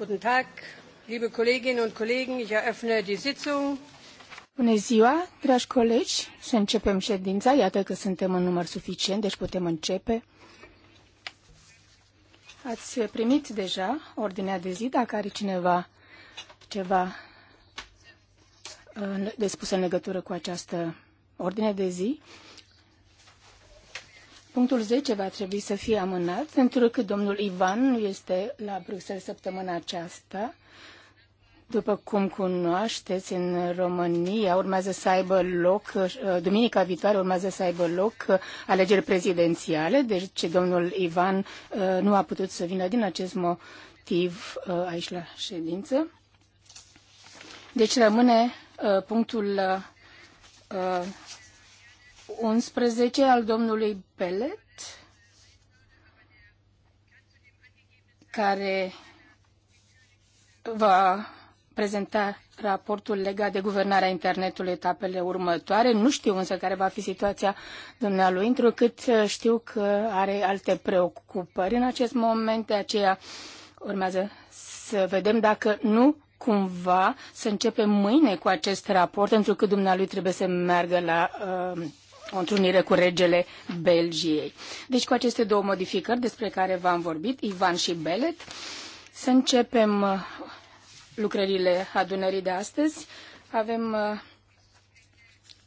Bună ziua, dragi colegi, să începem ședința. Iată că suntem în număr suficient, deci putem începe. Ați primit deja ordinea de zi, dacă are cineva ceva de spus în legătură cu această ordine de zi. Punctul 10 va trebui să fie amânat, pentru că domnul Ivan nu este la Bruxelles săptămâna aceasta. După cum cunoașteți, în România urmează să aibă loc, uh, duminica viitoare urmează să aibă loc uh, alegeri prezidențiale, deci domnul Ivan uh, nu a putut să vină din acest motiv aici la ședință. Deci rămâne punctul 11 al domnului Belet, care va prezenta raportul legat de guvernarea internetului etapele următoare. Nu știu însă care va fi situația dumnealui, întrucât știu că are alte preocupări în acest moment, de aceea urmează să vedem dacă nu cumva să începem mâine cu acest raport, pentru că dumnealui trebuie să meargă la uh, o întrunire cu regele Belgiei. Deci cu aceste două modificări despre care v-am vorbit, Ivan și Belet, să începem uh, lucrările adunării de astăzi. Avem uh,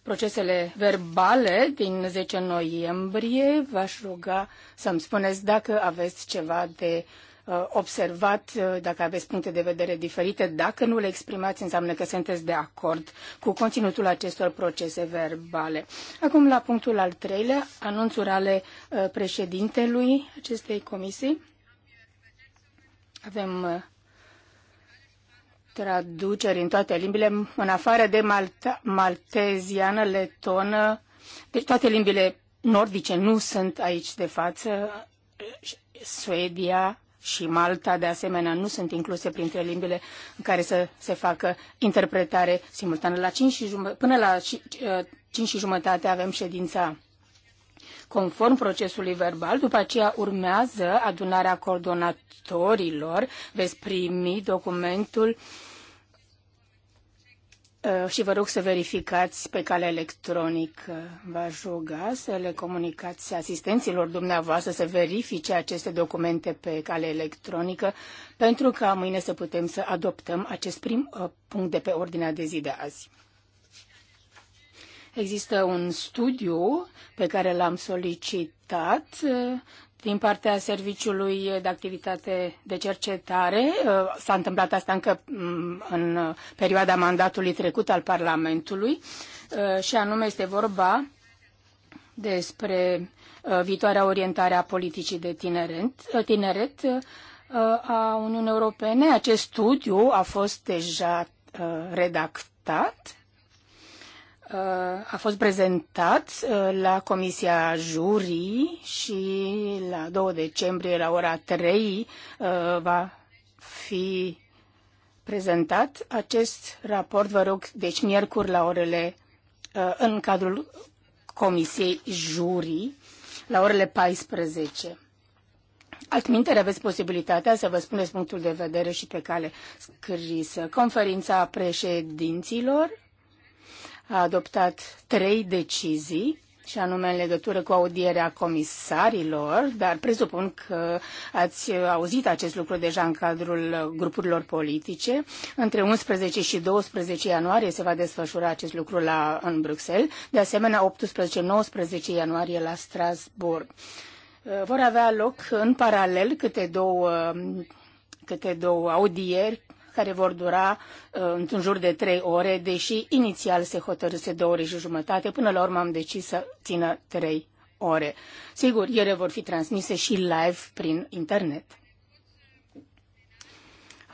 procesele verbale din 10 noiembrie. V-aș ruga să-mi spuneți dacă aveți ceva de Uh, observat, uh, dacă aveți puncte de vedere diferite. Dacă nu le exprimați, înseamnă că sunteți de acord cu conținutul acestor procese verbale. Acum, la punctul al treilea, anunțuri ale uh, președintelui acestei comisii. Avem traduceri în toate limbile, în afară de malta, malteziană, letonă, deci toate limbile nordice nu sunt aici de față, Suedia, și Malta, de asemenea, nu sunt incluse printre limbile în care să se facă interpretare simultană. La 5 și jumătate, până la 5 uh, și jumătate avem ședința conform procesului verbal. După aceea urmează adunarea coordonatorilor. Veți primi documentul uh, Uh, și vă rog să verificați pe cale electronică. vă aș ruga să le comunicați asistenților dumneavoastră să verifice aceste documente pe cale electronică pentru ca mâine să putem să adoptăm acest prim uh, punct de pe ordinea de zi de azi. Există un studiu pe care l-am solicitat uh, din partea Serviciului de Activitate de Cercetare. Uh, s-a întâmplat asta încă mm, în uh, perioada mandatului trecut al Parlamentului uh, și anume este vorba despre viitoarea orientare a politicii de tineret, tineret a Uniunii Europene. Acest studiu a fost deja redactat a fost prezentat uh, la Comisia Jurii și la 2 decembrie la ora 3 uh, va fi prezentat acest raport, vă rog, deci miercuri la orele uh, în cadrul Comisiei Jurii la orele 14. Altminteri aveți posibilitatea să vă spuneți punctul de vedere și pe cale scrisă. Conferința președinților a adoptat trei decizii și anume în legătură cu audierea comisarilor, dar presupun că ați auzit acest lucru deja în cadrul grupurilor politice. Între 11 și 12 ianuarie se va desfășura acest lucru la, în Bruxelles, de asemenea 18-19 ianuarie la Strasbourg. Uh, vor avea loc în paralel câte două câte două audieri care vor dura uh, în jur de trei ore, deși inițial se hotărâse două ore și jumătate, până la urmă am decis să țină trei ore. Sigur, ele vor fi transmise și live prin internet.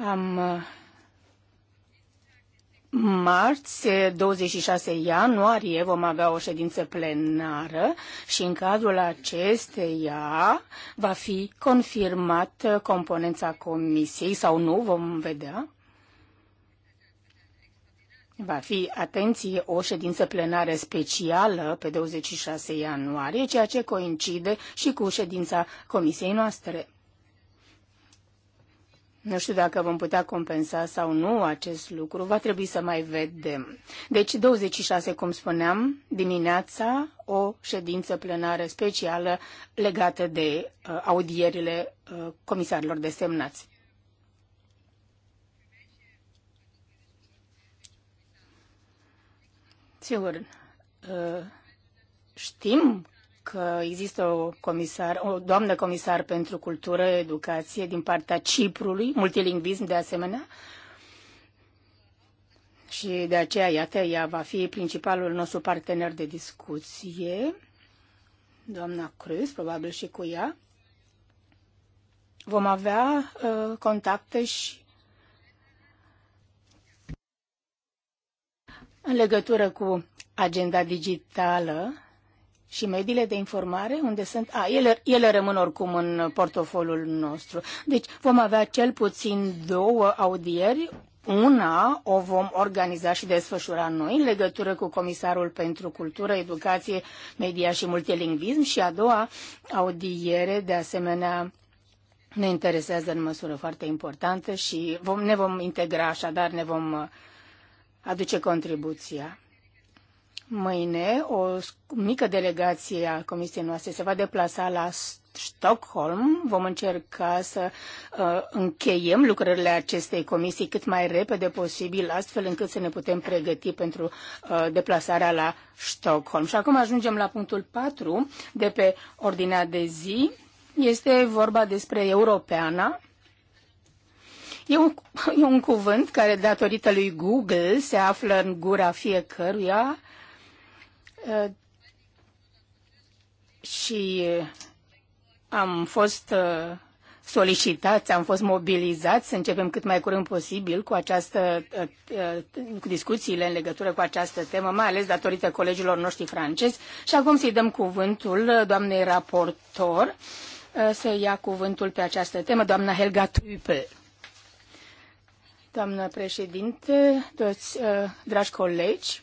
Am uh, Marți, 26 ianuarie, vom avea o ședință plenară și în cadrul acesteia va fi confirmat componența comisiei sau nu, vom vedea. Va fi, atenție, o ședință plenară specială pe 26 ianuarie, ceea ce coincide și cu ședința comisiei noastre. Nu știu dacă vom putea compensa sau nu acest lucru, va trebui să mai vedem. Deci 26, cum spuneam, dimineața, o ședință plenară specială legată de uh, audierile uh, comisarilor desemnați. Sigur, uh, știm că există o, comisar, o doamnă comisar pentru cultură, educație din partea Ciprului, multilingvism de asemenea, și de aceea, iată, ea va fi principalul nostru partener de discuție, doamna Cruz, probabil și cu ea. Vom avea uh, contacte și în legătură cu agenda digitală și mediile de informare, unde sunt? A, ele, ele rămân oricum în portofolul nostru. Deci vom avea cel puțin două audieri, una o vom organiza și desfășura noi în legătură cu Comisarul pentru Cultură, Educație, Media și Multilingvism și a doua audiere, de asemenea, ne interesează în măsură foarte importantă și vom, ne vom integra, așadar ne vom uh, aduce contribuția. Mâine o mică delegație a comisiei noastre se va deplasa la Stockholm. Vom încerca să uh, încheiem lucrările acestei comisii cât mai repede posibil, astfel încât să ne putem pregăti pentru uh, deplasarea la Stockholm. Și acum ajungem la punctul 4 de pe ordinea de zi. Este vorba despre europeana. E un, e un cuvânt care, datorită lui Google, se află în gura fiecăruia Uh, și uh, am fost uh, solicitați, am fost mobilizați să începem cât mai curând posibil cu, această, cu discuțiile în legătură cu această temă, mai ales datorită colegilor noștri francezi. Și acum să-i dăm cuvântul doamnei raportor să ia cuvântul pe această temă, doamna Helga Trüppel. Doamna președinte, toți dragi colegi,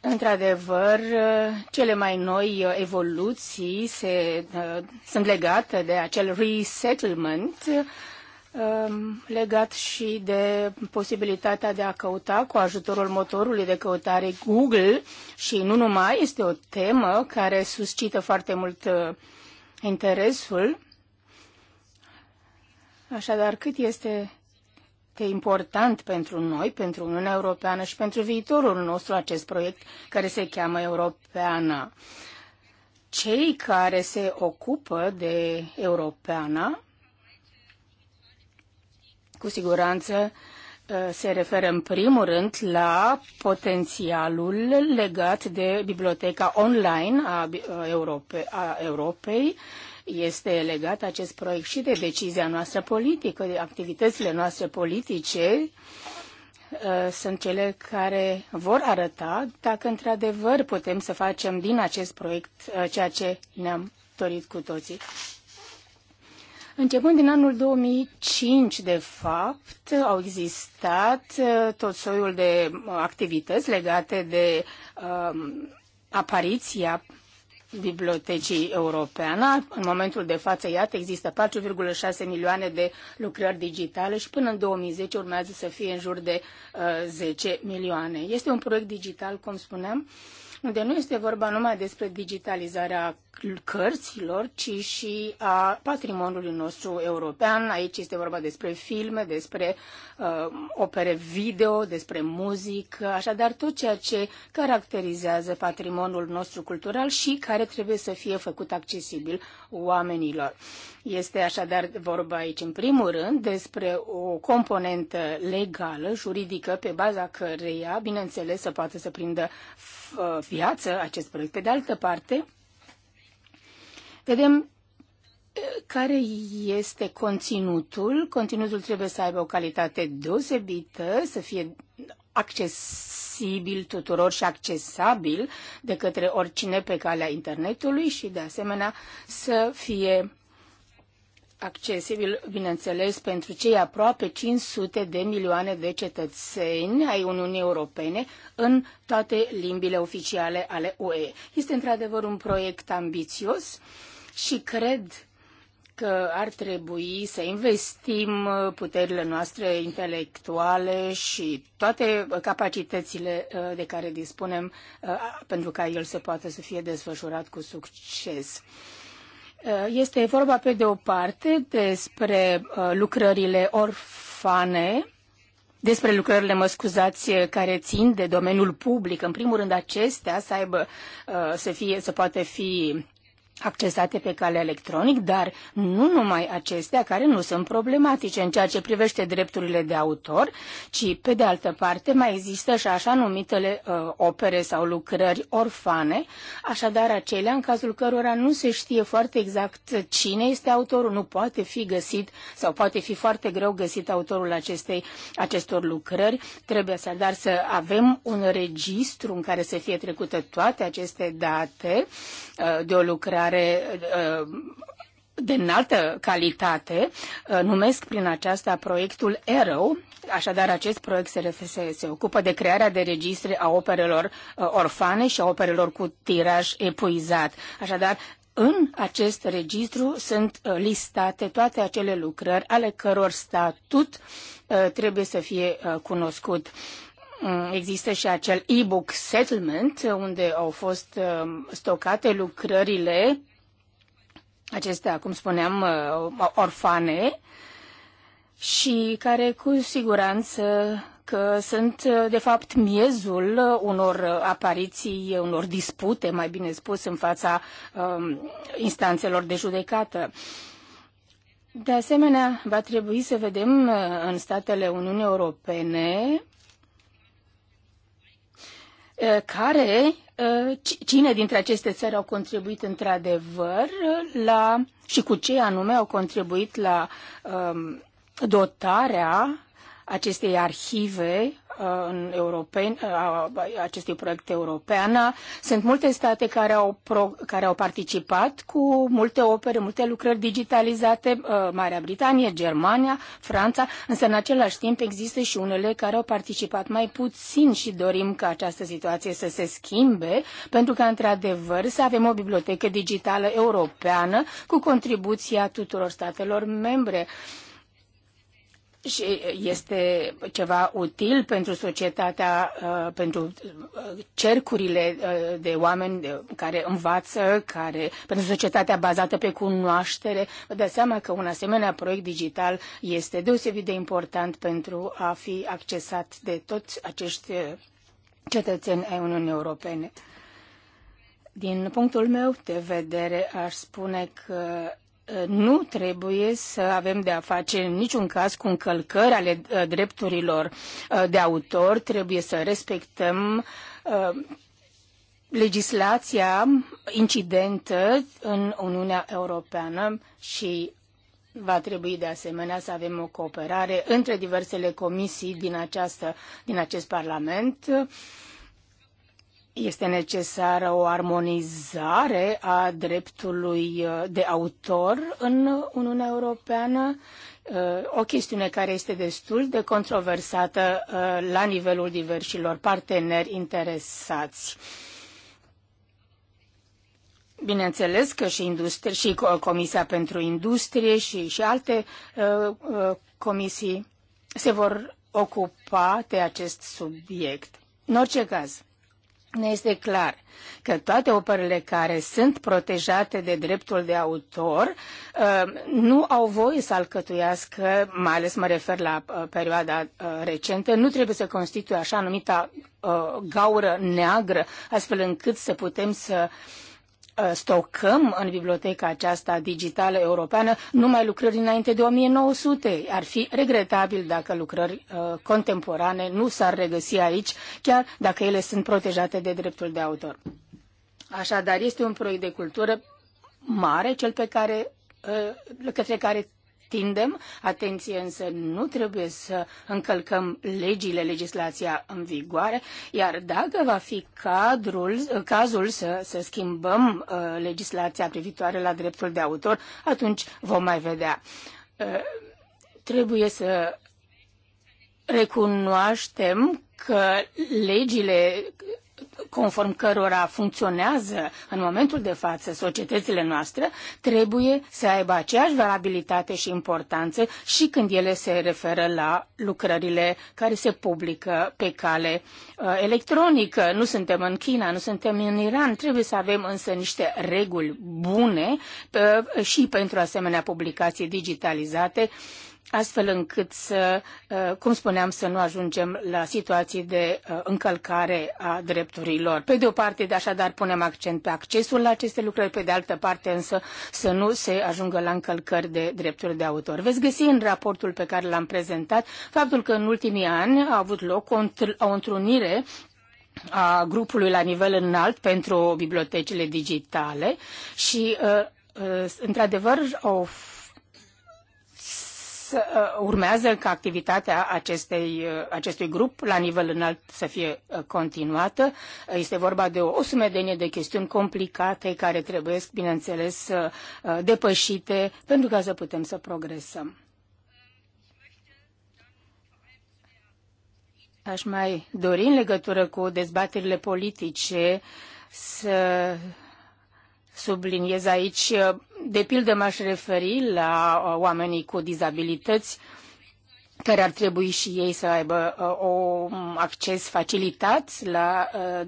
Într-adevăr, cele mai noi evoluții se, uh, sunt legate de acel resettlement um, legat și de posibilitatea de a căuta cu ajutorul motorului de căutare Google și nu numai, este o temă care suscită foarte mult uh, interesul. Așadar, cât este că e important pentru noi, pentru Uniunea Europeană și pentru viitorul nostru acest proiect care se cheamă Europeana. Cei care se ocupă de Europeana, cu siguranță, ă, se referă în primul rând la potențialul legat de biblioteca online a, Europe, a Europei este legat acest proiect și de decizia noastră politică, de activitățile noastre politice uh, sunt cele care vor arăta dacă într-adevăr putem să facem din acest proiect uh, ceea ce ne-am dorit cu toții. Începând din anul 2005, de fapt, au existat uh, tot soiul de activități legate de um, apariția Bibliotecii Europeană. În momentul de față, iată, există 4,6 milioane de lucrări digitale și până în 2010 urmează să fie în jur de uh, 10 milioane. Este un proiect digital, cum spuneam, uh, unde nu este vorba numai despre digitalizarea cărților, ci și a patrimoniului nostru european. Aici este vorba despre filme, despre uh, opere video, despre muzică, așadar tot ceea ce caracterizează patrimoniul nostru cultural și care trebuie să fie făcut accesibil oamenilor. Este așadar vorba aici în primul rând despre o componentă legală, juridică, pe baza căreia, bineînțeles, să poată să prindă Uh, viață acest proiect. Pe de altă parte, vedem uh, care este conținutul. Conținutul trebuie să aibă o calitate deosebită, să fie accesibil tuturor și accesabil de către oricine pe calea internetului și, de asemenea, să fie accesibil, bineînțeles, pentru cei aproape 500 de milioane de cetățeni ai Uniunii Europene în toate limbile oficiale ale UE. Este într-adevăr un proiect ambițios și cred că ar trebui să investim puterile noastre intelectuale și toate capacitățile uh, de care dispunem uh, pentru ca el să poată să fie desfășurat cu succes. Eh, este vorba pe de o parte despre eh, lucrările orfane, despre lucrările, mă scuzați, eh, care țin de domeniul public. În primul rând acestea să aibă, să, fie, să poate fi accesate pe cale electronic, dar nu numai acestea care nu sunt problematice în ceea ce privește drepturile de autor, ci, pe de altă parte, mai există și așa numitele uh, opere sau lucrări orfane, așadar acelea în cazul cărora nu se știe foarte exact cine este autorul, nu poate fi găsit sau poate fi foarte greu găsit autorul acestei, acestor lucrări. Trebuie să, dar să avem un registru în care să fie trecute toate aceste date uh, de o lucrare care uh, de înaltă calitate uh, numesc prin aceasta proiectul ERO, Așadar, acest proiect se, se, se ocupă de crearea de registre a operelor uh, orfane și a operelor cu tiraj epuizat. Așadar, în acest registru sunt listate toate acele lucrări ale căror statut trebuie să fie cunoscut. Mm, există și acel e-book settlement uh, unde au fost um, stocate lucrările acestea, cum spuneam, uh, orfane și care cu siguranță că sunt uh, de fapt miezul unor apariții, unor dispute, mai bine spus, în fața um, instanțelor de judecată. De asemenea, va trebui să vedem în statele Uniunii Europene Eh, care, eh, cine dintre aceste țări au contribuit într-adevăr eh, la și cu ce anume au contribuit la ehm, dotarea acestei arhive Uh, în european, a uh, acestui proiect european. Sunt multe state care au, pro, care au participat cu multe opere, multe lucrări digitalizate, uh, Marea Britanie, Germania, Franța, însă în același timp există și unele care au participat mai puțin și dorim ca această situație să se schimbe, pentru că într-adevăr să avem o bibliotecă digitală europeană cu contribuția tuturor statelor membre. Uh, și este ceva util pentru societatea, uh, pentru uh, cercurile uh, de oameni care învață, care, pentru societatea bazată pe cunoaștere. Vă dați seama că un asemenea proiect digital este deosebit de important pentru a fi accesat de toți acești cetățeni ai Uniunii Europene. Din punctul meu de vedere, aș spune că nu trebuie să avem de a face în niciun caz cu încălcări ale uh, drepturilor uh, de autor, trebuie să respectăm uh, legislația incidentă în Uniunea Europeană și va trebui de asemenea să avem o cooperare între diversele comisii din, această, din acest Parlament. Uh, este necesară o armonizare a dreptului uh, de autor în Uniunea Europeană, uh, o chestiune care este destul de controversată uh, la nivelul diversilor parteneri interesați. Bineînțeles că și, industrie, și Comisia pentru Industrie și, și alte comisii se vor ocupa de acest subiect. În orice caz, ne este clar că toate operele care sunt protejate de dreptul de autor uh, nu au voie să alcătuiască, mai ales mă refer la uh, perioada uh, recentă, nu trebuie să constituie așa numita gaură neagră, astfel încât să putem să uh, Ă, stocăm în biblioteca aceasta digitală europeană numai lucrări înainte de 1900. Ar fi regretabil dacă lucrări ă, contemporane nu s-ar regăsi aici, chiar dacă ele sunt protejate de dreptul de autor. Așadar, este un proiect de cultură mare, cel pe care ă, către care extindem. Atenție însă, nu trebuie să încălcăm legile, legislația în vigoare, iar dacă va fi cadrul, cazul să, să schimbăm uh, legislația privitoare la dreptul de autor, atunci vom mai vedea. Uh, trebuie să recunoaștem că legile conform cărora funcționează în momentul de față societățile noastre, trebuie să aibă aceeași valabilitate și importanță și când ele se referă la lucrările care se publică pe cale uh, electronică. Nu suntem în China, nu suntem în Iran, trebuie să avem însă niște reguli bune uh, și pentru asemenea publicații digitalizate astfel încât să, uh, cum spuneam, să nu ajungem la situații de uh, încălcare a drepturilor. Pe de o parte, de așadar, punem accent pe accesul la aceste lucrări, pe de altă parte însă să nu se ajungă la încălcări de drepturi de autor. Veți găsi în raportul pe care l-am prezentat faptul că în ultimii ani a avut loc o întrunire a grupului la nivel înalt pentru bibliotecile digitale și, uh, într-adevăr, au Uh, urmează ca activitatea acestei, uh, acestui grup la nivel înalt să fie uh, continuată. Este vorba de o, o sumedenie de chestiuni complicate care trebuie, bineînțeles, depășite pentru ca să putem să progresăm. Aș mai dori în legătură cu dezbaterile politice să subliniez aici de pildă m-aș referi la uh, oamenii cu dizabilități care ar trebui și ei să aibă uh, o um, acces facilitat la uh,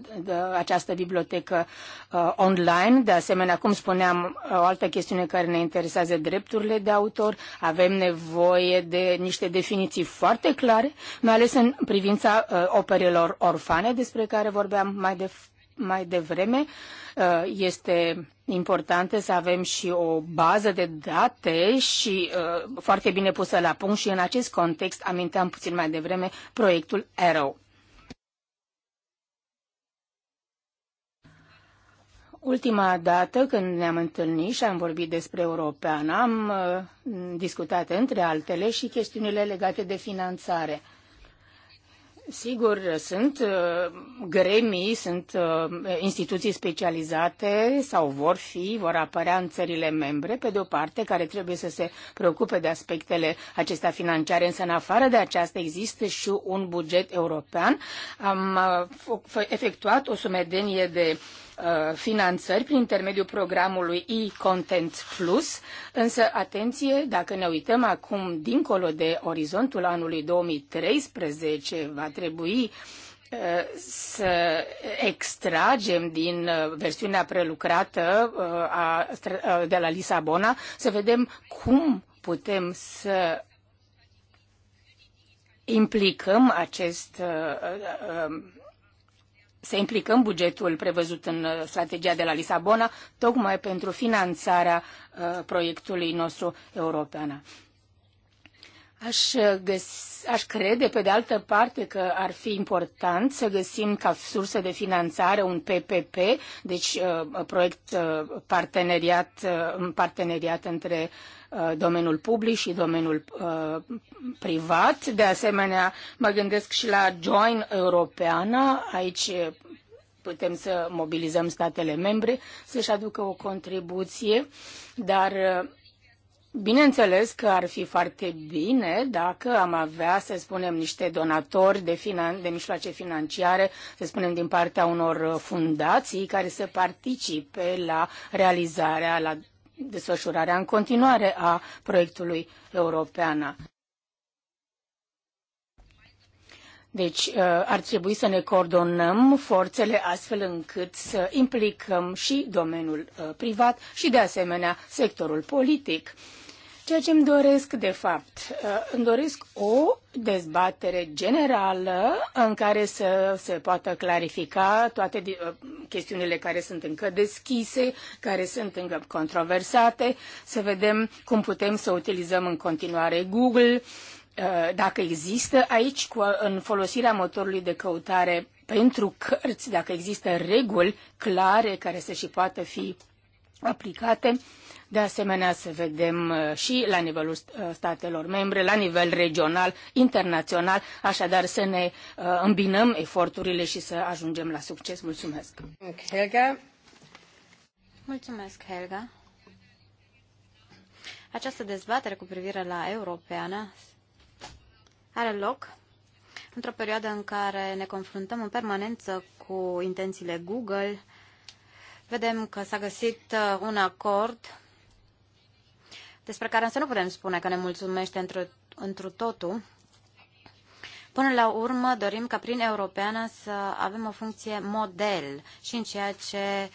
această bibliotecă uh, online. De asemenea, cum spuneam, o altă chestiune care ne interesează drepturile de autor. Avem nevoie de niște definiții foarte clare, mai ales în privința uh, operelor orfane despre care vorbeam mai, de, mai devreme. Uh, este importante să avem și o bază de date și uh, foarte bine pusă la punct și în acest context aminteam puțin mai devreme proiectul Arrow. Ultima dată când ne-am întâlnit și am vorbit despre Europeană, am uh, discutat între altele și chestiunile legate de finanțare. Sigur, sunt uh, gremii, sunt uh, instituții specializate sau vor fi, vor apărea în țările membre, pe de o parte, care trebuie să se preocupe de aspectele acestea financiare, însă în afară de aceasta există și un buget european. Am uh, efectuat o sumedenie de Uh, finanțări prin intermediul programului e-Content Plus, însă atenție, dacă ne uităm acum dincolo de orizontul anului 2013, va trebui uh, să extragem din uh, versiunea prelucrată de la Lisabona, să vedem cum putem să implicăm acest să implicăm bugetul prevăzut în uh, strategia de la Lisabona, tocmai pentru finanțarea uh, proiectului nostru european. Aș, găs- aș crede, pe de altă parte, că ar fi important să găsim ca sursă de finanțare un PPP, deci uh, proiect uh, parteneriat, uh, parteneriat între uh, domeniul public și domeniul uh, privat. De asemenea, mă gândesc și la Join Europeană. Aici uh, putem să mobilizăm statele membre să-și aducă o contribuție, dar uh, Bineînțeles că ar fi foarte bine dacă am avea, să spunem, niște donatori de, finan- de mijloace financiare, să spunem, din partea unor fundații care să participe la realizarea, la desfășurarea în continuare a proiectului european. Deci uh, ar trebui să ne coordonăm forțele astfel încât să implicăm și domeniul uh, privat și de asemenea sectorul politic Ceea ce îmi doresc, de fapt, uh, îmi doresc o dezbatere generală în care să se poată clarifica toate uh, chestiunile care sunt încă deschise, care sunt încă controversate, să vedem cum putem să utilizăm în continuare Google, uh, dacă există aici cu, în folosirea motorului de căutare pentru cărți, dacă există reguli clare care să și poată fi aplicate de asemenea, să vedem uh, și la nivelul uh, statelor membre, la nivel regional, internațional, așadar să ne uh, îmbinăm eforturile și să ajungem la succes. Mulțumesc! Helga. Mulțumesc, Helga! Această dezbatere cu privire la europeană are loc într-o perioadă în care ne confruntăm în permanență cu intențiile Google. Vedem că s-a găsit un acord despre care însă nu putem spune că ne mulțumește întru, întru totul. Până la urmă, dorim ca prin Europeană să avem o funcție model și în ceea ce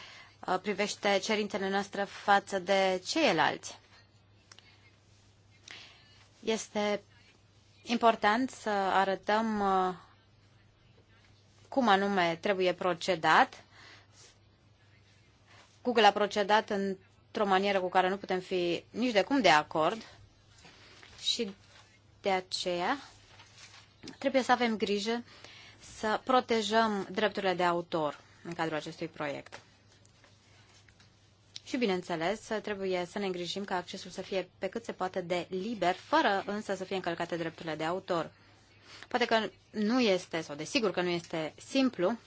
uh, privește cerințele noastre față de ceilalți. Este important să arătăm uh, cum anume trebuie procedat. Google a procedat în într-o manieră cu care nu putem fi nici de cum de acord și de aceea trebuie să avem grijă să protejăm drepturile de autor în cadrul acestui proiect. Și, bineînțeles, trebuie să ne îngrijim ca accesul să fie pe cât se poate de liber, fără însă să fie încălcate drepturile de autor. Poate că nu este, sau desigur că nu este simplu,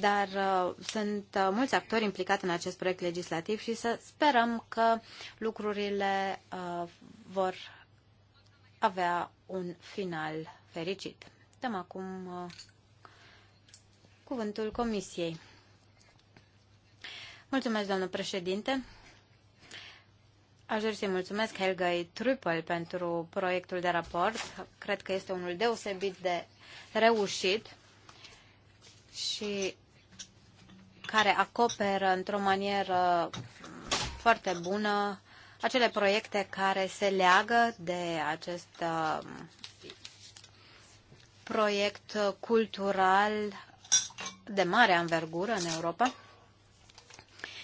dar uh, sunt uh, mulți actori implicați în acest proiect legislativ și să sperăm că lucrurile uh, vor avea un final fericit. Dăm acum cuvântul Comisiei. Mulțumesc, doamnă președinte. Aș dori să-i mulțumesc Helga Trupel pentru proiectul de raport. Cred că este unul deosebit de reușit și care acoperă într-o manieră foarte bună acele proiecte care se leagă de acest uh, proiect cultural de mare anvergură în Europa.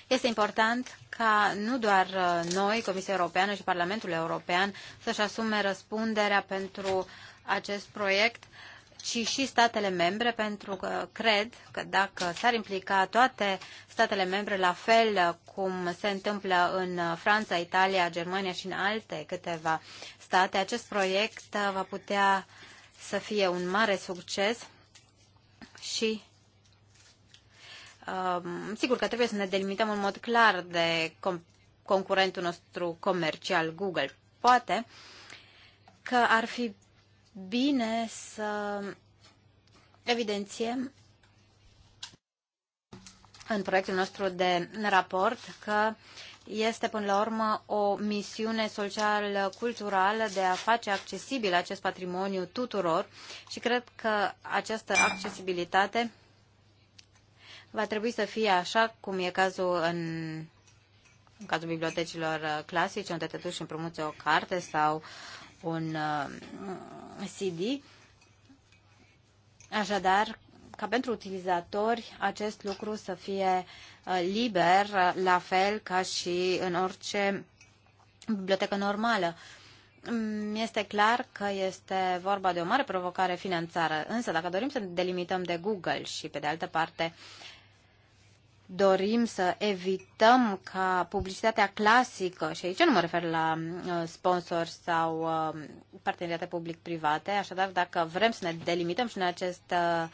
Este important ca nu doar uh, noi, Comisia Europeană și Parlamentul European, să-și asume răspunderea pentru acest proiect, ci și statele membre, pentru că cred că dacă s-ar implica toate statele membre, la fel cum se întâmplă în Franța, Italia, Germania și în alte câteva state, acest proiect va putea să fie un mare succes și um, sigur că trebuie să ne delimităm în mod clar de concurentul nostru comercial Google. Poate că ar fi bine să evidențiem în proiectul nostru de raport că este până la urmă o misiune social-culturală de a face accesibil acest patrimoniu tuturor și cred că această accesibilitate va trebui să fie așa cum e cazul în, în cazul bibliotecilor clasice, unde te duci și împrumuți o carte sau un uh, CD. Așadar, ca pentru utilizatori acest lucru să fie uh, liber, la fel ca și în orice bibliotecă normală. Mm, este clar că este vorba de o mare provocare finanțară, însă dacă dorim să ne delimităm de Google și, pe de altă parte, dorim să evităm ca publicitatea clasică, și aici nu mă refer la uh, sponsori sau uh, parteneriate public-private, așadar dacă vrem să ne delimităm și în acest uh,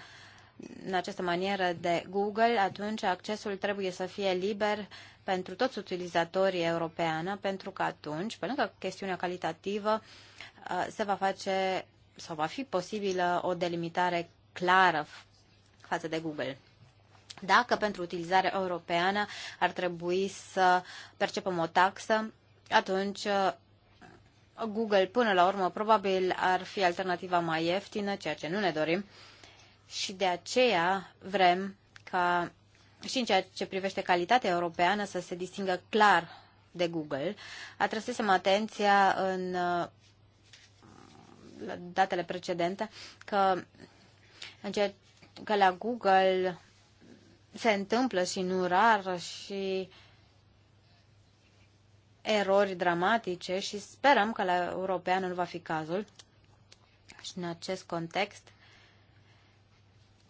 în această manieră de Google, atunci accesul trebuie să fie liber pentru toți utilizatorii europeană, pentru că atunci, pe lângă chestiunea calitativă, se va face sau va fi posibilă o delimitare clară față de Google. Dacă pentru utilizarea europeană ar trebui să percepem o taxă, atunci uh, Google până la urmă probabil ar fi alternativa mai ieftină, ceea ce nu ne dorim. Și de aceea vrem ca și în ceea ce privește calitatea europeană să se distingă clar de Google. Atrăsesem atenția în uh, datele precedente că, în ceea, că la Google se întâmplă și nu rar și erori dramatice și sperăm că la european nu va fi cazul. Și în acest context,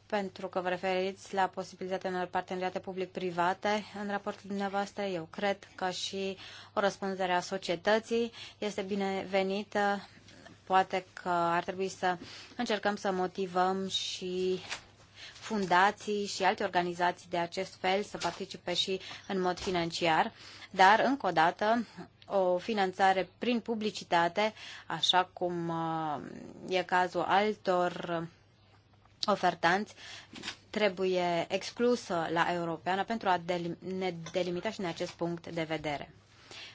pentru că vă referiți la posibilitatea unor parteneriate public-private în raportul dumneavoastră, eu cred că și o răspundere a societății este binevenită. Poate că ar trebui să încercăm să motivăm și fundații și alte organizații de acest fel să participe și în mod financiar, dar, încă o dată, o finanțare prin publicitate, așa cum uh, e cazul altor ofertanți, trebuie exclusă la europeană pentru a ne delimita și în acest punct de vedere.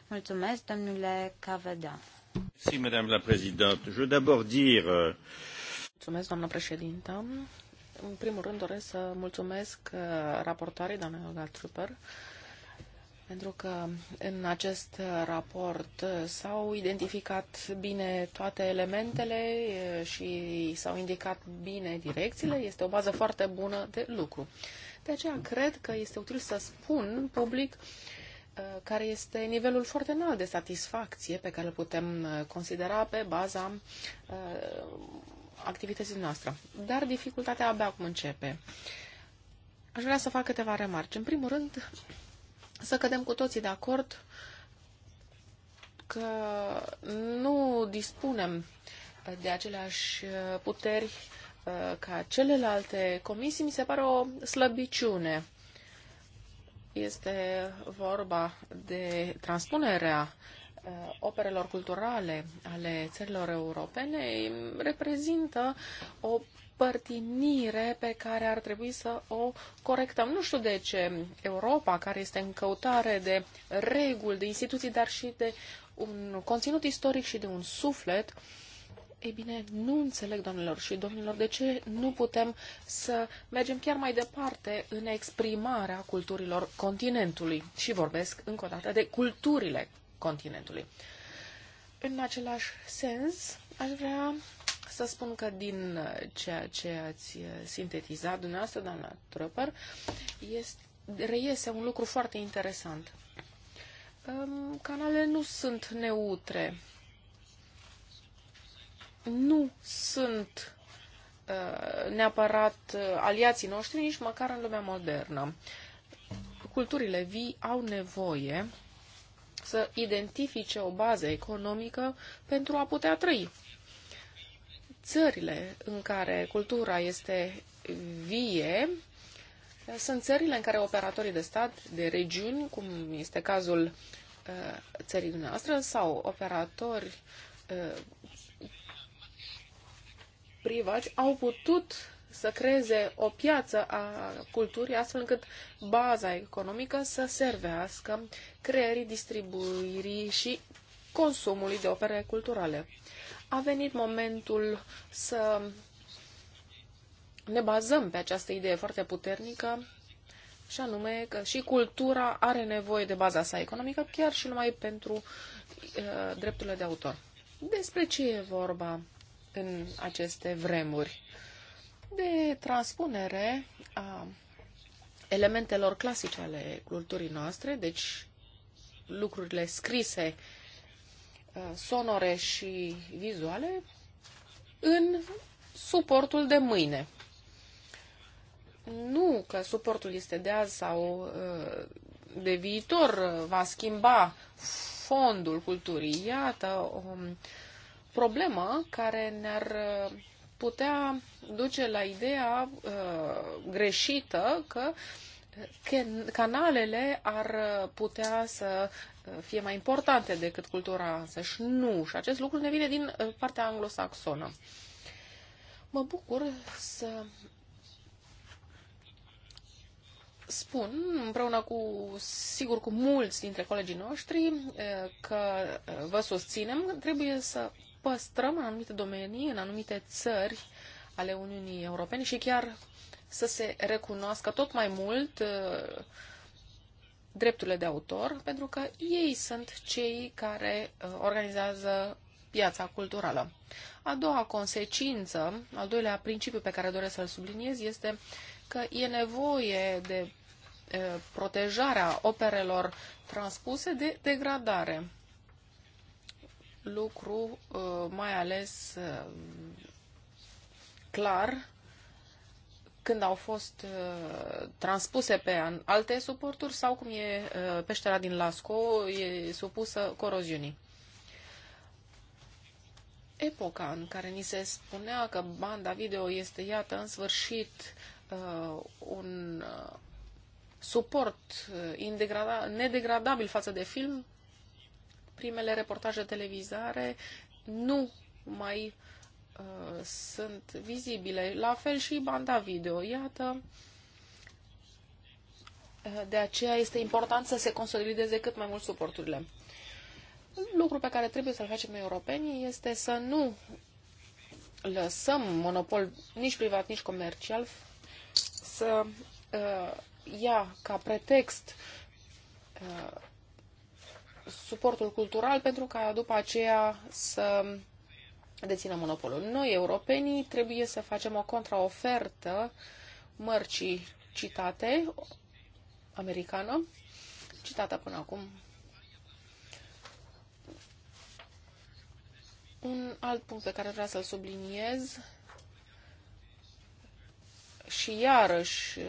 Mulțumesc, domnule Caveda. Euh, Mulțumesc, doamnă președintă. În primul rând doresc să mulțumesc uh, raportoarei, doamna Olga Trupper, pentru că în acest uh, raport uh, s-au identificat bine toate elementele și s-au indicat bine direcțiile. Este o bază foarte bună de lucru. De aceea cred că este util să spun public care este nivelul foarte înalt de satisfacție pe care îl putem considera pe baza activității noastre. Dar dificultatea abia acum începe. Aș vrea să fac câteva remarci. În primul rând, să cădem cu toții de acord că nu dispunem de aceleași puteri uh, ca celelalte comisii, mi se pare o slăbiciune. Este vorba de transpunerea Uh, operelor culturale ale țărilor europene reprezintă o părtinire pe care ar trebui să o corectăm. Nu știu de ce Europa, care este în căutare de reguli, de instituții, dar și de un conținut istoric și de un suflet, ei bine, nu înțeleg, domnilor și domnilor, de ce nu putem să mergem chiar mai departe în exprimarea culturilor continentului. Și vorbesc încă o dată de culturile continentului. În același sens, aș vrea să spun că din ceea ce ați sintetizat dumneavoastră, doamna Tröper, este, reiese un lucru foarte interesant. Canalele nu sunt neutre. Nu sunt ă, neapărat ă, aliații noștri, nici măcar în lumea modernă. Culturile vii au nevoie să identifice o bază economică pentru a putea trăi. Țările în care cultura este vie sunt țările în care operatorii de stat, de regiuni, cum este cazul uh, țării dumneavoastră, sau operatori uh, privați, au putut să creeze o piață a culturii astfel încât baza economică să servească creierii, distribuirii și consumului de opere culturale. A venit momentul să ne bazăm pe această idee foarte puternică și anume că și cultura are nevoie de baza sa economică, chiar și numai pentru uh, drepturile de autor. Despre ce e vorba în aceste vremuri? de transpunere a elementelor clasice ale culturii noastre, deci lucrurile scrise, uh, sonore și vizuale, în suportul de mâine. Nu că suportul este de azi sau uh, de viitor uh, va schimba fondul culturii. Iată o problemă care ne-ar putea duce la ideea uh, greșită că canalele ar putea să uh, fie mai importante decât cultura și Nu. Și acest lucru ne vine din uh, partea anglosaxonă. Mă bucur să spun, împreună cu, sigur, cu mulți dintre colegii noștri, uh, că vă susținem, trebuie să păstrăm în anumite domenii, în anumite țări ale Uniunii Europene și chiar să se recunoască tot mai mult uh, drepturile de autor, pentru că ei sunt cei care uh, organizează piața culturală. A doua consecință, al doilea principiu pe care doresc să-l subliniez, este că e nevoie de uh, protejarea operelor transpuse de degradare lucru uh, mai ales uh, clar când au fost uh, transpuse pe alte suporturi sau cum e peștera din Lasco, e supusă coroziunii epoca în care ni se spunea că banda video este, iată, în sfârșit uh, un uh, suport uh, nedegradabil față de film, primele reportaje televizare nu mai uh, sunt vizibile. La fel și banda video. Iată, uh, de aceea este important să se consolideze cât mai mult suporturile. lucru pe care trebuie să-l facem noi europenii este să nu lăsăm monopol nici privat, nici comercial să uh, ia ca pretext uh, suportul cultural pentru ca după aceea să dețină monopolul. Noi, europenii, trebuie să facem o contraofertă mărcii citate, americană, citată până acum. Un alt punct pe care vreau să-l subliniez și iarăși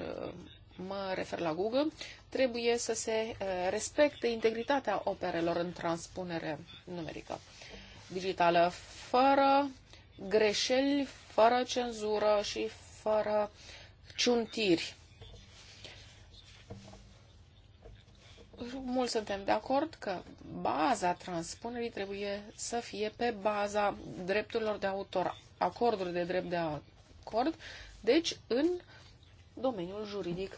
mă refer la Google, trebuie să se eh, respecte integritatea operelor în transpunere numerică digitală, fără greșeli, fără cenzură și fără ciuntiri. Mulți suntem de acord că baza transpunerii trebuie să fie pe baza drepturilor de autor, acorduri de drept de acord, deci în domeniul juridic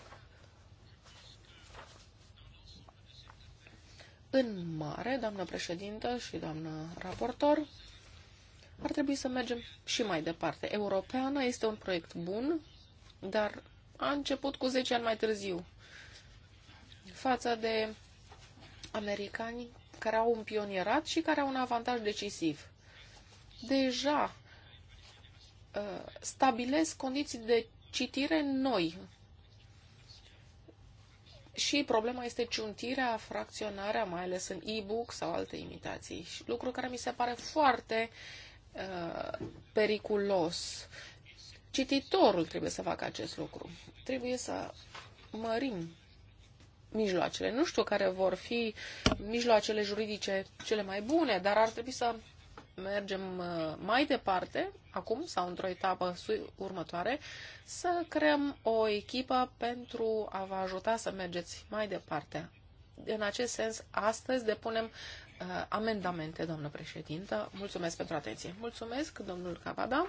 În mare, doamnă președintă și doamnă raportor, ar trebui să mergem și mai departe. Europeana este un proiect bun, dar a început cu 10 ani mai târziu față de americani care au un pionierat și care au un avantaj decisiv. Deja uh, stabilesc condiții de citire noi și problema este ciuntirea, fracționarea, mai ales în e-book sau alte imitații. Lucru care mi se pare foarte uh, periculos. Cititorul trebuie să facă acest lucru. Trebuie să mărim mijloacele. Nu știu care vor fi mijloacele juridice cele mai bune, dar ar trebui să mergem uh, mai departe, acum sau într-o etapă următoare, să creăm o echipă pentru a vă ajuta să mergeți mai departe. În acest sens, astăzi depunem uh, amendamente, doamnă președintă. Mulțumesc pentru atenție. Mulțumesc, domnul Cavada.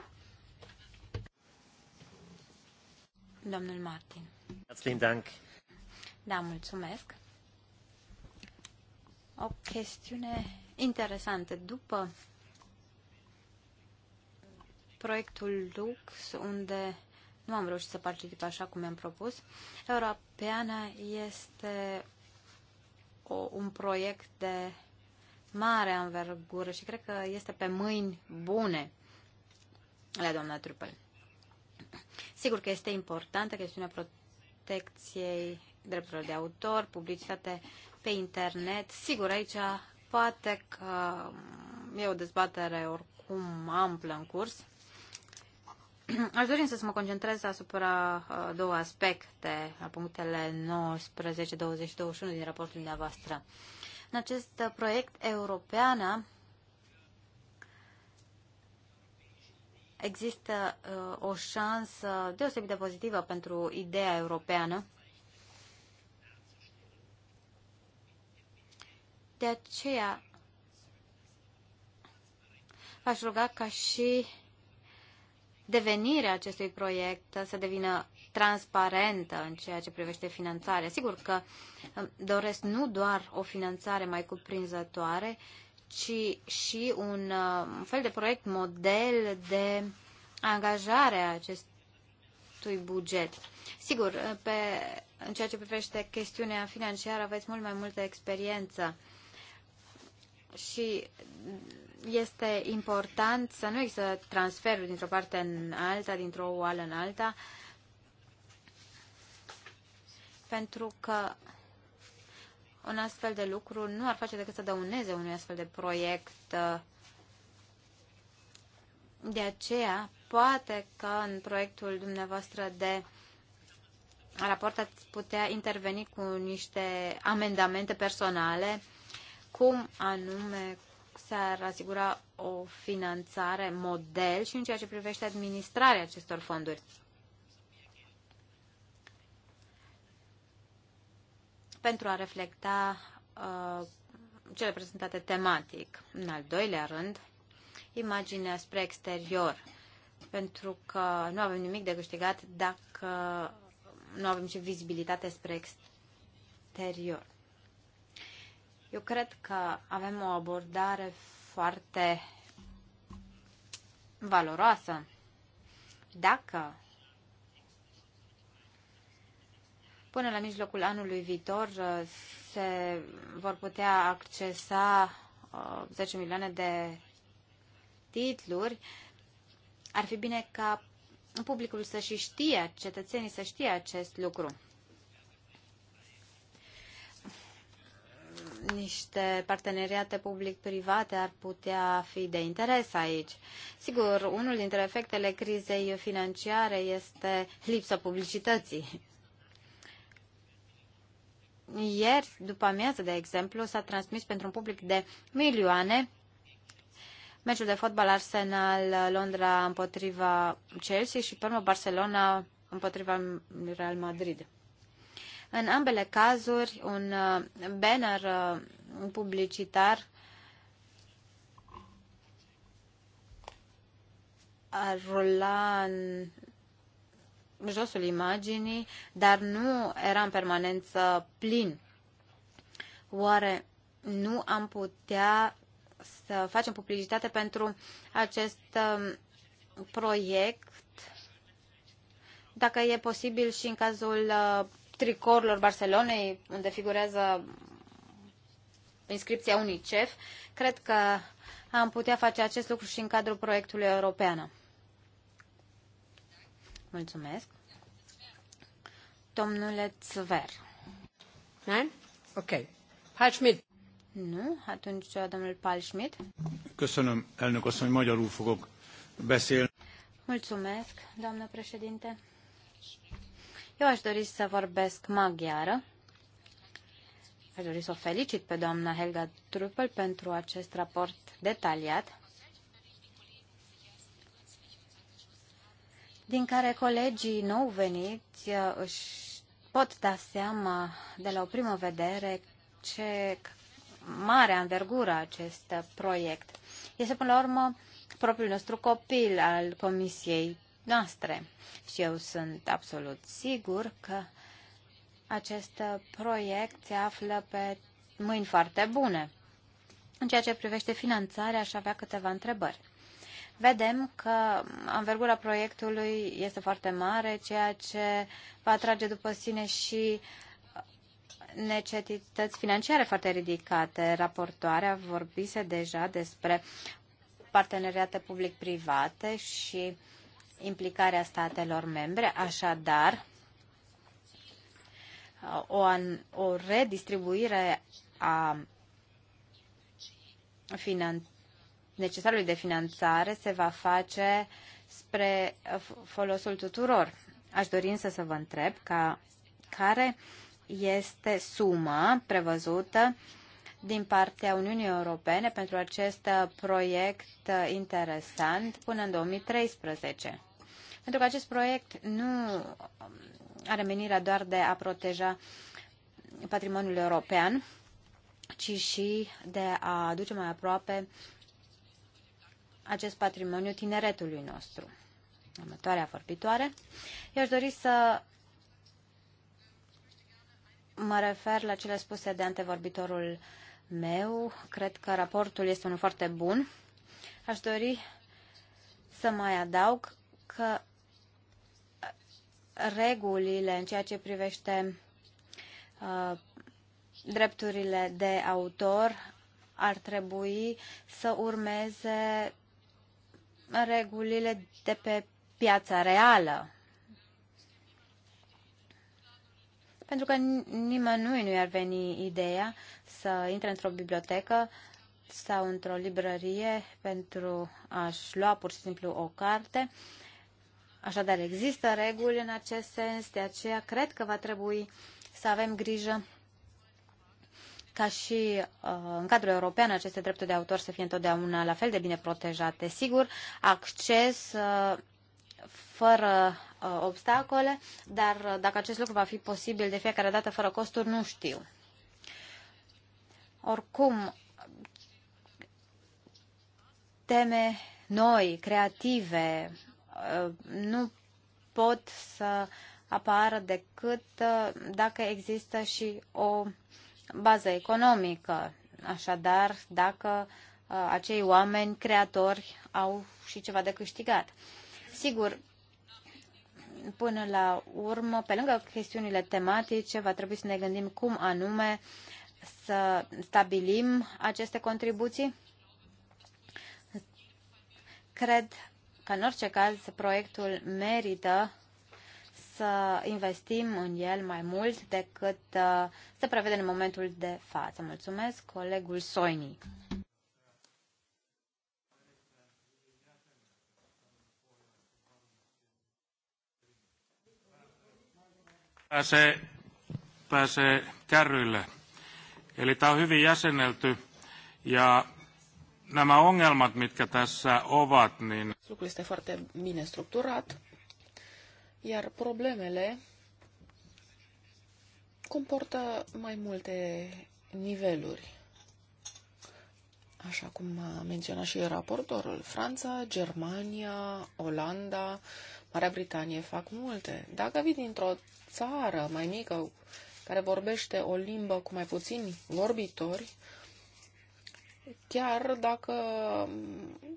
Domnul Martin. Herzlichen Dank. Da, mulțumesc. O chestiune interesantă. După proiectul Lux, unde nu am reușit să particip așa cum mi-am propus. Europeana este o, un proiect de mare anvergură și cred că este pe mâini bune la doamna Trupel. Sigur că este importantă chestiunea protecției drepturilor de autor, publicitate pe internet. Sigur, aici poate că e o dezbatere oricum amplă în curs. Aș dori să mă concentrez asupra uh, două aspecte, la punctele 19, 20 21 din raportul dumneavoastră. În acest uh, proiect european uh, există o șansă deosebit de pozitivă pentru ideea europeană. De aceea aș ruga ca și devenirea acestui proiect să devină transparentă în ceea ce privește finanțarea. Sigur că um, doresc nu doar o finanțare mai cuprinzătoare, ci și um, un fel de proiect model de angajare a acestui buget. Sigur, pe, în ceea ce privește chestiunea financiară aveți mult mai multă experiență și este important să nu există transferul dintr-o parte în alta, dintr-o oală în alta, pentru că un astfel de lucru nu ar face decât să dăuneze unui astfel de proiect. De aceea, poate că în proiectul dumneavoastră de raport ați putea interveni cu niște amendamente personale, cum anume s-ar asigura o finanțare model și în ceea ce privește administrarea acestor fonduri. Pentru a reflecta uh, cele prezentate tematic. În al doilea rând, imaginea spre exterior, pentru că nu avem nimic de câștigat dacă nu avem și vizibilitate spre exterior. Eu cred că avem o abordare foarte valoroasă. Dacă până la mijlocul anului viitor uh, se vor putea accesa 10 uh, milioane de titluri, ar fi bine ca publicul să și știe, cetățenii să știe acest lucru. niște parteneriate public-private ar putea fi de interes aici. Sigur, unul dintre efectele crizei financiare este lipsa publicității. Ieri, după amiază, de exemplu, s-a transmis pentru un public de milioane meciul de fotbal Arsenal Londra împotriva Chelsea și pe urmă Barcelona împotriva Real Madrid. În ambele cazuri, un uh, banner uh, publicitar ar rula în josul imaginii, dar nu era în permanență plin. Oare nu am putea să facem publicitate pentru acest um, proiect, dacă e posibil și în cazul uh, tricorilor Barcelonei, unde figurează inscripția UNICEF, cred că am putea face acest lucru și în cadrul proiectului european. Mulțumesc. Domnule Țver. Nein? Ok. Paul Schmidt. Nu? Atunci domnul Paul Schmidt. Köszönöm, elnök asszony, magyarul fogok beszélni. Mulțumesc, doamnă președinte. Eu aș dori să vorbesc maghiară. Aș dori să o felicit pe doamna Helga Truppel pentru acest raport detaliat, din care colegii nou veniți uh, își pot da seama de la o primă vedere ce mare anvergură acest proiect. Este, până la urmă, propriul nostru copil al Comisiei noastre. Și eu sunt absolut sigur că acest proiect se află pe mâini foarte bune. În ceea ce privește finanțarea, aș avea câteva întrebări. Vedem că anvergura proiectului este foarte mare, ceea ce va atrage după sine și necesități financiare foarte ridicate. Raportoarea vorbise deja despre parteneriate public-private și uh, implicarea statelor membre, așadar o, o redistribuire a finan- necesarului de finanțare se va face spre folosul tuturor. Aș dori însă să vă întreb ca, care este suma prevăzută uh, din partea Uniunii Europene pentru acest uh, proiect uh, interesant până în 2013. Pentru că acest proiect nu um, are menirea doar de a proteja patrimoniul european, ci și de a aduce mai aproape acest patrimoniu tineretului nostru. Următoarea vorbitoare. Eu aș dori să mă refer la cele spuse de antevorbitorul meu. Cred că raportul este unul foarte bun. Aș dori să mai adaug că regulile în ceea ce privește uh, drepturile de autor ar trebui să urmeze regulile de pe piața reală pentru că nimănui nu i-ar veni ideea să intre într-o bibliotecă sau într-o librărie pentru a-și lua pur și simplu o carte. Așadar, există reguli în acest sens, de aceea cred că va trebui să avem grijă ca și uh, în cadrul european aceste drepturi de autor să fie întotdeauna la fel de bine protejate. Sigur, acces uh, fără uh, obstacole, dar uh, dacă acest lucru va fi posibil de fiecare dată fără costuri, nu știu. Oricum, teme noi, creative, uh, nu pot să apară decât uh, dacă există și o bază economică. Așadar, dacă uh, acei oameni creatori au și ceva de câștigat. Uh, Sigur, până la urmă, pe lângă chestiunile tematice, va trebui să ne gândim cum anume să stabilim aceste contribuții. Cred că, în orice caz, proiectul merită să investim în el mai mult decât uh, se prevede în momentul de față. Mulțumesc, colegul Soini. pääsee, pääsee kärryille. Eli tämä on hyvin jäsennelty ja nämä ongelmat, mitkä tässä ovat, niin... Lucrul este foarte bine structurat, iar problemele comportă mai multe niveluri. Așa cum a menționat și raportorul, Franța, Germania, Olanda, Marea Britanie fac multe. Dacă vii dintr-o țară mai mică care vorbește o limbă cu mai puțini vorbitori, chiar dacă,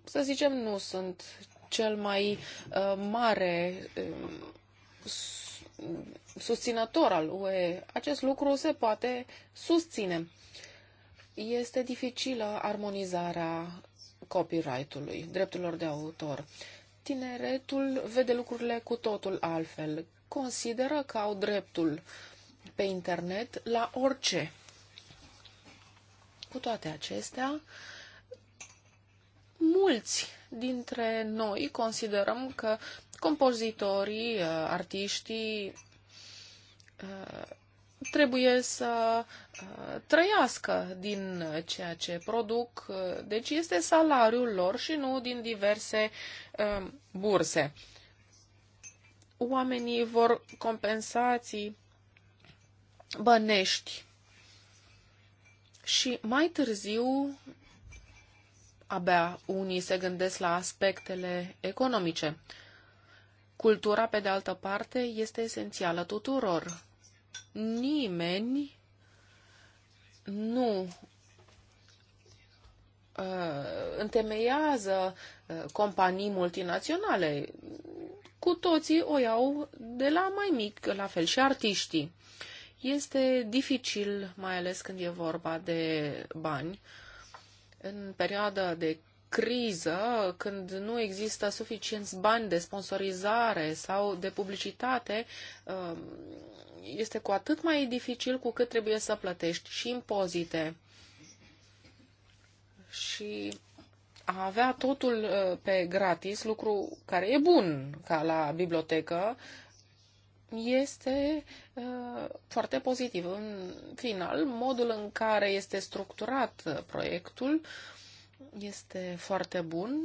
să zicem, nu sunt cel mai uh, mare uh, susținător al UE, acest lucru se poate susține. Este dificilă armonizarea copyright-ului, drepturilor de autor. Tineretul vede lucrurile cu totul altfel consideră că au dreptul pe internet la orice. Cu toate acestea, mulți dintre noi considerăm că compozitorii, uh, artiștii uh, trebuie să uh, trăiască din ceea ce produc, deci este salariul lor și nu din diverse burse oamenii vor compensații bănești. Și mai târziu, abia unii se gândesc la aspectele economice. Cultura, pe de altă parte, este esențială tuturor. Nimeni nu uh, întemeiază uh, companii multinaționale cu toții o iau de la mai mic, la fel și artiștii. Este dificil, mai ales când e vorba de bani, în perioada de criză, când nu există suficienți bani de sponsorizare sau de publicitate, um, este cu atât mai dificil cu cât trebuie să plătești și impozite. Și a avea totul uh, pe gratis, lucru care e bun ca la bibliotecă, este uh, foarte pozitiv. În final, modul în care este structurat proiectul este foarte bun,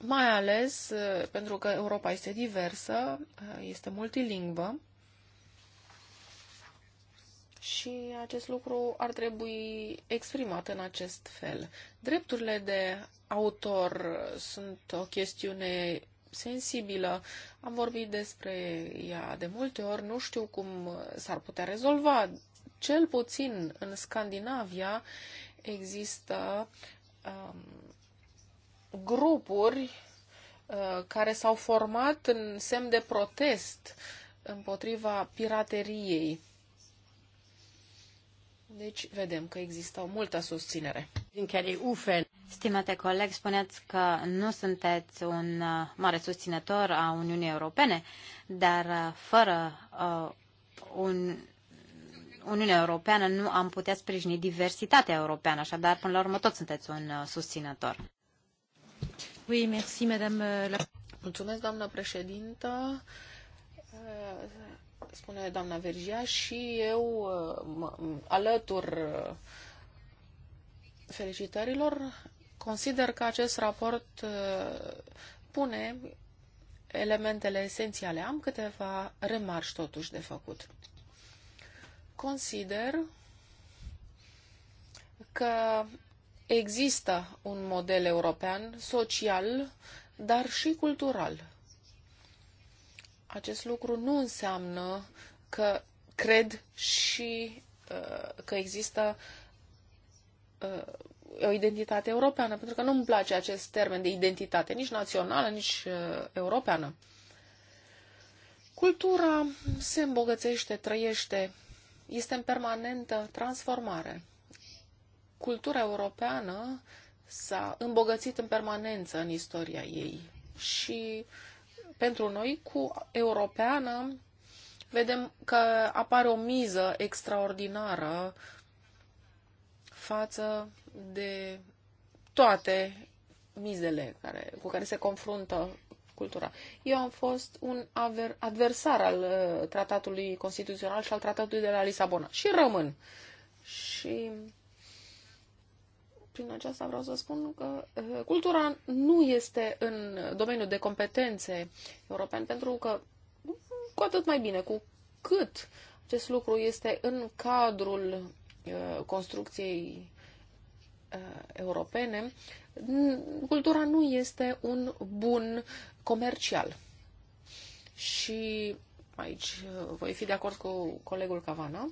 mai ales uh, pentru că Europa este diversă, uh, este multilingvă și acest lucru ar trebui exprimat în acest fel. Drepturile de autor sunt o chestiune sensibilă. Am vorbit despre ea de multe ori, nu știu cum s-ar putea rezolva. Cel puțin în Scandinavia există um, grupuri uh, care s-au format în semn de protest împotriva pirateriei deci vedem că există o multă susținere. Stimate coleg, spuneți că nu sunteți un uh, mare susținător a Uniunii Europene, dar uh, fără uh, un, Uniunea Europeană nu am putea sprijini diversitatea europeană, așadar până la urmă tot sunteți un uh, susținător. Oui, merci, madame euh, la... Mulțumesc, doamnă președintă spune doamna Vergia, și eu uh, mă alătur uh, felicitărilor. Consider că acest raport uh, pune elementele esențiale. Am câteva remarci totuși de făcut. Consider că există un model european social, dar și cultural acest lucru nu înseamnă că cred și uh, că există uh, o identitate europeană, pentru că nu mi place acest termen de identitate, nici națională, nici uh, europeană. Cultura se îmbogățește, trăiește, este în permanentă transformare. Cultura europeană s-a îmbogățit în permanență în istoria ei și uh, pentru noi cu europeană vedem că apare o miză extraordinară față de toate mizele care, cu care se confruntă cultura. Eu am fost un aver, adversar al uh, tratatului constituțional și al tratatului de la Lisabona și rămân. Și prin aceasta vreau să spun că eh, cultura nu este în domeniul de competențe european, pentru că cu atât mai bine, cu cât acest lucru este în cadrul eh, construcției eh, europene, cultura nu este un bun comercial. Și aici voi fi de acord cu colegul Cavana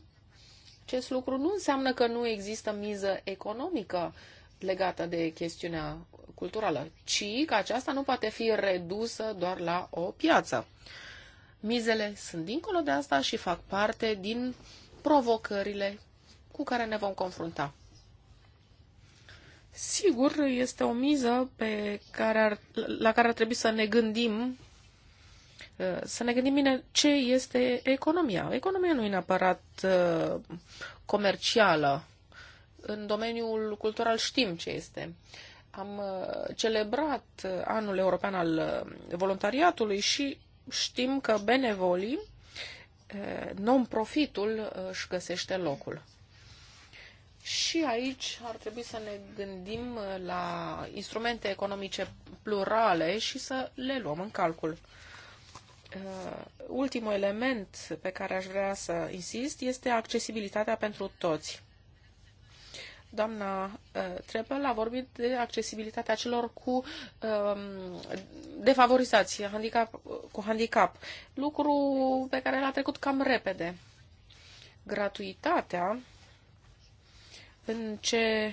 acest lucru nu înseamnă că nu există miză economică legată de chestiunea culturală, ci că aceasta nu poate fi redusă doar la o piață. Mizele sunt dincolo de asta și fac parte din provocările cu care ne vom confrunta. Sigur, este o miză pe care ar, la care ar trebui să ne gândim Eh, să ne gândim bine ce este economia. Economia nu e neapărat eh, comercială. În domeniul cultural știm ce este. Am eh, celebrat anul european al voluntariatului și știm că benevolii, non-profitul, își găsește locul. Și aici ar trebui să ne gândim la instrumente economice plurale și să le luăm în calcul. Uh, ultimul element pe care aș vrea să insist este accesibilitatea pentru toți. Doamna uh, Trebel a vorbit de accesibilitatea celor cu uh, defavorizați, handicap, cu handicap, lucru pe care l-a trecut cam repede. Gratuitatea în ce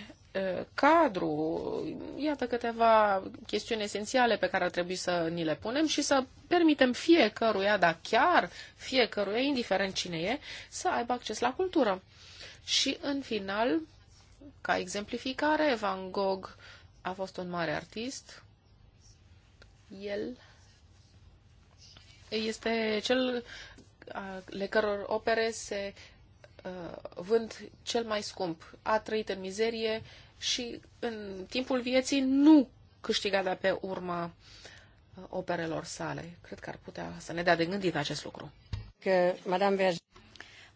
cadru, iată câteva chestiuni esențiale pe care ar trebui să ni le punem și să permitem fiecăruia, dar chiar fiecăruia, indiferent cine e, să aibă acces la cultură. Și în final, ca exemplificare, Van Gogh a fost un mare artist. El este cel le căror opere se Uh, vând cel mai scump. A trăit în mizerie și în timpul vieții nu câștiga de pe urma uh, operelor sale. Cred că ar putea să ne dea de gândit acest lucru. Că, Madame Berger...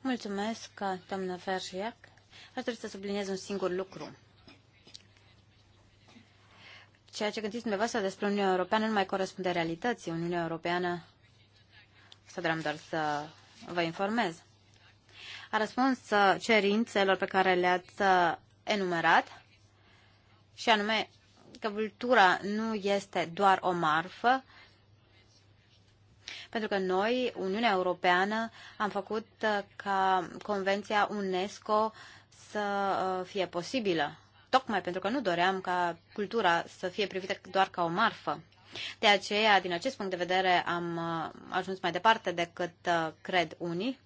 Mulțumesc, doamnă Vergiac. Aș dori să subliniez un singur lucru. Ceea ce gândiți dumneavoastră despre Uniunea Europeană nu mai corespunde realității. Uniunea Europeană, să vreau doar să vă informez, a răspuns uh, cerințelor pe care le-ați uh, enumerat și anume că vultura nu este doar o marfă, pentru că noi, Uniunea Europeană, am făcut uh, ca Convenția UNESCO să fie posibilă, tocmai pentru că nu doream ca cultura să fie privită doar ca o marfă. De aceea, din acest punct de vedere, am ajuns mai departe decât cred unii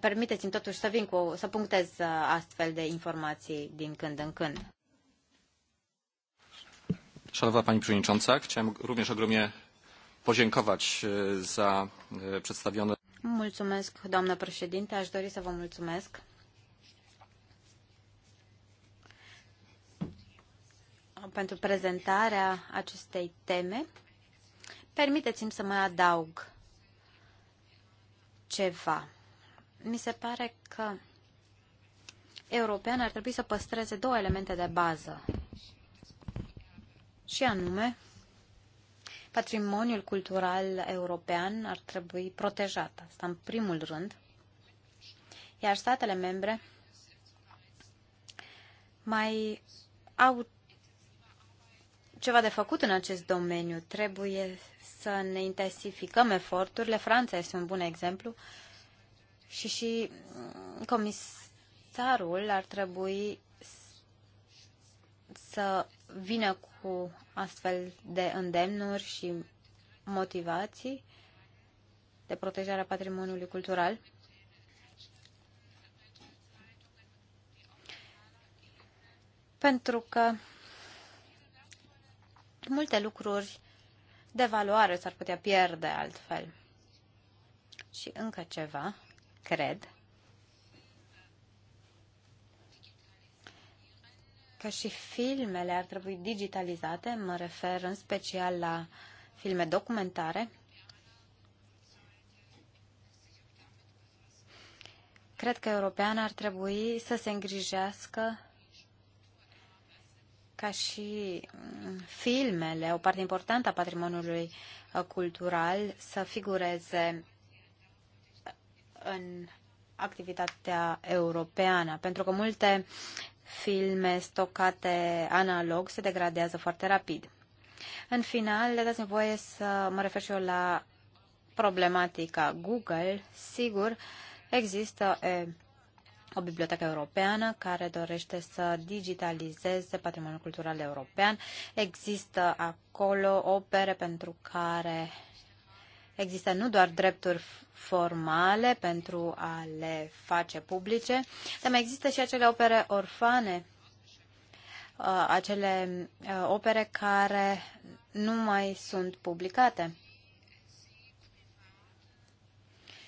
permiteți-mi totuși să vin cu, să punctez uh, astfel de informații din când în când. Szanowna Pani Przewodnicząca, chciałem również ogromnie podziękować za przedstawione... Mulțumesc, doamnă președinte. Aș dori să vă mulțumesc pentru prezentarea acestei teme. Permiteți-mi să mai adaug ceva mi se pare că european ar trebui să păstreze două elemente de bază, și anume patrimoniul cultural european ar trebui protejat. Asta în primul rând. Iar statele membre mai au ceva de făcut în acest domeniu. Trebuie să ne intensificăm eforturile. Franța este un bun exemplu. Uh, și și mm, comisarul ar trebui să vină cu astfel de îndemnuri și motivații de protejarea patrimoniului cultural. Pentru că multe lucruri de valoare s-ar putea pierde altfel. Și încă ceva cred că și filmele ar trebui digitalizate, mă refer în special la filme documentare. Cred că european ar trebui să se îngrijească ca și filmele, o parte importantă a patrimoniului uh, cultural, să figureze în activitatea europeană, pentru că multe filme stocate analog se degradează foarte rapid. În final, le dați voie să mă refer și eu la problematica Google. Sigur, există e, o bibliotecă europeană care dorește să digitalizeze patrimoniul cultural european. Există acolo opere pentru care Există nu doar drepturi formale pentru a le face publice, dar mai există și acele opere orfane, uh, acele uh, opere care nu mai sunt publicate.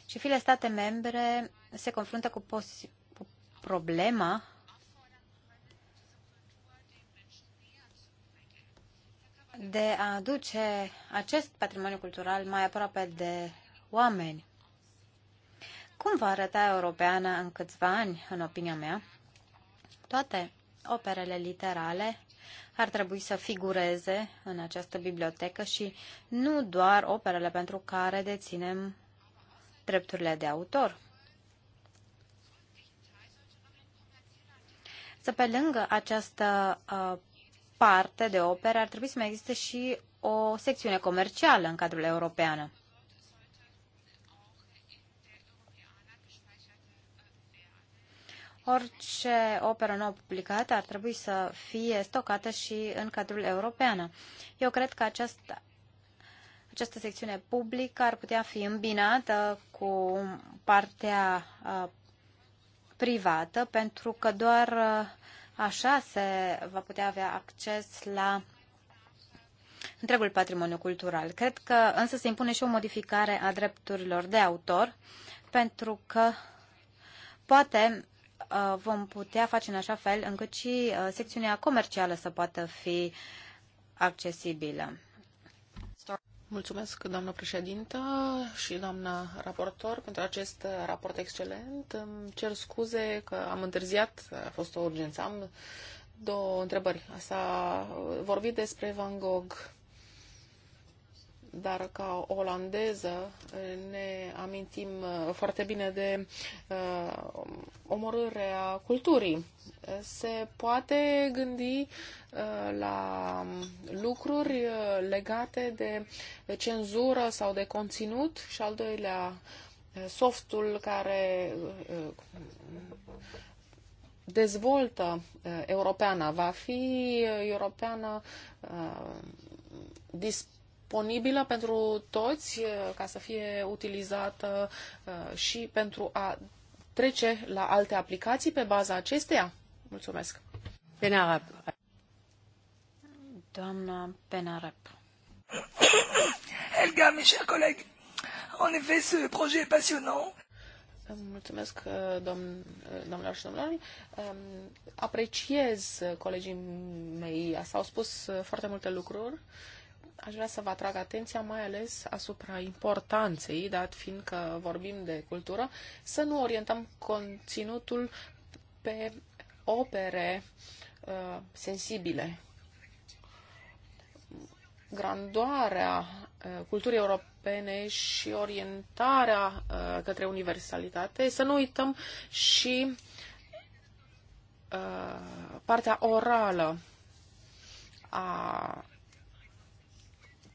Și file state membre se confruntă cu, cu problema de a aduce acest patrimoniu cultural mai aproape de oameni. Cum va arăta europeană în câțiva ani, în opinia mea? Toate operele literale ar trebui să figureze în această bibliotecă și nu doar operele pentru care deținem drepturile de autor. Să pe lângă această uh, parte de opere ar trebui să mai existe și o secțiune comercială în cadrul european. Orice operă nouă publicată ar trebui să fie stocată și în cadrul european. Eu cred că această această secțiune publică ar putea fi îmbinată cu partea uh, privată, pentru că doar uh, Așa se va putea avea acces la întregul patrimoniu cultural. Cred că însă se impune și o modificare a drepturilor de autor, pentru că poate uh, vom putea face în așa fel încât și uh, secțiunea comercială să poată fi accesibilă. Mulțumesc, doamnă președintă și doamna raportor, pentru acest raport excelent. Îmi cer scuze că am întârziat, a fost o urgență. Am două întrebări. S-a vorbit despre Van Gogh dar ca olandeză eh, ne amintim eh, foarte bine de uh, omorârea culturii. Se poate gândi la lucruri legate de cenzură sau de conținut și al doilea softul care dezvoltă europeana va fi europeană disponibilă pentru toți uh, ca să fie utilizată uh, și pentru a trece la alte aplicații pe baza acesteia? Mulțumesc. Penarap. Doamna Penarap. Elga, mes chers collègues, en effet, ce projet est passionnant. Mulțumesc, uh, domn, domnilor și domnilor. Um, apreciez colegii mei, s-au spus foarte multe lucruri aș vrea să vă atrag atenția mai ales asupra importanței, dat fiindcă vorbim de cultură, să nu orientăm conținutul pe opere uh, sensibile. Grandoarea uh, culturii europene și orientarea uh, către universalitate, să nu uităm și uh, partea orală a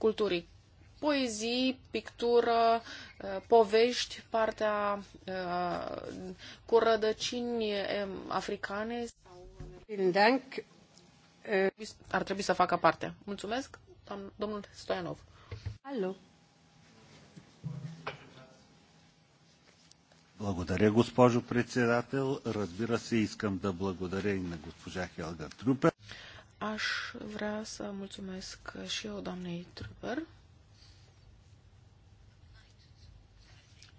culturii. Poezii, pictură, uh, povești, partea uh, cu rădăcini africane. Ar trebui să facă parte. Mulțumesc, domnul Stoianov. Alo. Благодаря, госпожо председател. Разбира се, искам да благодаря и на госпожа Хелга Трупер. Aș vrea să mulțumesc și eu doamnei Truber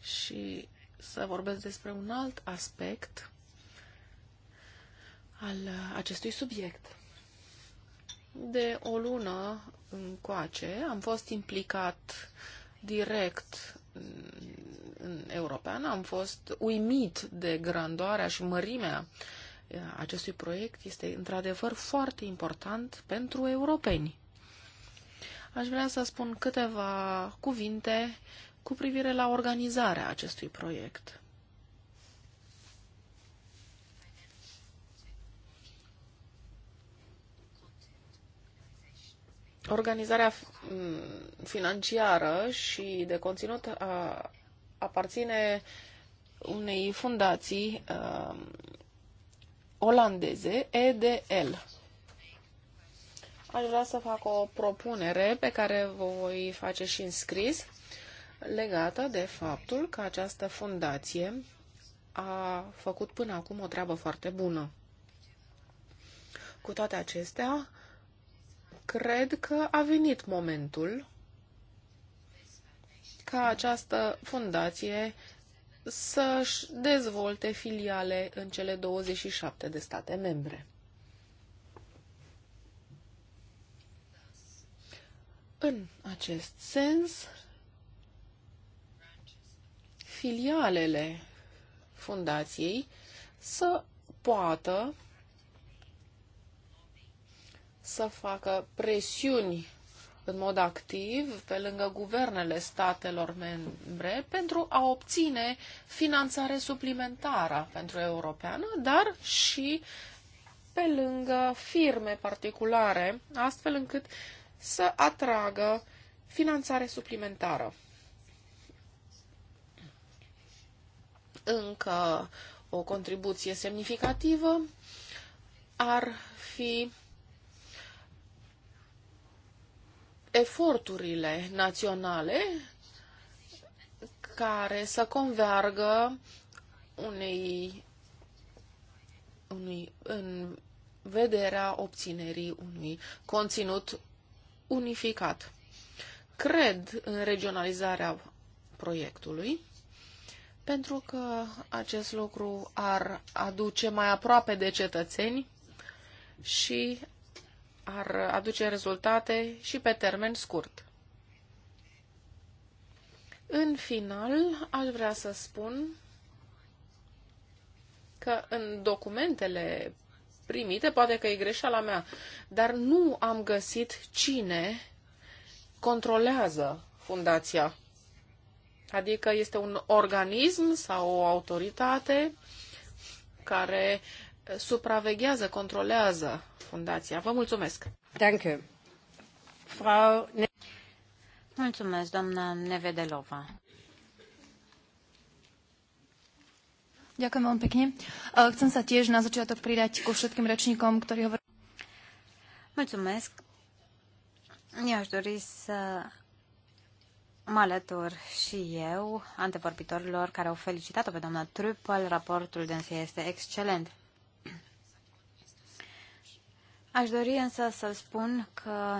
și să vorbesc despre un alt aspect al acestui subiect. De o lună încoace am fost implicat direct în european, am fost uimit de grandoarea și mărimea uh, acestui proiect este într-adevăr foarte important pentru europeni. Aș vrea să spun câteva cuvinte cu privire la organizarea acestui proiect. Organizarea mm, financiară și de conținut aparține unei fundații olandeze, EDL. Aș vrea să fac o propunere pe care vă voi face și în scris legată de faptul că această fundație a făcut până acum o treabă foarte bună. Cu toate acestea, cred că a venit momentul ca această fundație să-și dezvolte filiale în cele 27 de state membre. În acest sens, filialele fundației să poată să facă presiuni în mod activ pe lângă guvernele statelor membre pentru a obține finanțare suplimentară pentru europeană, dar și pe lângă firme particulare, astfel încât să atragă finanțare suplimentară. Încă o contribuție semnificativă ar fi eforturile naționale care să convergă unei, unui, în vederea obținerii unui conținut unificat. Cred în regionalizarea proiectului pentru că acest lucru ar aduce mai aproape de cetățeni și ar aduce rezultate și pe termen scurt. În final, aș vrea să spun că în documentele primite, poate că e greșeala mea, dar nu am găsit cine controlează fundația. Adică este un organism sau o autoritate care supraveghează, controlează fundația. Vă mulțumesc! Danke. Frau... Mulțumesc, doamna Nevedelova. Ďakujem veľmi pekne. Chcem sa tiež na začiatok pridať ku všetkým rečníkom, ktorí hovorili. Mulțumesc. Eu aș dori să mă alătur și eu antevorbitorilor care au felicitat-o pe doamna Trupel. Raportul dânsei este excelent. Aș dori însă să spun că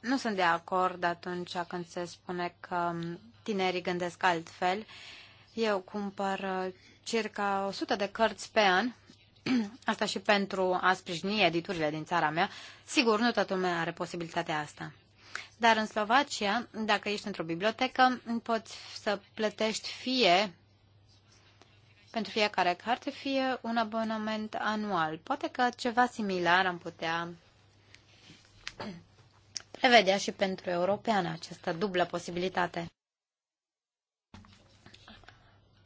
nu sunt de acord atunci când se spune că tinerii gândesc altfel. Eu cumpăr uh, circa 100 de cărți pe an, asta și pentru a sprijini editurile din țara mea. Sigur, nu toată lumea are posibilitatea asta. Dar în Slovacia, dacă ești într-o bibliotecă, poți să plătești fie pentru fiecare carte, fie un abonament anual. Poate că ceva similar am putea prevedea și pentru europeană această dublă posibilitate.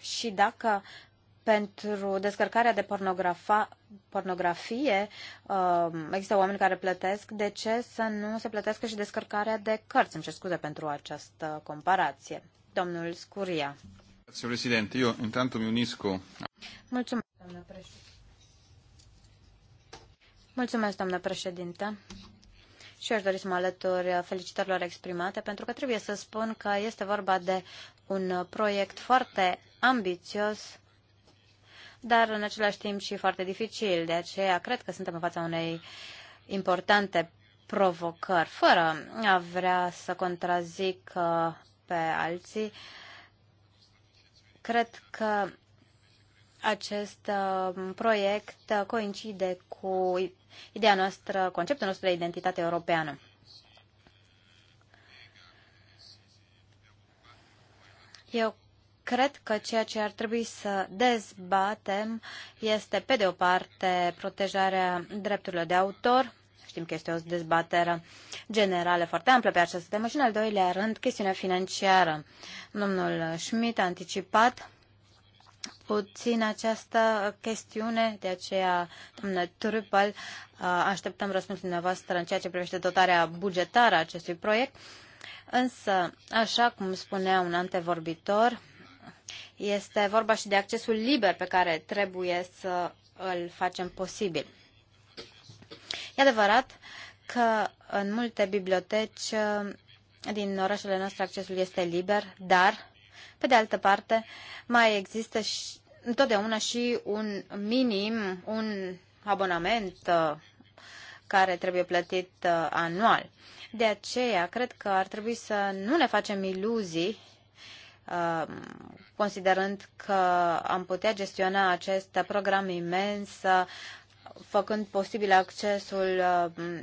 Și dacă pentru descărcarea de pornografie um, există oameni care plătesc, de ce să nu se plătească și descărcarea de cărți? Îmi cer scuze pentru această comparație. Domnul Scuria. Grazie Presidente, io intanto mi unisco. Mulțumesc, doamnă președinte. Mulțumesc, doamnă președinte. Și eu aș dori să mă alătur felicitărilor exprimate, pentru că trebuie să spun că este vorba de un proiect foarte ambițios, dar în același timp și foarte dificil. De aceea cred că suntem în fața unei importante provocări, fără a vrea să contrazic uh, pe alții. Cred că acest uh, proiect uh, coincide cu ideea noastră, conceptul nostru de identitate europeană. Eu cred că ceea ce ar trebui să dezbatem este, pe de o parte, protejarea drepturilor de autor, Știm că este o dezbatere generală foarte amplă pe această temă și, în al doilea rând, chestiunea financiară. Domnul Schmidt a anticipat puțin această chestiune, de aceea, domnule Trupel, așteptăm răspunsul dumneavoastră în ceea ce privește dotarea bugetară a acestui proiect. Însă, așa cum spunea un antevorbitor, este vorba și de accesul liber pe care trebuie să îl facem posibil. E adevărat că în multe biblioteci uh, din orașele noastre accesul este liber, dar, pe de altă parte, mai există și, întotdeauna și un minim, un abonament uh, care trebuie plătit uh, anual. De aceea, cred că ar trebui să nu ne facem iluzii considerând că am putea gestiona acest program imens făcând posibil accesul uh,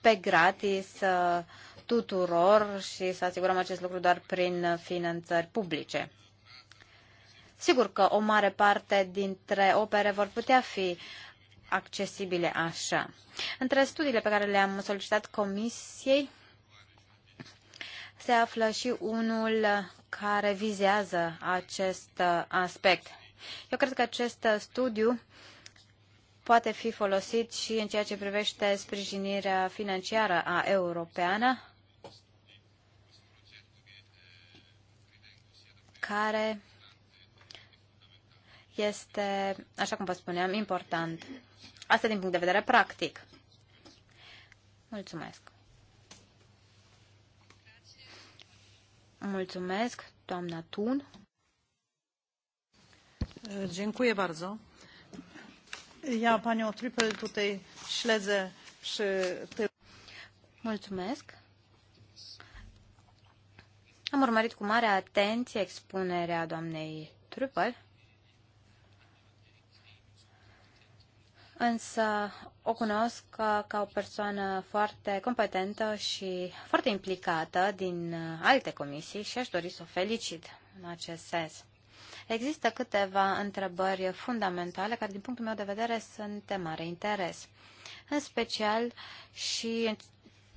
pe gratis uh, tuturor și să asigurăm acest lucru doar prin finanțări publice. Sigur că o mare parte dintre opere vor putea fi accesibile așa. Între studiile pe care le-am solicitat comisiei se află și unul care vizează acest uh, aspect. Eu cred că acest studiu poate fi folosit și în ceea ce privește sprijinirea financiară a europeană, care este, așa cum vă spuneam, important. Asta din punct de vedere practic. Mulțumesc. Mulțumesc, doamna Tun. Dziękuję bardzo. Am urmărit cu mare atenție expunerea doamnei Triple. însă o cunosc ca o persoană foarte competentă și foarte implicată din alte comisii și aș dori să o felicit în acest sens. Există câteva întrebări fundamentale care, din punctul meu de vedere, sunt de mare interes, în special și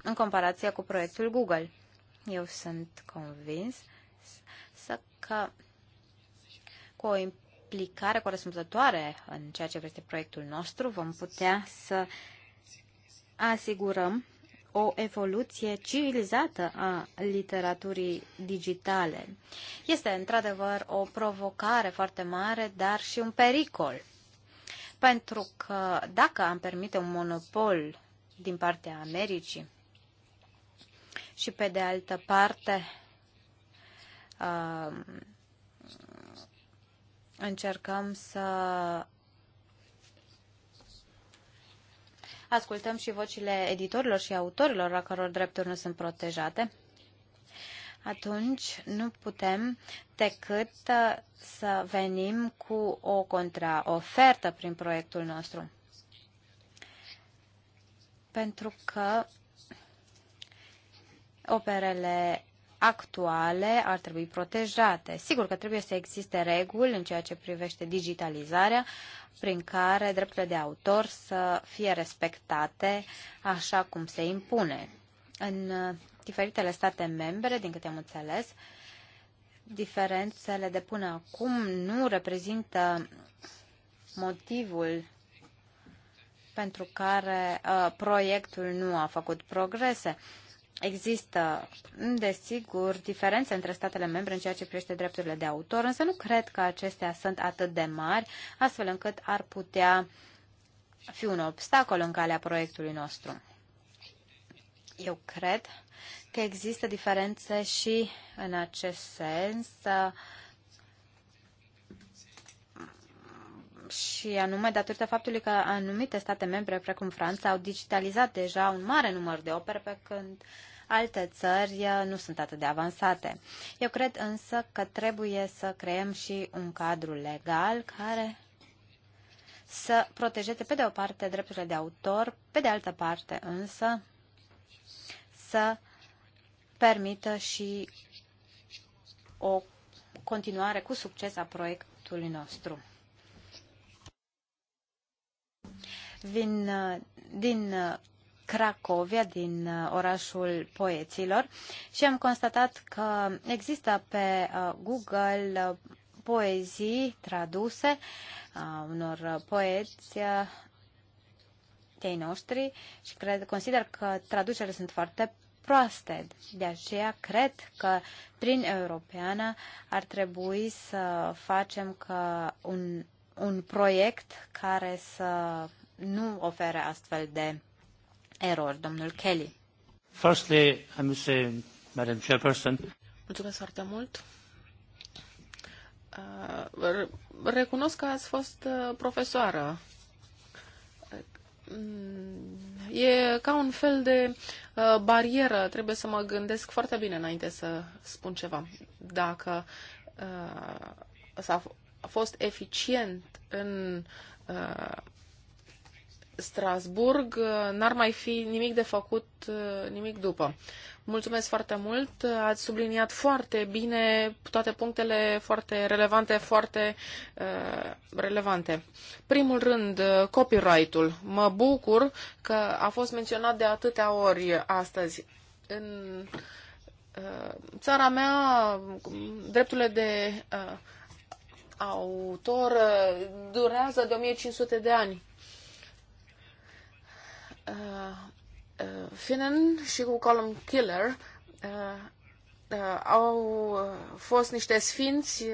în comparație cu proiectul Google. Eu sunt convins să că cu o implicare corespunzătoare în ceea ce este proiectul nostru vom putea să asigurăm o evoluție civilizată a literaturii digitale. Este într-adevăr o provocare foarte mare, dar și un pericol. Pentru că dacă am permite un monopol din partea Americii și pe de altă parte uh, încercăm să ascultăm și vocile editorilor și autorilor a căror drepturi nu sunt protejate, atunci nu putem decât uh, să venim cu o contraofertă prin proiectul nostru. Pentru că operele actuale ar trebui protejate. Sigur că trebuie să existe reguli în ceea ce privește digitalizarea, prin care drepturile de autor să fie respectate așa cum se impune. În diferitele state membre, din câte am înțeles, diferențele de până acum nu reprezintă motivul pentru care uh, proiectul nu a făcut progrese. Uh, Există, desigur, diferențe între statele membre în ceea ce privește drepturile de autor, însă nu cred că acestea sunt atât de mari, astfel încât ar putea fi un obstacol în calea proiectului nostru. Eu cred că există diferențe și în acest sens și anume datorită faptului că anumite state membre, precum Franța, au digitalizat deja un mare număr de opere, pe când alte țări uh, nu sunt atât de avansate. Eu cred însă că trebuie să creăm și un cadru legal care să protejeze pe de o parte drepturile de autor, pe de altă parte însă să permită și o continuare cu succes a proiectului nostru. vin uh, din uh, Cracovia, din uh, orașul poeților și am constatat că există pe Google poezii traduse a unor poeți ei noștri și cred, consider că traducerile sunt foarte proaste. De aceea cred că prin europeană ar trebui să facem ca un, un proiect care să nu ofere astfel de erori. Domnul Kelly. Firstly, I must say, Madam Chairperson. Mulțumesc foarte mult. Uh, recunosc că ați fost uh, profesoară. Mm, e ca un fel de uh, barieră. Trebuie să mă gândesc foarte bine înainte să spun ceva. Dacă s-a fost eficient în Strasburg, uh, n-ar mai fi nimic de făcut, uh, nimic după. Mulțumesc foarte mult, uh, ați subliniat foarte bine toate punctele foarte relevante, foarte uh, relevante. Primul rând, copyright-ul. Mă bucur că a fost menționat de atâtea ori astăzi. În uh, țara mea, drepturile de uh, autor uh, durează de 1500 de ani Uh, uh, Finan și cu Column Killer uh, au fost niște sfinți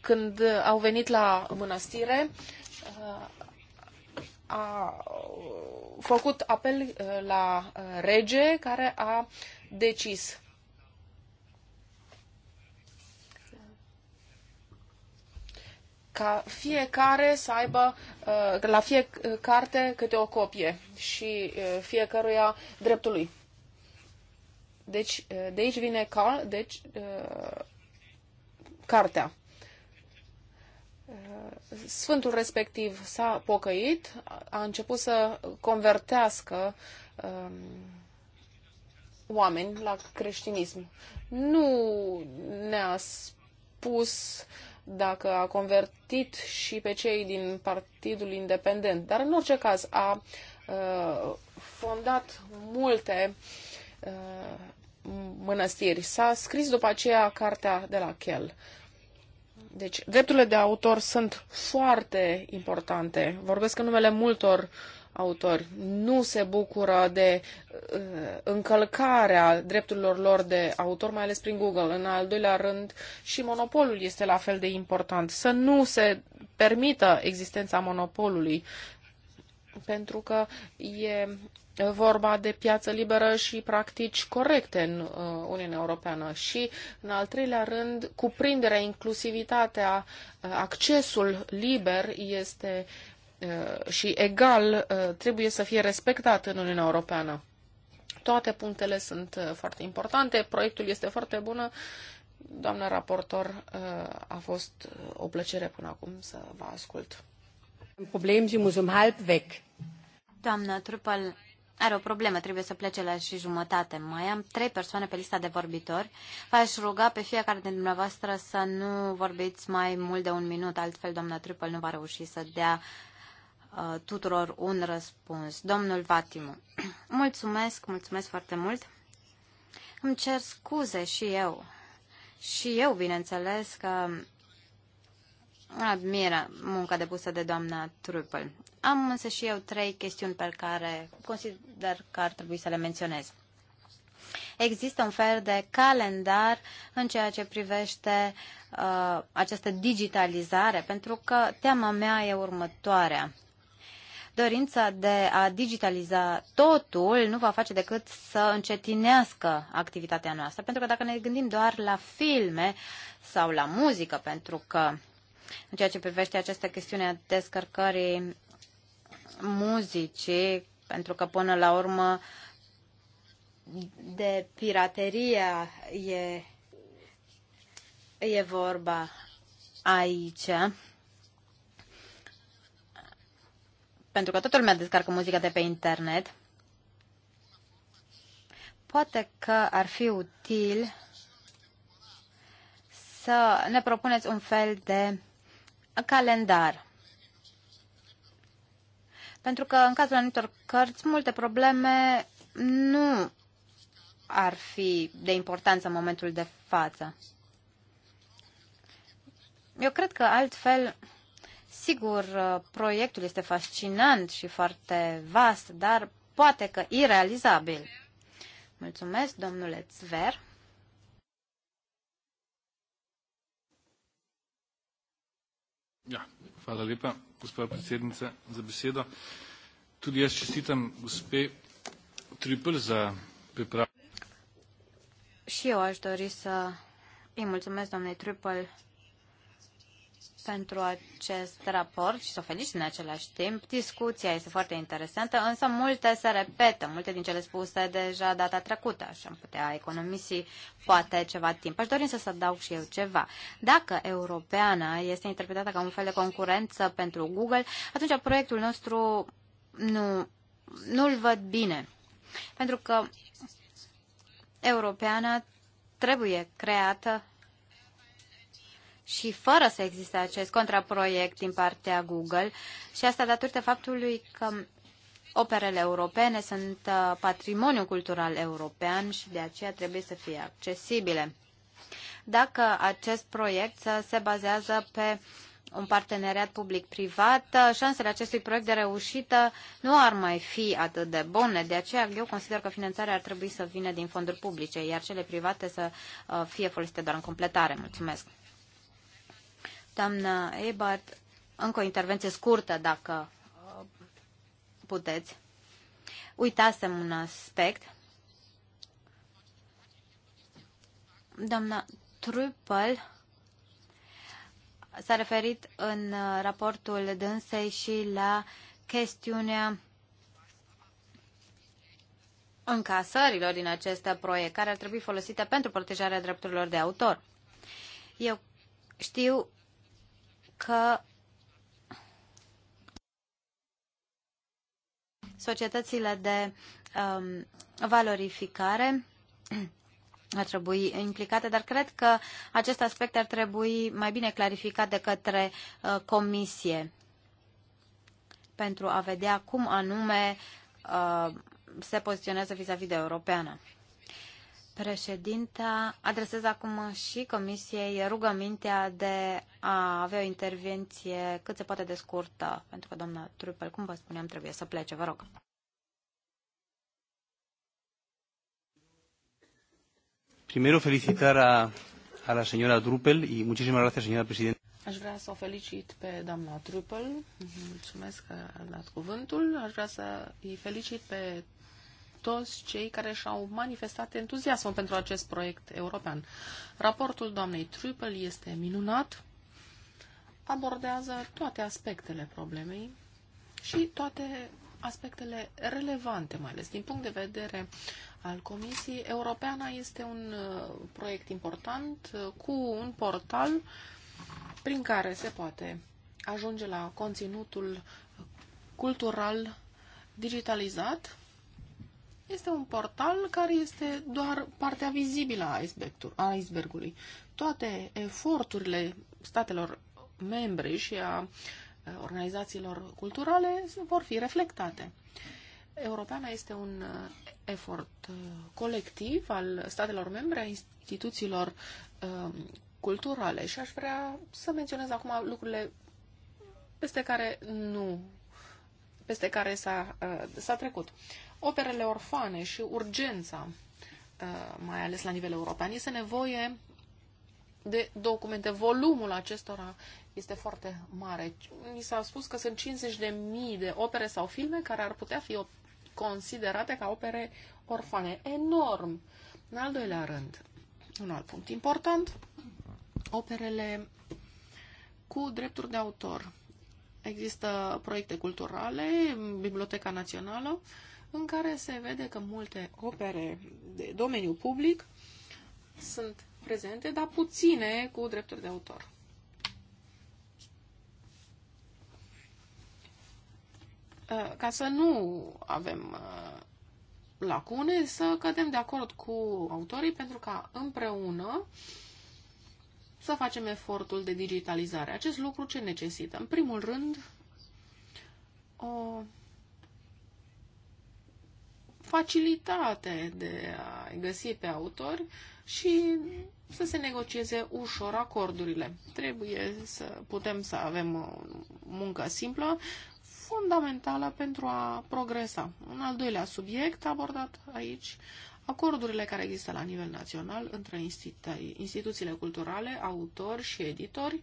când au venit la mănăstire, a făcut apel la rege care a decis ca fiecare să aibă uh, la fie uh, carte câte o copie și uh, fiecăruia dreptul lui. Deci, de aici vine ca deci, cartea. Sfântul respectiv s-a pocăit, a început să convertească um, oameni la creștinism. Nu ne-a spus uh, dacă a convertit și pe cei din Partidul Independent, dar în orice caz a uh, fondat multe uh, mănăstiri. S-a scris după aceea cartea de la Kell. Deci, drepturile de autor sunt foarte importante. Vorbesc în numele multor autori nu se bucură de uh, încălcarea drepturilor lor de autor, mai ales prin Google. În al doilea rând, și monopolul este la fel de important. Să nu se permită existența monopolului, pentru că e vorba de piață liberă și practici corecte în uh, Uniunea Europeană și, în al treilea rând, cuprinderea, inclusivitatea, uh, accesul liber este Uh, și egal uh, trebuie să fie respectat în Uniunea Europeană. Toate punctele sunt uh, foarte importante, proiectul este foarte bun. Doamna raportor, a fost o plăcere până acum să vă ascult. Problem și muzum halb weg. Doamna Trupal are o problemă, trebuie să plece la și jumătate. Mai am trei persoane pe lista de vorbitori. V-aș ruga pe fiecare dintre dumneavoastră să nu vorbiți mai mult de un minut, altfel doamna trupal nu va reuși să dea Uh, tuturor un răspuns. Domnul Vatimu, mulțumesc, mulțumesc foarte mult. Îmi cer scuze și eu. Și eu, bineînțeles, că admir munca depusă de doamna Trupel. Am însă și eu trei chestiuni pe care consider că ar trebui să le menționez. Există un fel de calendar în ceea ce privește uh, această digitalizare, pentru că teama mea e următoarea dorința de a digitaliza totul nu va face decât să încetinească activitatea noastră. Pentru că dacă ne gândim doar la filme sau la muzică, pentru că în ceea ce privește această chestiune a descărcării muzicii, pentru că până la urmă de pirateria e, e vorba aici. pentru că mi-a descarcă muzica de pe internet, poate că ar fi util să ne propuneți un fel de calendar. Pentru că în cazul anumitor cărți, multe probleme nu ar fi de importanță în momentul de față. Eu cred că altfel Sigur, uh, proiectul este fascinant și foarte vast, dar poate că irealizabil. Mulțumesc, domnule Zver. Ja, hvala lepa, gospod predsednica, za besedo. Tudi jaz čestitam gospe Tripel za pripravo. Și eu aș dori să îi mulțumesc doamnei Tripel pentru acest raport și să o felicit în același timp. Discuția este foarte interesantă, însă multe se repetă, multe din cele spuse deja data trecută și am putea economisi poate ceva timp. Aș dori să dau și eu ceva. Dacă europeană este interpretată ca un fel de concurență pentru Google, atunci proiectul nostru nu, nu-l văd bine. Pentru că europeana trebuie creată și fără să existe acest contraproiect din partea Google și asta datorită faptului că operele europene sunt uh, patrimoniu cultural european și de aceea trebuie să fie accesibile. Dacă acest proiect uh, se bazează pe un parteneriat public-privat, uh, șansele acestui proiect de reușită nu ar mai fi atât de bune. De aceea eu consider că finanțarea ar trebui să vină din fonduri publice, iar cele private să fie folosite doar în completare. Mulțumesc! Doamnă Ebert, încă o intervenție scurtă, dacă uh, puteți. Uitasem un aspect. Doamna Trupel s-a referit în uh, raportul dânsei și la chestiunea încasărilor din acest proiect, care ar trebui folosite pentru protejarea drepturilor de autor. Eu știu că societățile de um, valorificare ar trebui implicate, dar cred că acest aspect ar trebui mai bine clarificat de către uh, comisie pentru a vedea cum anume uh, se poziționează vis-a-vis -vis de europeană. Președinta, adresez acum și Comisiei rugămintea de a avea o intervenție cât se poate de scurtă, pentru că doamna Trupel, cum vă spuneam, trebuie să plece. Vă rog. Primero felicitar a, a la señora Trupel y muchísimas gracias, señora presidenta. Aș vrea să o felicit pe doamna Trupel. Mulțumesc că a dat cuvântul. Aș vrea să îi felicit pe toți cei care și-au manifestat entuziasmul pentru acest proiect european. Raportul doamnei Trupel este minunat, abordează toate aspectele problemei și toate aspectele relevante, mai ales din punct de vedere al Comisiei. Europeana este un uh, proiect important uh, cu un portal prin care se poate ajunge la conținutul cultural digitalizat este un portal care este doar partea vizibilă a icebergului. Toate eforturile statelor membre și a organizațiilor culturale vor fi reflectate. Europeana este un efort colectiv al statelor membre, a instituțiilor culturale și aș vrea să menționez acum lucrurile peste care nu peste care s-a, s-a trecut operele orfane și urgența, uh, mai ales la nivel european. Este nevoie de documente. Volumul acestora este foarte mare. Mi s-a spus că sunt 50.000 de opere sau filme care ar putea fi considerate ca opere orfane. Enorm! În al doilea rând, un alt punct important, operele cu drepturi de autor. Există proiecte culturale, Biblioteca Națională, uh, în care se vede că multe opere de domeniu public sunt prezente, dar puține cu drepturi de autor. Uh, ca să nu avem uh, lacune, să cădem de acord cu autorii pentru ca împreună să facem efortul de digitalizare. Acest lucru ce necesită? În primul rând, o facilitate de a găsi pe autori și să se negocieze ușor acordurile. Trebuie să putem să avem o muncă simplă, fundamentală pentru a progresa. Un al doilea subiect abordat aici, acordurile care există la nivel național între institu instituțiile culturale, autori și editori,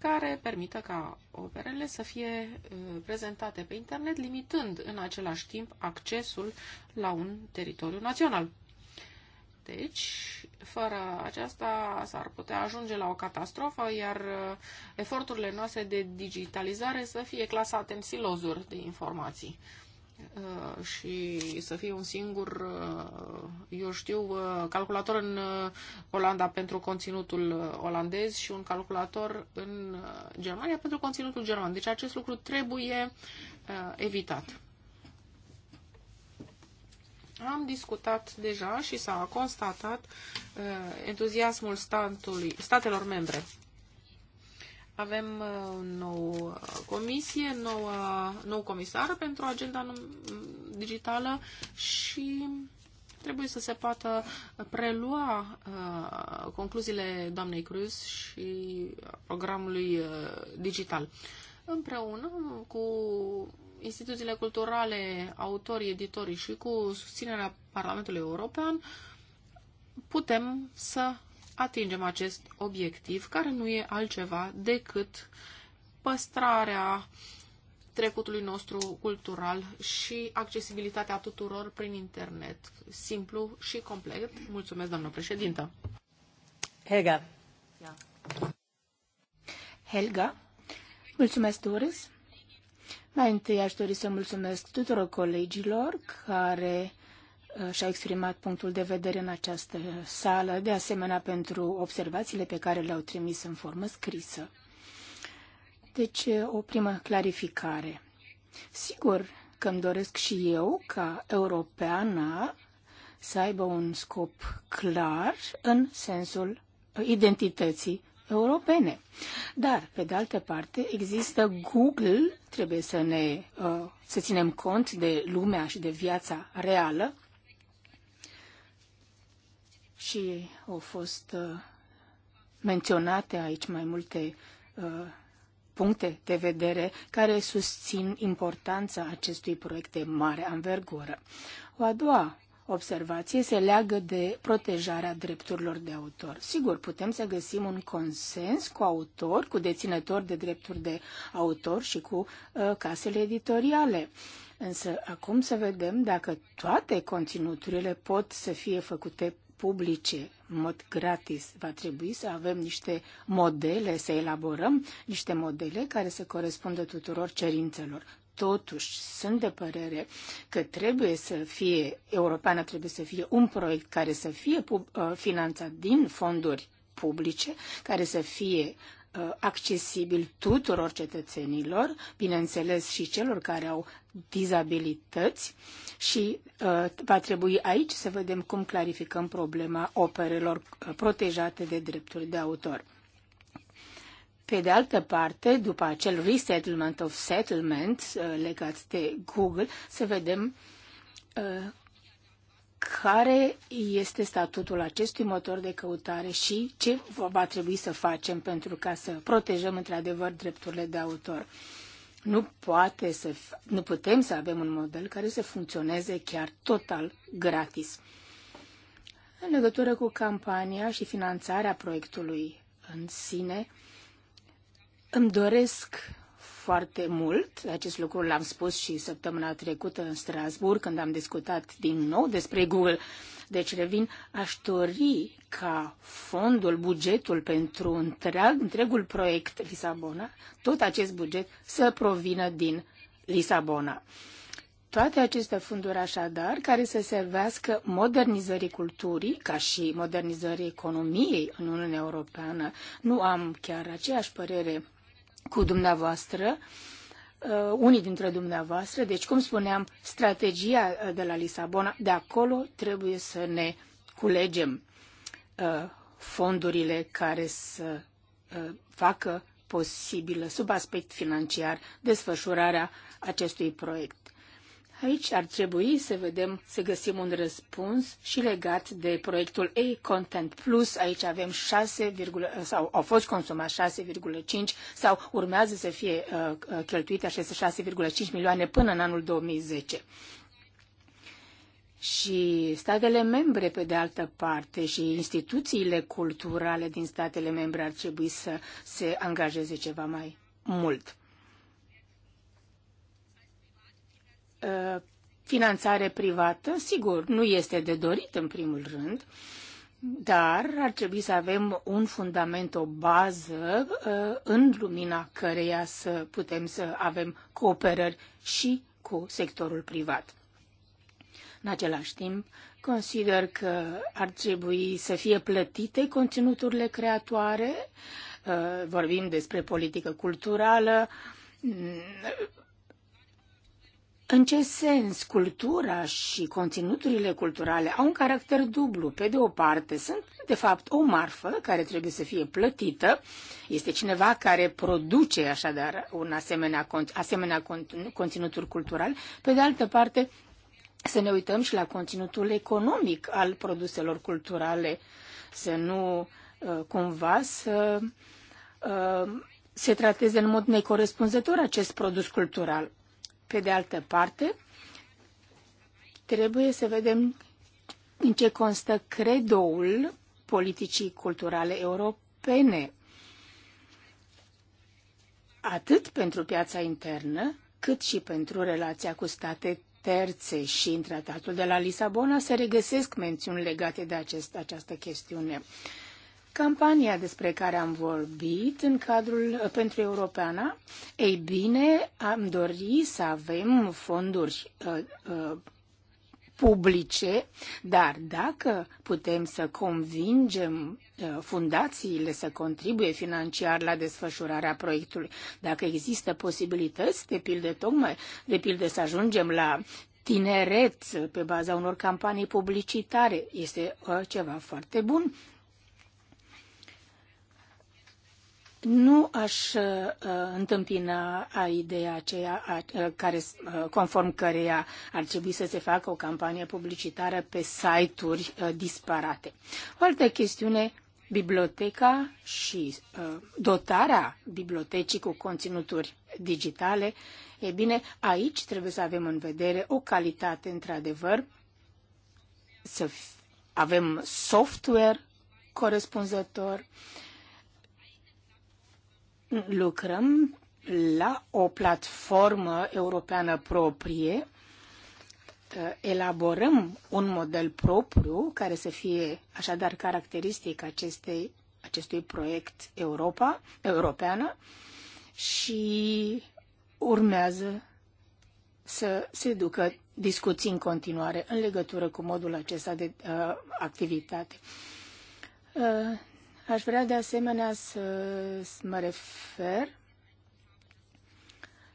care permită ca operele să fie uh, prezentate pe internet, limitând în același timp accesul la un teritoriu național. Deci, fără aceasta s-ar putea ajunge la o catastrofă, iar uh, eforturile noastre de digitalizare să fie clasate în silozuri de informații. Uh, și să fie un singur, uh, eu știu, uh, calculator în Olanda pentru conținutul olandez și un calculator în Germania pentru conținutul german. Deci acest lucru trebuie evitat. Am discutat deja și s-a constatat entuziasmul statului, statelor membre avem uh, un nou uh, comisie, nouă, nou comisar pentru agenda digitală și trebuie să se poată prelua uh, concluziile doamnei Cruz și programului uh, digital. Împreună cu instituțiile culturale, autorii, editorii și cu susținerea Parlamentului European, putem să atingem acest obiectiv, care nu e altceva decât păstrarea trecutului nostru cultural și accesibilitatea tuturor prin internet. Simplu și complet. Mulțumesc, doamnă președintă. Helga. Helga. Mulțumesc, Doris. Mai întâi aș dori să mulțumesc tuturor colegilor care Uh, și-a exprimat punctul de vedere în această sală, de asemenea pentru observațiile pe care le-au trimis în formă scrisă. Deci, uh, o primă clarificare. Sigur că îmi doresc și eu, ca europeană, să aibă un scop clar în sensul uh, identității europene. Dar, pe de altă parte, există Google, trebuie să ne să ținem cont de lumea și de viața reală și au fost uh, menționate aici mai multe uh, puncte de vedere care susțin importanța acestui proiect de mare anvergură. O a doua observație se leagă de protejarea drepturilor de autor. Sigur, putem să găsim un consens cu autor, cu deținători de drepturi de autor și cu uh, casele editoriale. Însă acum să vedem dacă toate conținuturile pot să fie făcute publice în mod gratis. Va trebui să avem niște modele, să elaborăm niște modele care să corespundă tuturor cerințelor. Totuși, sunt de părere că trebuie să fie, europeană trebuie să fie un proiect care să fie uh, finanțat din fonduri publice, care să fie Uh, accesibil tuturor cetățenilor, bineînțeles și celor care au dizabilități și uh, va trebui aici să vedem cum clarificăm problema operelor uh, protejate de drepturi de autor. Pe de altă parte, după acel resettlement of settlement uh, legat de Google, să vedem uh, care este statutul acestui motor de căutare și ce va trebui să facem pentru ca să protejăm într-adevăr drepturile de autor. Nu, poate să, nu putem să avem un model care să funcționeze chiar total gratis. În legătură cu campania și finanțarea proiectului în sine, îmi doresc foarte mult. Acest lucru l-am spus și săptămâna trecută în Strasburg, când am discutat din nou despre Google. Deci, revin, aș dori ca fondul, bugetul pentru întreg, întregul proiect Lisabona, tot acest buget să provină din Lisabona. Toate aceste funduri, așadar care să servească modernizării culturii ca și modernizării economiei în Uniunea Europeană. Nu am chiar aceeași părere cu dumneavoastră, uh, unii dintre dumneavoastră. Deci, cum spuneam, strategia uh, de la Lisabona, de acolo trebuie să ne culegem uh, fondurile care să facă posibilă, sub aspect financiar, desfășurarea acestui proiect. Aici ar trebui să vedem, să găsim un răspuns și legat de proiectul A-Content Plus. Aici avem 6, sau au fost consumați 6,5 sau urmează să fie uh, uh cheltuite aceste 6,5 milioane până în anul 2010. Și statele membre, pe de altă parte, și instituțiile culturale din statele membre ar trebui să se angajeze ceva mai mult. finanțare privată, sigur, nu este de dorit în primul rând, dar ar trebui să avem un fundament, o bază uh, în lumina căreia să putem să avem cooperări și cu sectorul privat. În același timp, consider că ar trebui să fie plătite conținuturile creatoare, uh, vorbim despre politică culturală, în ce sens cultura și conținuturile culturale au un caracter dublu? Pe de o parte, sunt de fapt o marfă care trebuie să fie plătită, este cineva care produce așadar un asemenea, asemenea conținuturi cultural, pe de altă parte, să ne uităm și la conținutul economic al produselor culturale, să nu uh, cumva să uh, se trateze în mod necorespunzător acest produs cultural. Pe de altă parte, trebuie să vedem în ce constă credoul politicii culturale europene, atât pentru piața internă, cât și pentru relația cu state terțe și în tratatul de la Lisabona se regăsesc mențiuni legate de acest, această chestiune. Campania despre care am vorbit în cadrul uh, pentru Europeana, ei bine, am dori să avem fonduri uh, uh, publice, dar dacă putem să convingem uh, fundațiile să contribuie financiar la desfășurarea proiectului, dacă există posibilități, de pildă, tocmai, de pildă să ajungem la tineret pe baza unor campanii publicitare, este uh, ceva foarte bun Nu aș uh, uh, întâmpina a ideea aceea a, uh, care, uh, conform căreia ar trebui să se facă o campanie publicitară pe site-uri uh, disparate. O altă chestiune, biblioteca și uh, dotarea bibliotecii cu conținuturi digitale. E bine, aici trebuie să avem în vedere o calitate, într-adevăr, să avem software corespunzător, uh, lucrăm la o platformă europeană proprie, elaborăm un model propriu care să fie așadar caracteristic acestei, acestui proiect Europa, europeană și urmează să se ducă discuții în continuare în legătură cu modul acesta de uh, activitate. Uh, Aș vrea de asemenea să mă refer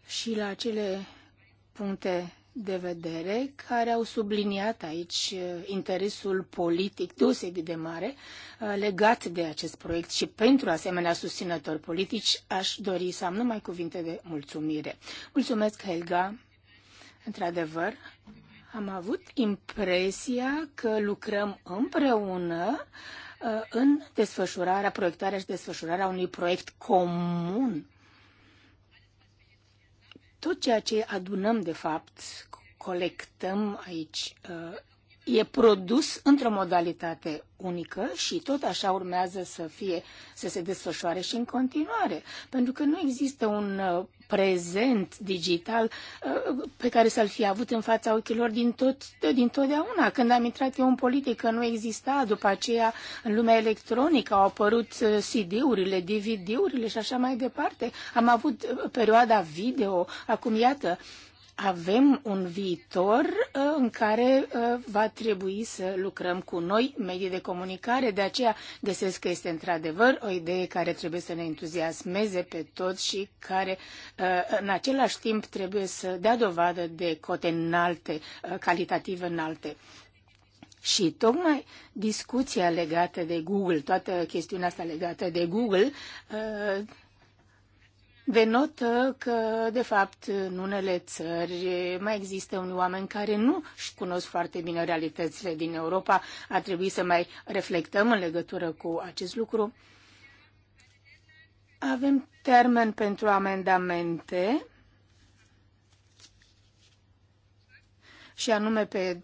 și la acele puncte de vedere care au subliniat aici uh, interesul politic deosebit de mare uh, legat de acest proiect și pentru asemenea susținători politici aș dori să am numai cuvinte de mulțumire. Mulțumesc, Helga. Într-adevăr, am avut impresia că lucrăm împreună Uh, în desfășurarea, proiectarea și desfășurarea unui proiect comun. Tot ceea ce adunăm, de fapt, colectăm aici uh, e produs într-o modalitate unică și tot așa urmează să fie, să se desfășoare și în continuare, pentru că nu există un uh, prezent digital uh, pe care să-l fi avut în fața ochilor din, tot, din totdeauna. Când am intrat eu în politică nu exista, după aceea în lumea electronică au apărut uh, CD-urile, DVD-urile și așa mai departe. Am avut perioada video, acum iată, avem un viitor uh, în care uh, va trebui să lucrăm cu noi medii de comunicare, de aceea găsesc că este într-adevăr o idee care trebuie să ne entuziasmeze pe toți și care uh, în același timp trebuie să dea dovadă de cote înalte, calitativ înalte. Și tocmai discuția legată de Google, toată chestiunea asta legată de Google, denotă că, de fapt, în unele țări mai există unii oameni care nu își cunosc foarte bine realitățile din Europa. Ar trebui să mai reflectăm în legătură cu acest lucru. Avem termen pentru amendamente și anume pe,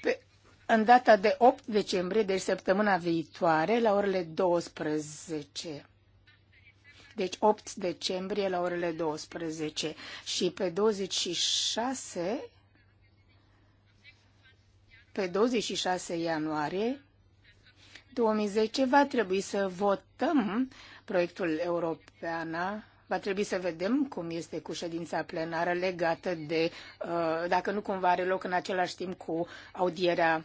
pe în data de 8 decembrie, deci săptămâna viitoare, la orele 12 deci 8 decembrie la orele 12 și pe 26 pe 26 ianuarie 2010 va trebui să votăm proiectul european va trebui să vedem cum este cu ședința plenară legată de, uh, dacă nu cumva are loc în același timp cu audierea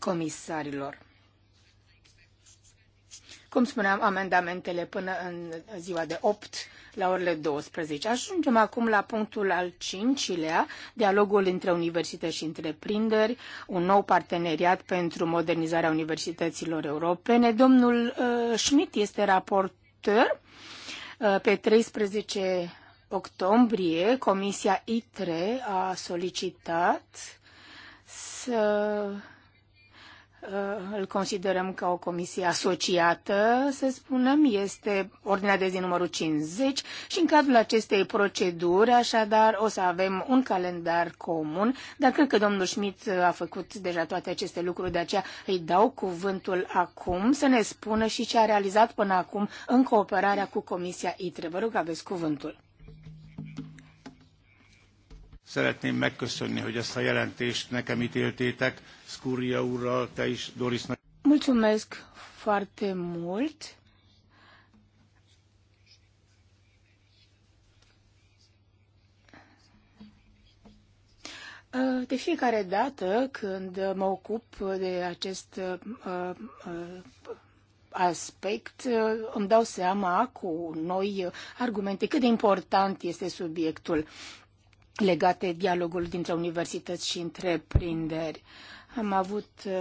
comisarilor cum spuneam, amendamentele până în ziua de 8 la orele 12. Ajungem acum la punctul al cincilea, dialogul între universități și întreprinderi, un nou parteneriat pentru modernizarea universităților europene. Domnul uh, Schmidt este raportor uh, pe 13 octombrie, Comisia ITRE a solicitat să Uh, îl considerăm ca o comisie asociată, să spunem, este ordinea de zi numărul 50 și în cadrul acestei proceduri, așadar, o să avem un calendar comun, dar cred că domnul Schmidt a făcut deja toate aceste lucruri, de aceea îi dau cuvântul acum să ne spună și ce a realizat până acum în cooperarea cu Comisia ITRE. Vă rog, aveți cuvântul. Szeretném megköszönni, hogy ezt a jelentést nekem ítéltétek, Skúria úrral, te is, Dorisnak. Mulțumesc foarte mult. De fiecare dată când mă ocup de acest aspect, îmi dau seama cu noi argumente cât de important este subiectul legate dialogul dintre universități și întreprinderi. Am avut uh,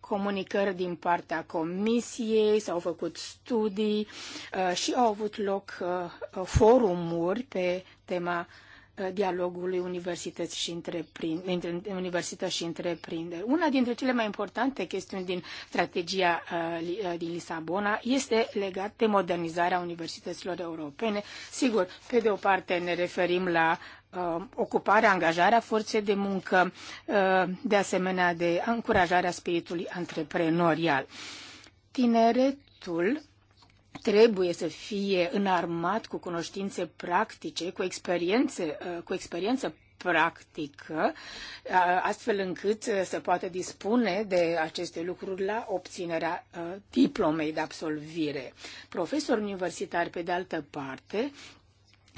comunicări din partea comisiei, s-au făcut studii uh, și au avut loc uh, forumuri pe tema dialogului universități și între universități și întreprinderi. Una dintre cele mai importante chestiuni din strategia din Lisabona este legată de modernizarea universităților europene. Sigur, pe de o parte ne referim la Uh, ocuparea, angajarea forței de muncă, uh, de asemenea de încurajarea spiritului antreprenorial. Tineretul trebuie să fie înarmat cu cunoștințe practice, cu experiențe, uh, cu experiență practică, astfel încât să poată dispune de aceste lucruri la obținerea diplomei de absolvire. Profesori universitari, pe de altă parte,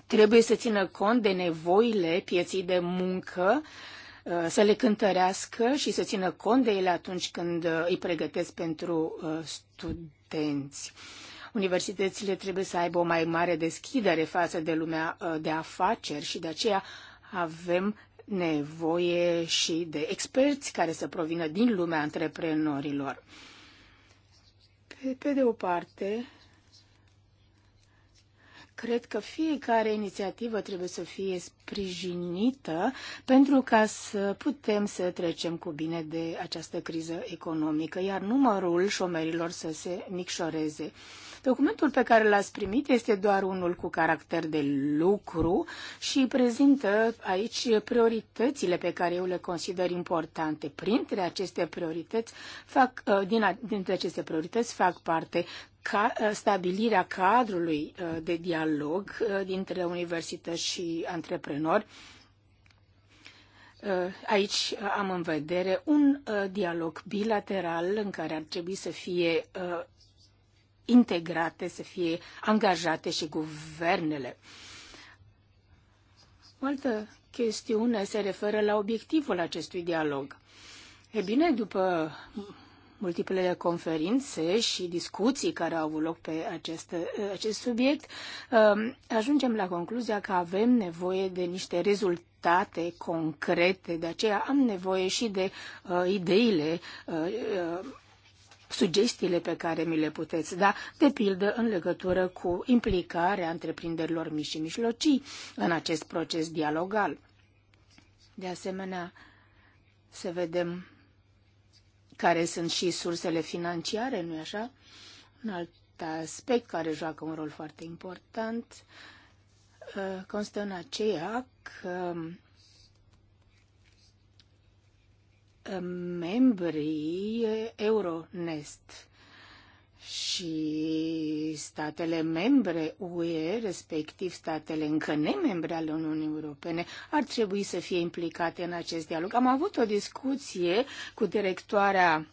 trebuie să țină cont de nevoile pieții de muncă, uh, să le cântărească și să țină cont de ele atunci când uh, îi pregătesc pentru uh, studenți. Universitățile trebuie să aibă o mai mare deschidere față de lumea de afaceri și de aceea avem nevoie și de experți care să provină din lumea antreprenorilor. Pe, pe de o parte, Cred că fiecare inițiativă trebuie să fie sprijinită pentru ca să putem să trecem cu bine de această criză economică, iar numărul șomerilor să se micșoreze. Documentul pe care l-ați primit este doar unul cu caracter de lucru și prezintă aici prioritățile pe care eu le consider importante. Printre aceste priorități fac, uh, din, dintre aceste priorități fac parte ca, ă, stabilirea cadrului ă, de dialog ă, dintre universități și antreprenori. Aici am în vedere un dialog bilateral în care ar trebui să fie integrate, să fie angajate și guvernele. O altă chestiune se referă la obiectivul acestui dialog. E bine, după multiplele conferințe și discuții care au avut loc pe acest, acest subiect, um, ajungem la concluzia că avem nevoie de niște rezultate concrete, de aceea am nevoie și de uh, ideile, uh, uh, sugestiile pe care mi le puteți da, de pildă în legătură cu implicarea întreprinderilor mici și mijlocii în acest proces dialogal. De asemenea, să vedem care sunt și sursele financiare, nu-i așa? Un alt aspect care joacă un rol foarte important uh, constă în aceea că uh, membrii Euronest și statele membre UE, respectiv statele încă nemembre ale Uniunii Europene, ar trebui să fie implicate în acest dialog. Am avut o discuție cu directoarea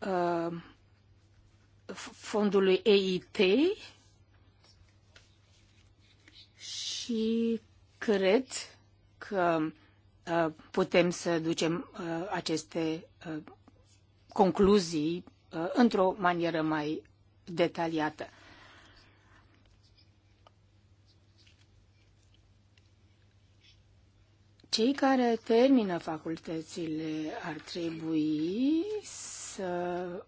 uh, fondului EIT și cred că uh, putem să ducem uh, aceste uh, concluzii Uh, într-o manieră mai detaliată. Cei care termină facultățile ar trebui să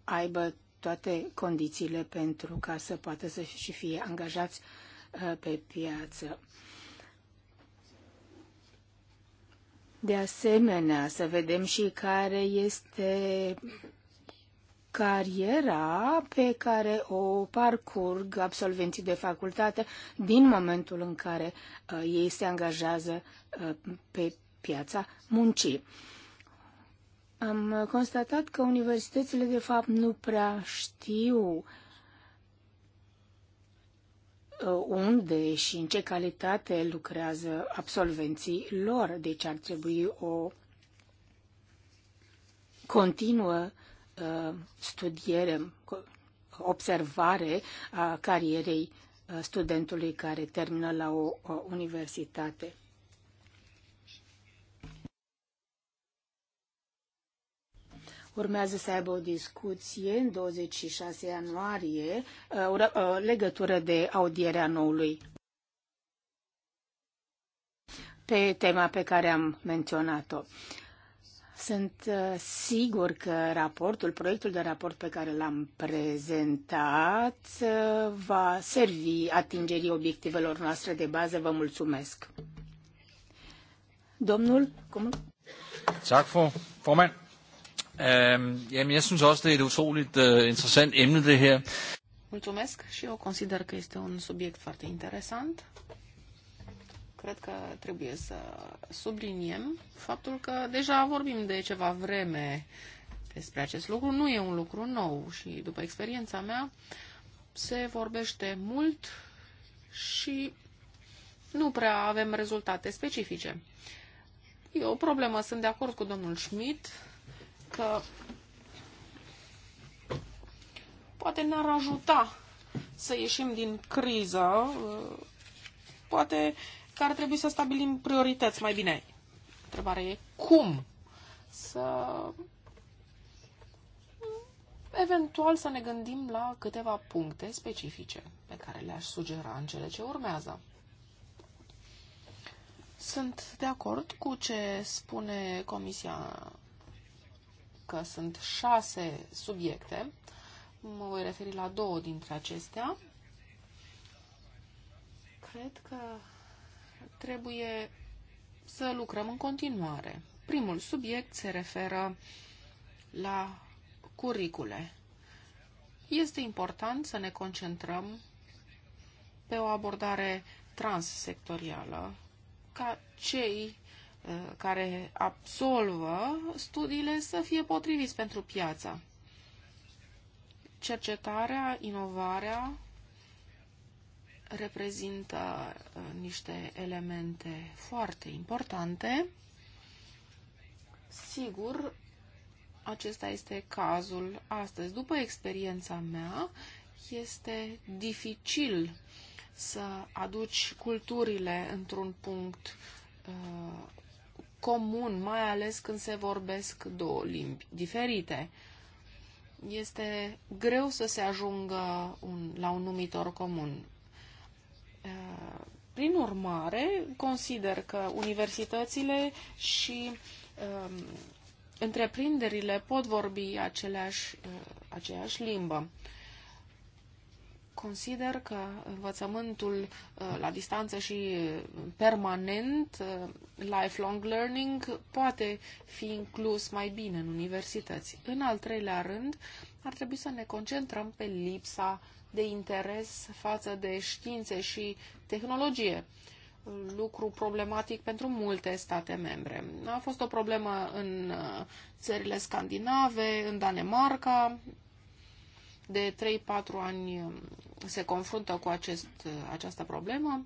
aibă toate condițiile pentru ca să poată să și fie angajați uh, pe piață. De asemenea, să vedem și care este cariera pe care o parcurg absolvenții de facultate din momentul în care uh, ei se angajează uh, pe piața muncii. Am constatat că universitățile, de fapt, nu prea știu uh, unde și în ce calitate lucrează absolvenții lor. Deci ar trebui o continuă uh, Uh, studiere, observare a carierei uh, studentului care termină la o, o universitate. urmează să aibă o discuție în 26 ianuarie uh, legătură de audierea noului pe tema pe care am menționat-o. Sunt uh, sigur că raportul, proiectul de raport pe care l-am prezentat uh, va servi atingerii obiectivelor noastre de bază. Vă mulțumesc. Domnul, cum? Tak for, formand. Uh, jamen, jeg synes også, det er et utroligt uh, interessant emne, det her. Mulțumesc și eu consider că este un subiect foarte interesant cred că trebuie să subliniem faptul că deja vorbim de ceva vreme despre acest lucru. Nu e un lucru nou și, după experiența mea, se vorbește mult și nu prea avem rezultate specifice. E o problemă, sunt de acord cu domnul Schmidt că poate ne-ar ajuta să ieșim din criză, poate că ar trebui să stabilim priorități mai bine. Întrebarea e cum să eventual să ne gândim la câteva puncte specifice pe care le-aș sugera în cele ce urmează. Sunt de acord cu ce spune Comisia că sunt șase subiecte. Mă voi referi la două dintre acestea. Cred că trebuie să lucrăm în continuare. Primul subiect se referă la curicule. Este important să ne concentrăm pe o abordare transsectorială, ca cei uh, care absolvă studiile să fie potriviți pentru piața. Cercetarea, inovarea reprezintă uh, niște elemente foarte importante. Sigur, acesta este cazul astăzi. După experiența mea, este dificil să aduci culturile într-un punct uh, comun, mai ales când se vorbesc două limbi diferite. Este greu să se ajungă un, la un numitor comun. Prin urmare, consider că universitățile și um, întreprinderile pot vorbi aceleași, uh, aceeași limbă. Consider că învățământul uh, la distanță și permanent, uh, lifelong learning, poate fi inclus mai bine în universități. În al treilea rând, ar trebui să ne concentrăm pe lipsa de interes față de științe și tehnologie, lucru problematic pentru multe state membre. A fost o problemă în uh, țările scandinave, în Danemarca, de 3-4 ani um, se confruntă cu acest, uh, această problemă.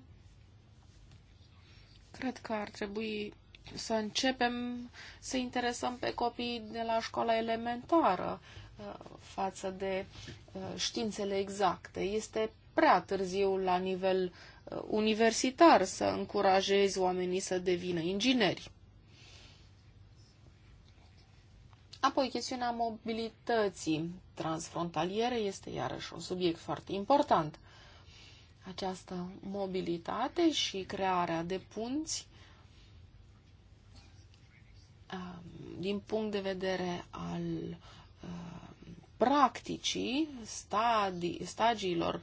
Cred că ar trebui să începem să interesăm pe copii de la școala elementară față de uh, științele exacte. Este prea târziu la nivel uh, universitar să încurajezi oamenii să devină ingineri. Apoi, chestiunea mobilității transfrontaliere este iarăși un subiect foarte important. Această mobilitate și crearea de punți uh, din punct de vedere al practicii, stadii, stagiilor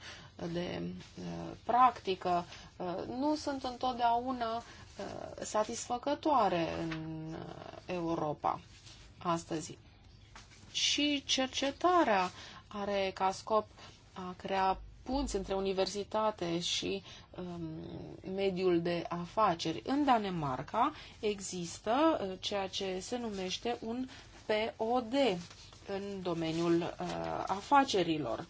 de eh, practică eh, nu sunt întotdeauna eh, satisfăcătoare în Europa astăzi. Și cercetarea are ca scop a crea punți între universitate și um, mediul de afaceri. În Danemarca există ceea ce se numește un POD, în domeniul uh, afacerilor,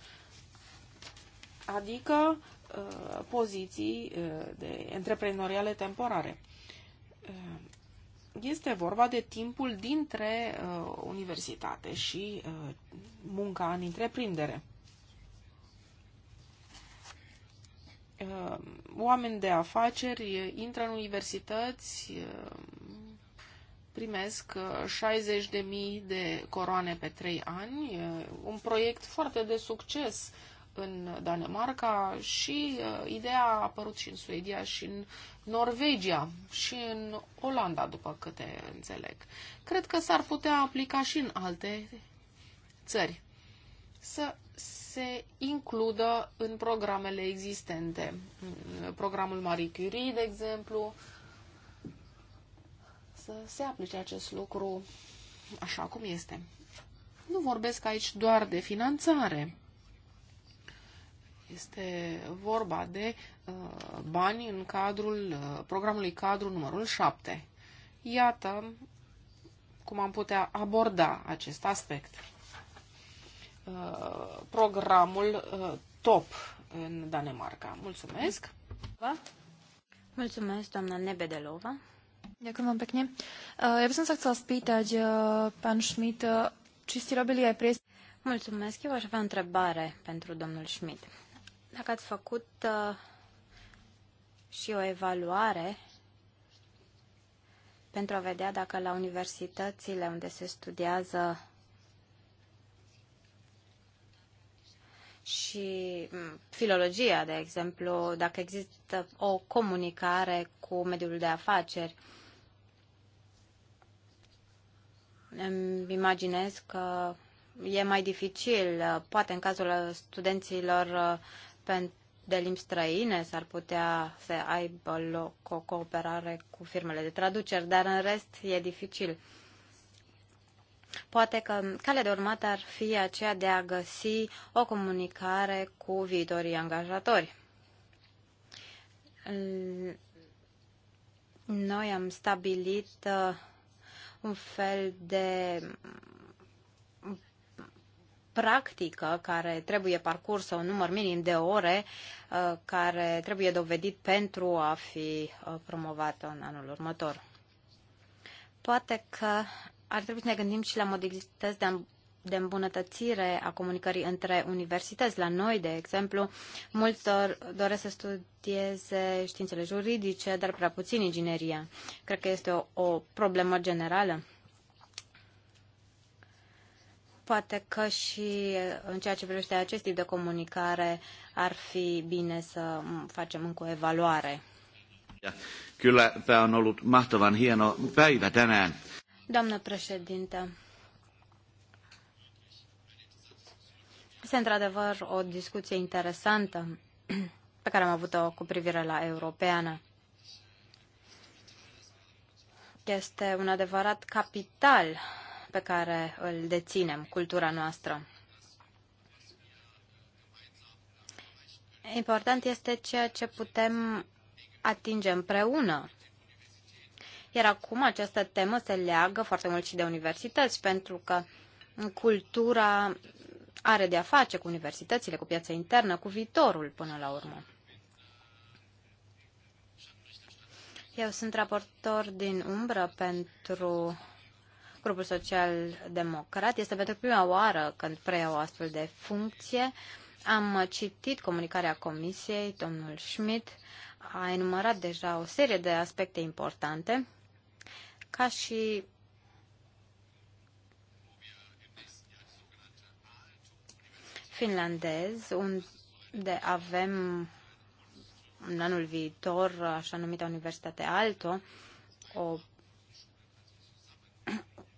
adică uh, poziții uh, de antreprenoriale temporare. Uh, este vorba de timpul dintre uh, universitate și uh, munca în întreprindere. Uh, oameni de afaceri intră în universități, uh, primesc 60.000 uh, de coroane pe 3 ani, un proiect foarte de succes în Danemarca și uh, ideea a apărut și în Suedia și în Norvegia și în Olanda, după câte înțeleg. Cred că s-ar putea aplica și în alte țări să se includă în programele existente. Programul Marie Curie, de exemplu, să se aplice acest lucru așa cum este. Nu vorbesc aici doar de finanțare. Este vorba de uh, bani în cadrul uh, programului cadru numărul 7. Iată cum am putea aborda acest aspect. Uh, programul uh, top în Danemarca. Mulțumesc! Mulțumesc, doamna Nebedelova. Ďakujem vám pekne. Ja by som sa chcela spýtať, pán Schmidt, či ste robili aj prieskum? Mulțumesc. Eu aș avea întrebare pentru domnul Schmidt. Dacă ați făcut și o evaluare pentru a vedea dacă la universitățile unde se studiază și filologia, de exemplu, dacă există o comunicare cu mediul de afaceri, îmi imaginez că e mai dificil, poate în cazul studenților uh, de limbi străine s-ar putea să aibă loc o cooperare cu firmele de traduceri, dar în rest e dificil. Poate că calea de urmat ar fi aceea de a găsi o comunicare cu viitorii angajatori. Noi am stabilit uh, un fel de practică care trebuie parcursă, un număr minim de ore uh, care trebuie dovedit pentru a fi uh, promovată în anul următor. Poate că ar trebui să ne gândim și la modalități de de îmbunătățire a comunicării între universități. La noi, de exemplu, mulți dor, doresc să studieze științele juridice, dar prea puțin ingineria. Cred că este o, o problemă generală. Poate că și în ceea ce privește acest tip de comunicare ar fi bine să facem încă o evaluare. Kyllä tämä on ollut mahtavan hieno päivä tänään. Doamnă președintă, Este într-adevăr o discuție interesantă pe care am avut-o cu privire la europeană. Este un adevărat capital pe care îl deținem, cultura noastră. Important este ceea ce putem atinge împreună. Iar acum această temă se leagă foarte mult și de universități, pentru că cultura are de a face cu universitățile, cu piața internă, cu viitorul până la urmă. Eu sunt raportor din umbră pentru grupul social-democrat. Este pentru prima oară când preiau astfel de funcție. Am citit comunicarea comisiei, domnul Schmidt a enumerat deja o serie de aspecte importante, ca și finlandez, unde avem în anul viitor, așa numită Universitate Alto, o,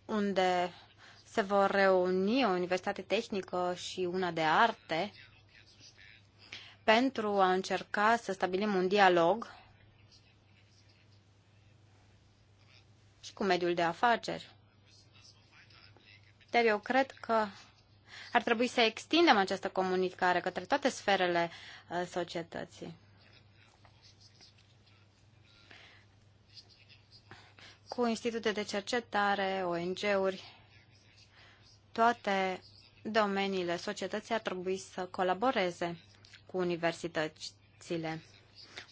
unde se vor reuni o universitate tehnică și una de arte pentru a încerca să stabilim un dialog și cu mediul de afaceri. Dar eu cred că ar trebui să extindem această comunicare către toate sferele uh, societății. Cu institute de cercetare, ONG-uri, toate domeniile societății ar trebui să colaboreze cu universitățile.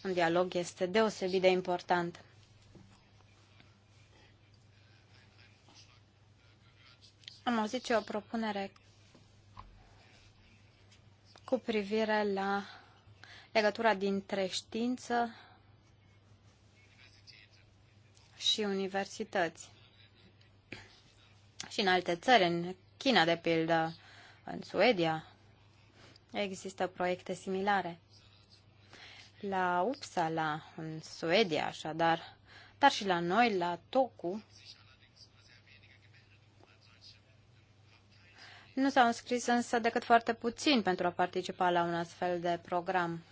Un dialog este deosebit de important. Am auzit și o propunere cu privire la legătura dintre știință și universități. Și în alte țări, în China, de pildă, în Suedia, există proiecte similare. La Uppsala, în Suedia, așadar, dar și la noi, la Toku, Nu s-au înscris însă decât foarte puțin pentru a participa la un astfel de program.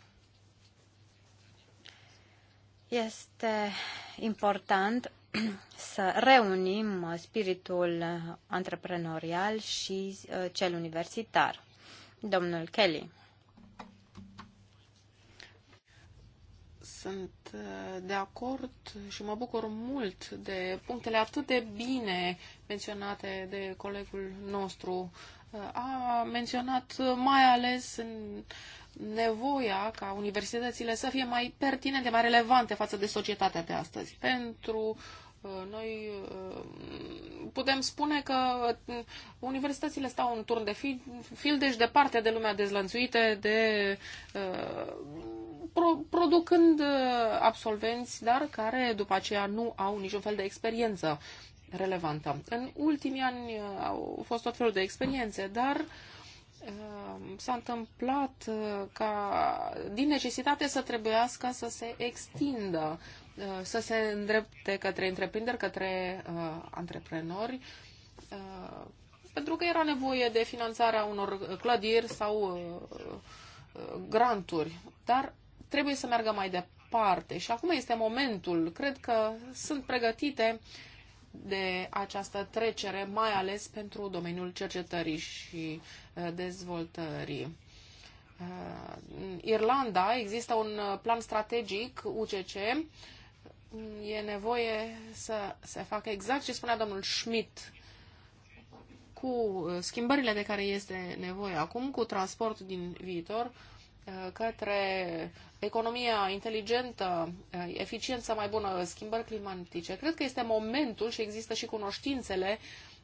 Este important să reunim spiritul antreprenorial și uh, cel universitar. Domnul Kelly. Sunt uh, de acord și mă bucur mult de punctele atât de bine menționate de colegul nostru. Uh, a menționat mai ales în nevoia ca universitățile să fie mai pertinente, mai relevante față de societatea de astăzi. Pentru uh, noi putem spune că universitățile stau în turn de fildeș departe de lumea dezlănțuită, de uh, pro, producând uh, absolvenți, dar care după aceea nu au niciun fel de experiență relevantă. În ultimii ani uh, au fost tot felul de experiențe, dar uh, s-a întâmplat ca din necesitate să trebuiască să se extindă, să se îndrepte către întreprinderi, către antreprenori, pentru că era nevoie de finanțarea unor clădiri sau granturi. Dar trebuie să meargă mai departe și acum este momentul. Cred că sunt pregătite de această trecere, mai ales pentru domeniul cercetării și uh, dezvoltării. Uh, Irlanda există un uh, plan strategic UCC. E nevoie să se facă exact ce spunea domnul Schmidt cu schimbările de care este nevoie acum, cu transportul din viitor, Uh, către economia inteligentă, uh, eficiența mai bună, schimbări climatice. Cred că este momentul și există și cunoștințele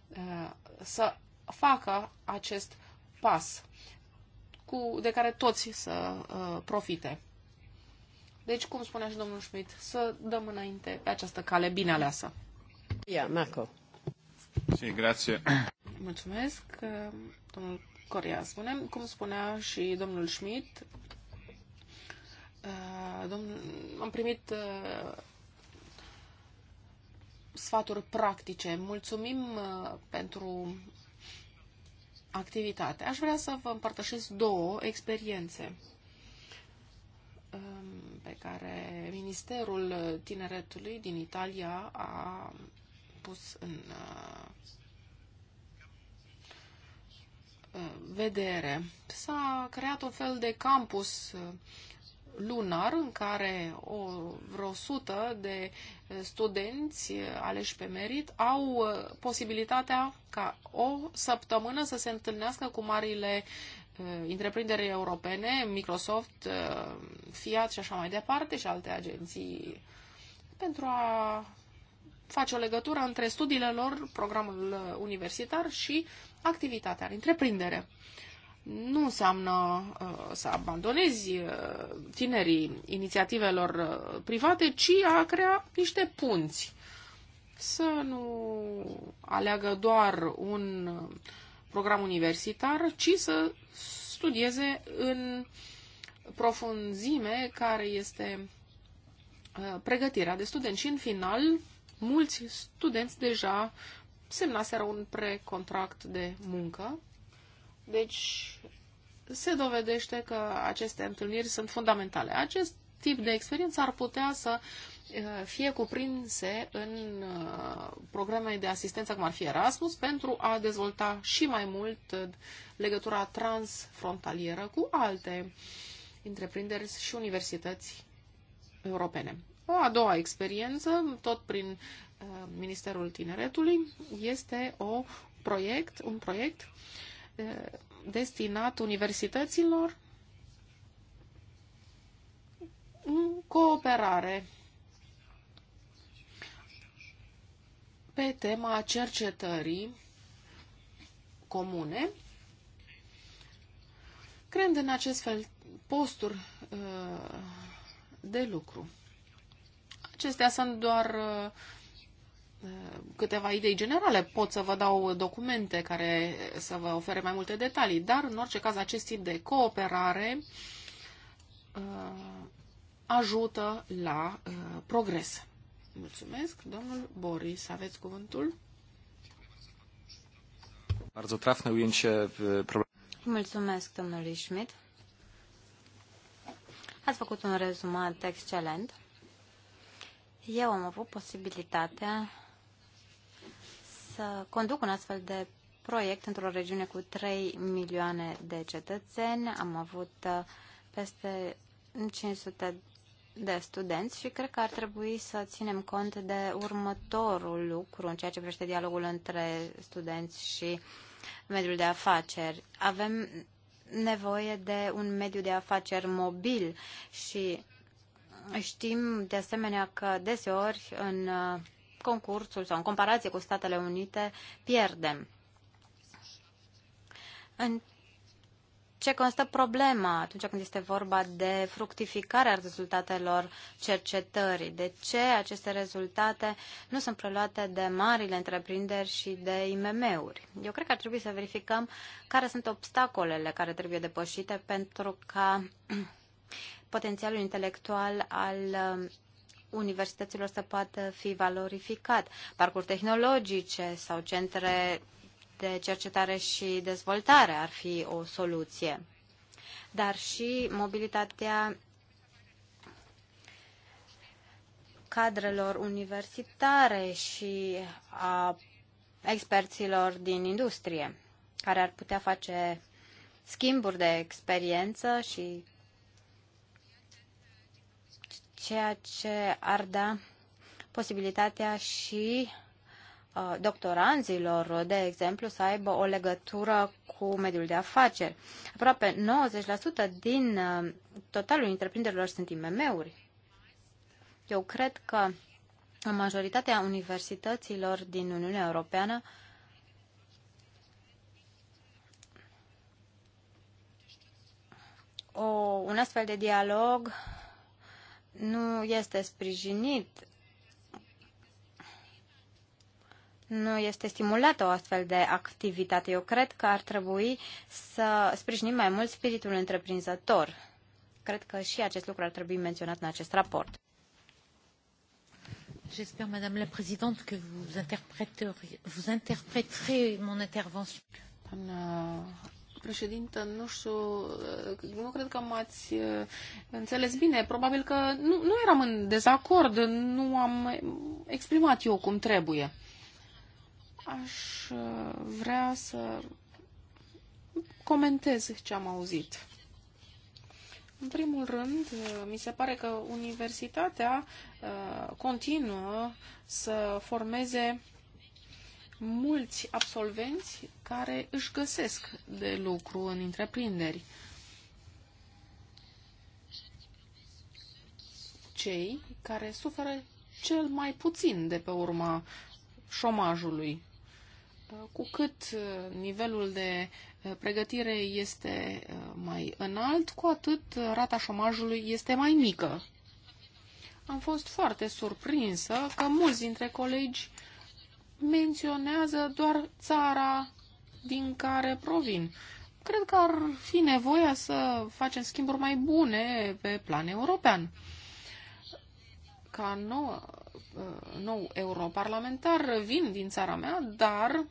uh, să facă acest pas cu, de care toți să profite. Deci, cum spunea și domnul Schmidt, să dăm înainte pe această cale bine aleasă. Ia, Marco. Sí, grazie. Mulțumesc, domnul Corea, spunem, cum spunea și domnul Schmidt, uh, domn, am primit uh, sfaturi practice. Mulțumim uh, pentru activitate. Aș vrea să vă împărtășesc două experiențe um, pe care Ministerul Tineretului din Italia a pus în vedere. S-a creat un fel de campus uh, lunar în care o, vreo sută de uh, studenți uh, aleși pe merit au posibilitatea ca o săptămână să se întâlnească cu marile întreprinderi europene, Microsoft, Fiat și așa mai departe și alte agenții pentru a face o legătură între studiile lor, programul universitar și activitatea în întreprindere. Nu înseamnă uh, să abandonezi uh, tinerii inițiativelor uh, private, ci a crea niște punți. Să nu aleagă doar un uh, program universitar, ci să studieze în profunzime care este uh, pregătirea de studenți. Și în final, mulți studenți deja semnaseră un precontract de muncă. Deci se dovedește că aceste întâlniri sunt fundamentale. Acest tip de experiență ar putea să fie cuprinse în programe de asistență, cum ar fi Erasmus, pentru a dezvolta și mai mult legătura transfrontalieră cu alte întreprinderi și universități europene. O a doua experiență, tot prin Uh, Ministerul Tineretului este o proiect, un proiect uh, destinat universităților în cooperare pe tema cercetării comune, creând în acest fel posturi uh, de lucru. Acestea sunt doar câteva idei generale. Pot să vă dau documente care să vă ofere mai multe detalii, dar în orice caz acest tip de cooperare uh, ajută la uh, progres. Mulțumesc, domnul Boris, aveți cuvântul. Bardzo trafne ujęcie Mulțumesc, domnului Schmidt. Ați făcut un rezumat excelent. Eu am avut posibilitatea să conduc un astfel de proiect într-o regiune cu 3 milioane de cetățeni. Am avut uh, peste 500 de studenți și cred că ar trebui să ținem cont de următorul lucru în ceea ce privește dialogul între studenți și mediul de afaceri. Avem nevoie de un mediu de afaceri mobil și știm de asemenea că deseori în uh, concursul sau în comparație cu Statele Unite pierdem. În ce constă problema atunci când este vorba de fructificarea rezultatelor cercetării? De ce aceste rezultate nu sunt preluate de marile întreprinderi și de IMM-uri? Eu cred că ar trebui să verificăm care sunt obstacolele care trebuie depășite pentru ca potențialul intelectual al universităților să poată fi valorificat, parcuri tehnologice sau centre de cercetare și dezvoltare ar fi o soluție, dar și mobilitatea cadrelor universitare și a experților din industrie, care ar putea face schimburi de experiență și ceea ce ar da posibilitatea și uh, doctoranzilor, de exemplu, să aibă o legătură cu mediul de afaceri. Aproape 90% din uh, totalul întreprinderilor sunt IMM-uri. Eu cred că în majoritatea universităților din Uniunea Europeană o, un astfel de dialog nu este sprijinit, nu este stimulată o astfel de activitate. Eu cred că ar trebui să sprijinim mai mult spiritul întreprinzător. Cred că și acest lucru ar trebui menționat în acest raport. J'espère, Madame la Présidente, que vous, interpréterez, vous interpréterez mon intervention. Doamna președintă, nu știu, nu cred că m-ați eh, înțeles bine. Probabil că nu, nu eram în dezacord, nu am exprimat eu cum trebuie. Aș eh, vrea să comentez ce am auzit. În primul rând, eh, mi se pare că universitatea continuă să formeze mulți absolvenți care își găsesc de lucru în întreprinderi. Cei care suferă cel mai puțin de pe urma șomajului. Cu cât uh, nivelul de uh, pregătire este uh, mai înalt, cu atât rata șomajului este mai mică. Am fost foarte surprinsă că mulți dintre colegi menționează doar țara din care provin. Cred că ar fi nevoia să facem schimburi mai bune pe plan european. Ca nou, uh, nou europarlamentar vin din țara mea, dar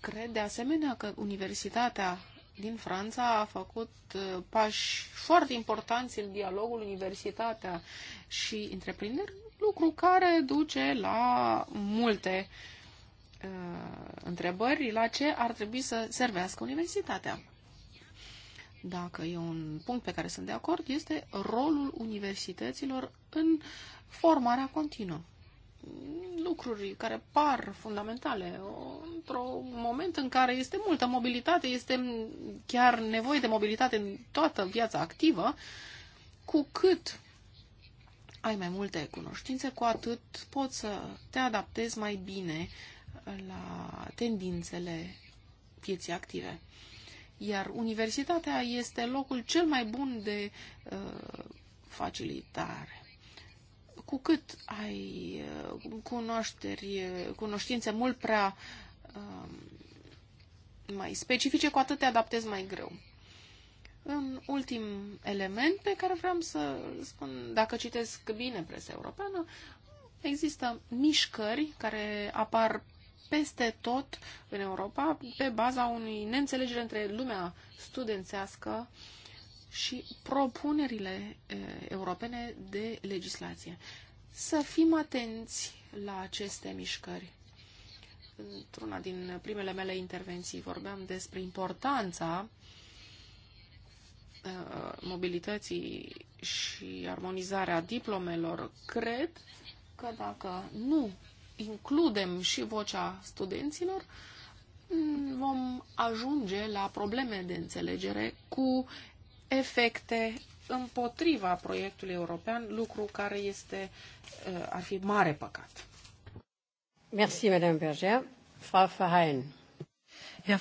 cred de asemenea că Universitatea din Franța a făcut uh, pași foarte importanți în dialogul Universitatea și întreprinderi lucru care duce la multe uh, întrebări la ce ar trebui să servească universitatea. Dacă e un punct pe care sunt de acord, este rolul universităților în formarea continuă. Lucruri care par fundamentale într-un moment în care este multă mobilitate, este chiar nevoie de mobilitate în toată viața activă, cu cât ai mai multe cunoștințe, cu atât poți să te adaptezi mai bine la tendințele pieții active. Iar universitatea este locul cel mai bun de uh, facilitare. Cu cât ai uh, cunoașteri, uh, cunoștințe mult prea uh, mai specifice, cu atât te adaptezi mai greu. Un ultim element pe care vreau să spun, dacă citesc bine presa europeană, există mișcări care apar peste tot în Europa pe baza unei neînțelegere între lumea studențească și propunerile europene de legislație. Să fim atenți la aceste mișcări. Într-una din primele mele intervenții vorbeam despre importanța uh, Uh, mobilității și armonizarea diplomelor, cred că dacă nu includem și vocea studenților, mm, vom ajunge la probleme de înțelegere cu efecte împotriva proiectului european, lucru care este, uh, ar fi mare păcat. Mersi, Madame Berger. Frau Verheyen. Ja,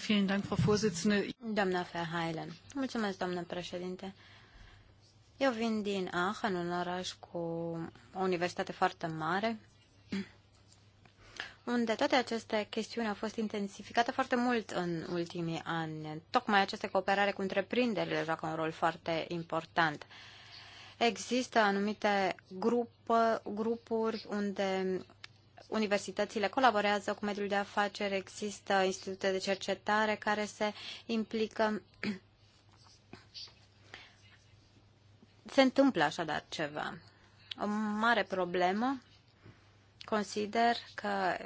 Doamna Verheilen. Mulțumesc, doamnă președinte. Eu vin din Aachen, un oraș cu o universitate foarte mare, unde toate aceste chestiuni au fost intensificate foarte mult în ultimii ani. Tocmai această cooperare cu întreprinderile joacă un rol foarte important. Există anumite grupuri unde universitățile colaborează cu mediul de afaceri, există institute de cercetare care se implică. Se întâmplă așadar ceva. O mare problemă consider că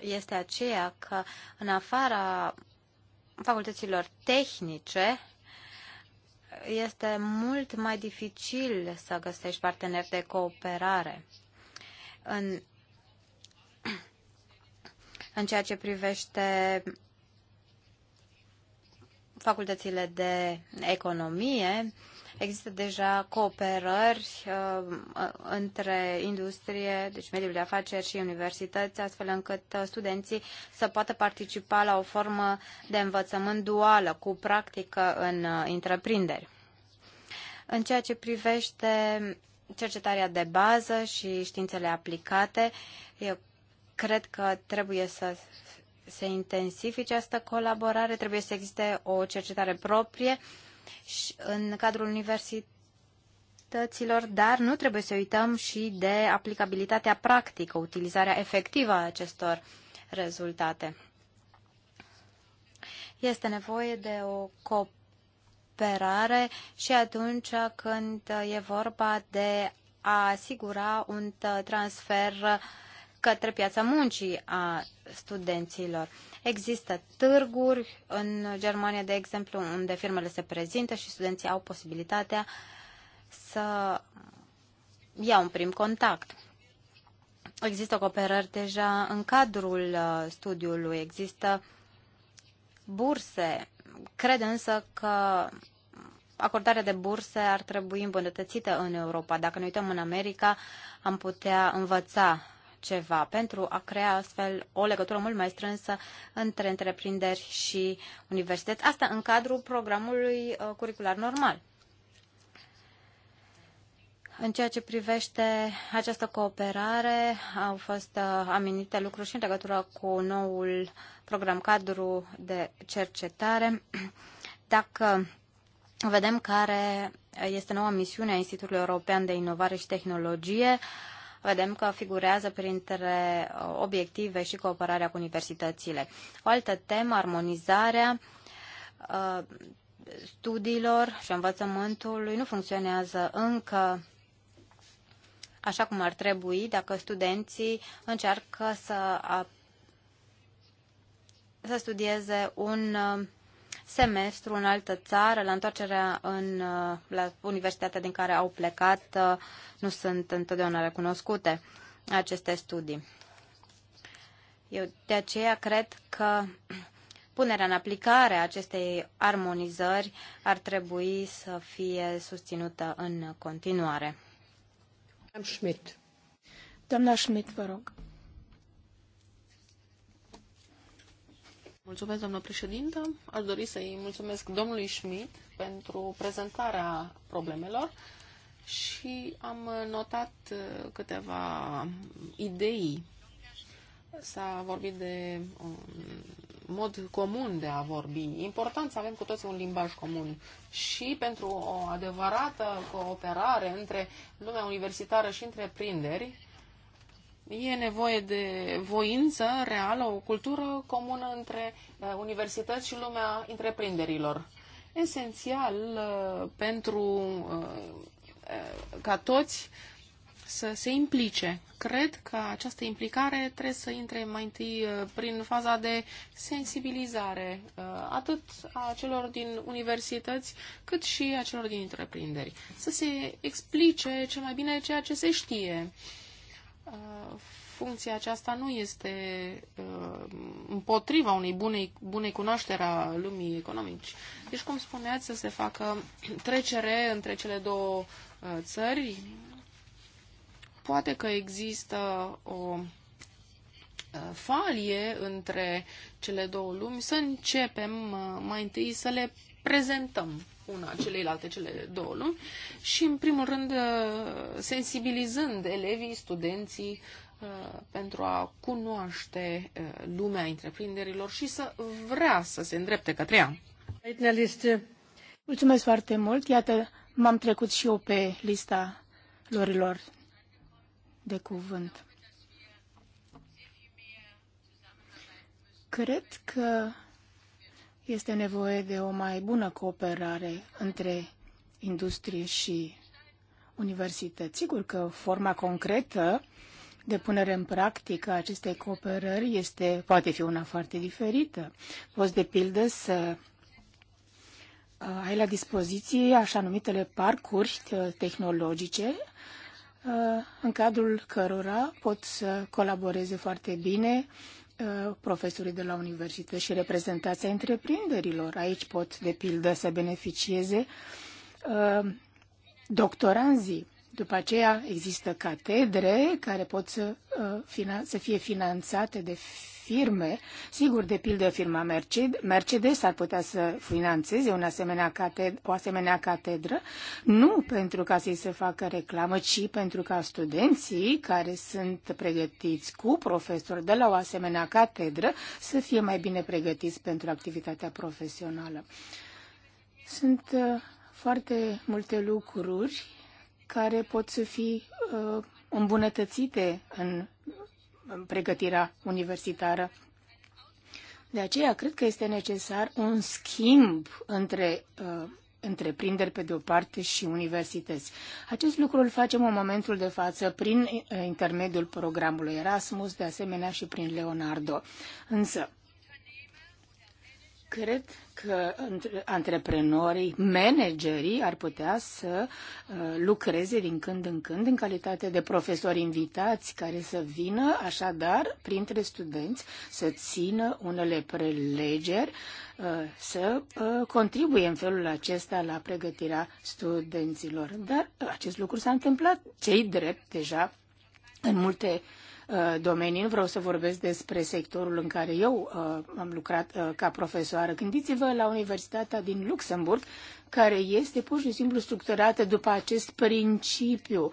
este aceea că în afara facultăților tehnice este mult mai dificil să găsești parteneri de cooperare. În în ceea ce privește facultățile de economie, există deja cooperări uh, între industrie, deci mediul de afaceri și universități, astfel încât uh, studenții să poată participa la o formă de învățământ duală cu practică în uh, întreprinderi. În ceea ce privește cercetarea de bază și științele aplicate, eu Cred că trebuie să se intensifice această colaborare, trebuie să existe o cercetare proprie și în cadrul universităților, dar nu trebuie să uităm și de aplicabilitatea practică, utilizarea efectivă a acestor rezultate. Este nevoie de o cooperare și atunci când e vorba de a asigura un transfer către piața muncii a studenților. Există târguri în Germania, de exemplu, unde firmele se prezintă și studenții au posibilitatea să ia un prim contact. Există cooperări deja în cadrul uh, studiului, există burse. Cred însă că acordarea de burse ar trebui îmbunătățită în Europa. Dacă ne uităm în America, am putea învăța ceva pentru a crea astfel o legătură mult mai strânsă între întreprinderi și universități. Asta în cadrul programului uh, curricular normal. În ceea ce privește această cooperare, au fost uh, aminite lucruri și în legătură cu noul program cadru de cercetare. Dacă vedem care este noua misiune a Institutului European de Inovare și Tehnologie, vedem că figurează printre uh, obiective și cooperarea cu universitățile. O altă temă, armonizarea uh, studiilor și învățământului nu funcționează încă așa cum ar trebui dacă studenții încearcă să, să studieze un uh, semestru în altă țară, la întoarcerea în, uh, la universitatea din care au plecat, uh, nu sunt întotdeauna recunoscute aceste studii. Eu de aceea cred că punerea în aplicare a acestei armonizări ar trebui să fie susținută în continuare. Doamna Schmidt, vă rog. Mulțumesc, doamnă președintă. Aș dori să-i mulțumesc domnului Schmidt pentru prezentarea problemelor și am notat câteva idei. S-a vorbit de un um, mod comun de a vorbi. Important să avem cu toții un limbaj comun și pentru o adevărată cooperare între lumea universitară și întreprinderi, E nevoie de voință reală, o cultură comună între uh, universități și lumea întreprinderilor. Esențial uh, pentru uh, ca toți să se implice. Cred că această implicare trebuie să intre mai întâi prin faza de sensibilizare, atât a celor din universități, cât și a celor din întreprinderi. Să se explice cel mai bine ceea ce se știe Uh, funcția aceasta nu este uh, împotriva unei bunei, bunei cunoaștere a lumii economici. Deci, cum spuneați, să se facă trecere între cele două uh, țări. Poate că există o falie între cele două lumi, să începem mai întâi să le prezentăm una celelalte, cele două luni, și în primul rând uh, sensibilizând elevii, studenții uh, pentru a cunoaște uh, lumea întreprinderilor și să vrea să se îndrepte către ea. Mulțumesc foarte mult. Iată, m-am trecut și eu pe lista lorilor de cuvânt. Cred că este nevoie de o mai bună cooperare între industrie și universități. Sigur că forma concretă de punere în practică a acestei cooperări este, poate fi una foarte diferită. Poți, de pildă, să uh, ai la dispoziție așa numitele parcuri uh, tehnologice uh, în cadrul cărora pot să colaboreze foarte bine Uh, profesorii de la universități și reprezentația întreprinderilor. Aici pot, de pildă, să beneficieze uh, doctoranzii. După aceea există catedre care pot să, uh, să fie finanțate de firme, sigur, de pildă firma Mercedes ar putea să financeze un asemenea catedră, o asemenea catedră, nu pentru ca să-i se facă reclamă, ci pentru ca studenții care sunt pregătiți cu profesori de la o asemenea catedră să fie mai bine pregătiți pentru activitatea profesională. Sunt uh, foarte multe lucruri care pot să fie uh, îmbunătățite în pregătirea universitară. De aceea, cred că este necesar un schimb între uh, întreprinderi pe de o parte și universități. Acest lucru îl facem în momentul de față prin uh, intermediul programului Erasmus, de asemenea și prin Leonardo. Însă, Cred că antreprenorii, managerii ar putea să uh, lucreze din când în când în calitate de profesori invitați care să vină, așadar, printre studenți, să țină unele prelegeri, uh, să uh, contribuie în felul acesta la pregătirea studenților. Dar acest lucru s-a întâmplat, cei drept, deja în multe Uh, domeniu, vreau să vorbesc despre sectorul în care eu uh, am lucrat uh, ca profesoară. Gândiți-vă la Universitatea din Luxemburg, care este pur și simplu structurată după acest principiu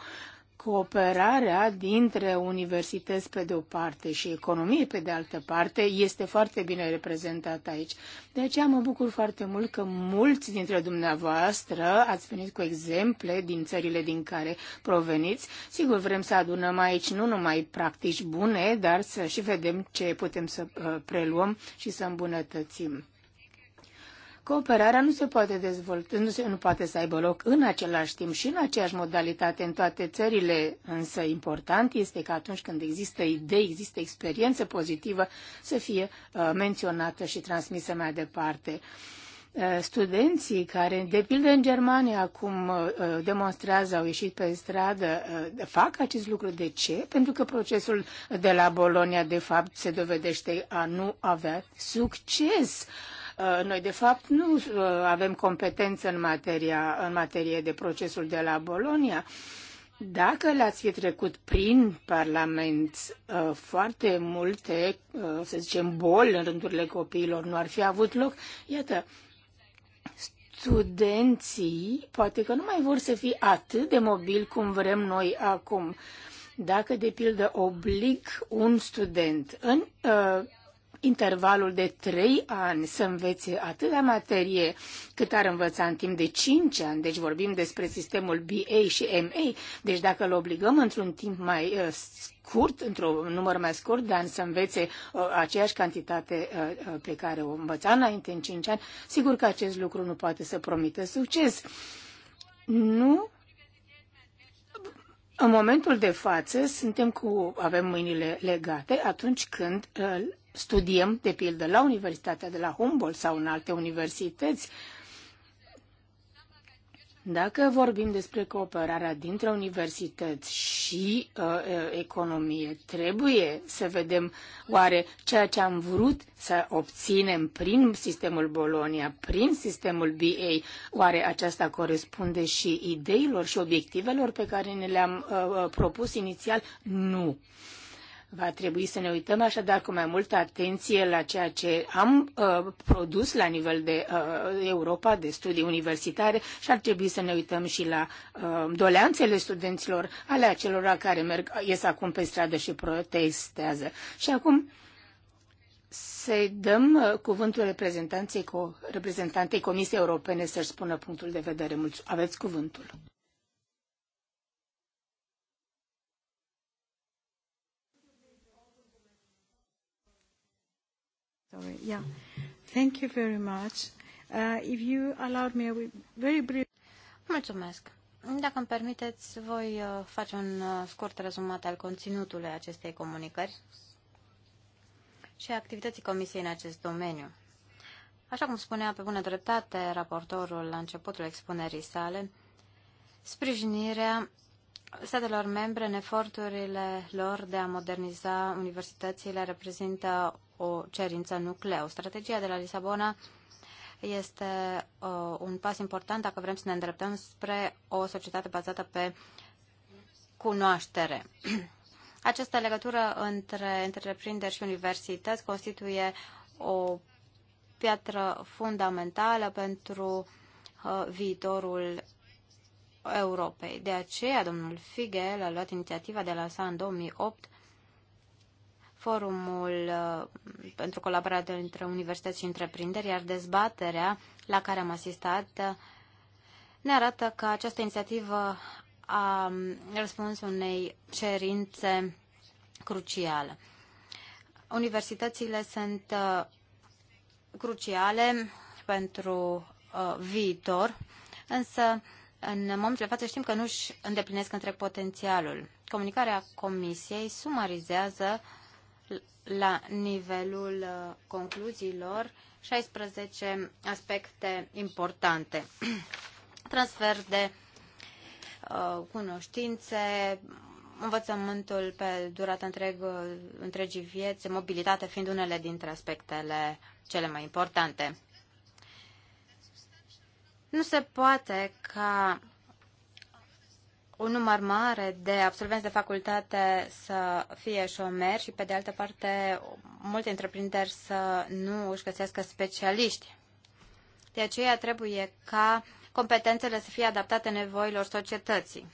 cooperarea dintre universități pe de o parte și economie pe de altă parte este foarte bine reprezentată aici. De aceea mă bucur foarte mult că mulți dintre dumneavoastră ați venit cu exemple din țările din care proveniți. Sigur, vrem să adunăm aici nu numai practici bune, dar să și vedem ce putem să uh, preluăm și să îmbunătățim. Cooperarea nu se poate dezvolta, nu, se, nu poate să aibă loc în același timp și în aceeași modalitate în toate țările, însă important este că atunci când există idei, există experiență pozitivă, să fie uh, menționată și transmisă mai departe. Uh, studenții care, de pildă în Germania, acum uh, uh, demonstrează, au ieșit pe stradă, fac acest lucru. De ce? Pentru că procesul de la Bolonia, de fapt, se dovedește a nu avea succes. Uh, Uh, noi, de fapt, nu uh, avem competență în, materia, în materie de procesul de la Bolonia. Dacă l-ați fi trecut prin Parlament uh, foarte multe, să zicem, boli în rândurile copiilor, nu ar fi avut loc. Iată, studenții poate că nu mai vor să fie atât de mobili cum vrem noi acum. Dacă, de pildă, oblig un student în uh, intervalul de 3 ani să învețe atât la materie cât ar învăța în timp de 5 ani, deci vorbim despre sistemul BA și MA, deci dacă îl obligăm într-un timp mai uh, scurt, într-un număr mai scurt de ani să învețe uh, aceeași cantitate uh, pe care o învăța înainte în 5 ani, sigur că acest lucru nu poate să promită succes. Nu în momentul de față suntem cu, avem mâinile legate atunci când uh, studiem, de pildă, la Universitatea de la Humboldt sau în alte universități, dacă vorbim despre cooperarea dintre universități și uh, uh, economie, trebuie să vedem oare ceea ce am vrut să obținem prin sistemul Bolonia, prin sistemul BA, oare aceasta corespunde și ideilor și obiectivelor pe care ne le-am uh, uh propus inițial? Nu. Uh, Va trebui să ne uităm așadar cu mai multă atenție la ceea ce am uh, produs la nivel de uh, Europa, de studii universitare și ar trebui să ne uităm și la uh, doleanțele studenților, ale acelora care merg, ies acum pe stradă și protestează. Și acum să dăm uh, cuvântul reprezentanței, reprezentantei Comisiei Europene să-și spună punctul de vedere. Aveți cuvântul. Sorry. Yeah. Thank you very much. Uh, if you allowed me, very brief. Mulțumesc. Dacă îmi permiteți, voi uh, face un uh, scurt rezumat al conținutului acestei comunicări și activității Comisiei în acest domeniu. Așa cum spunea pe bună dreptate raportorul la începutul expunerii sale, sprijinirea statelor membre în eforturile lor de a moderniza universitățile reprezintă o cerință nucleu. Strategia de la Lisabona este uh, un pas important dacă vrem să ne îndreptăm spre o societate bazată pe cunoaștere. Această legătură între întreprinderi și universități constituie o piatră fundamentală pentru uh, viitorul Europei. De aceea, domnul Figel a luat inițiativa de a lansa în 2008 forumul uh, pentru colaborare între universități și întreprinderi, iar dezbaterea la care am asistat uh, ne arată că această inițiativă a um, răspuns unei cerințe cruciale. Universitățile sunt uh, cruciale pentru viitor, însă în momentul de față știm că nu își îndeplinesc întreg potențialul. Comunicarea Comisiei sumarizează la nivelul uh, concluziilor 16 aspecte importante. Transfer de uh, cunoștințe, învățământul pe durata întreg, uh, întregii vieți, mobilitate fiind unele dintre aspectele cele mai importante. Nu se poate ca un număr mare de absolvenți de facultate să fie șomeri și, pe de altă parte, multe întreprinderi să nu își găsească specialiști. De aceea trebuie ca competențele să fie adaptate nevoilor societății.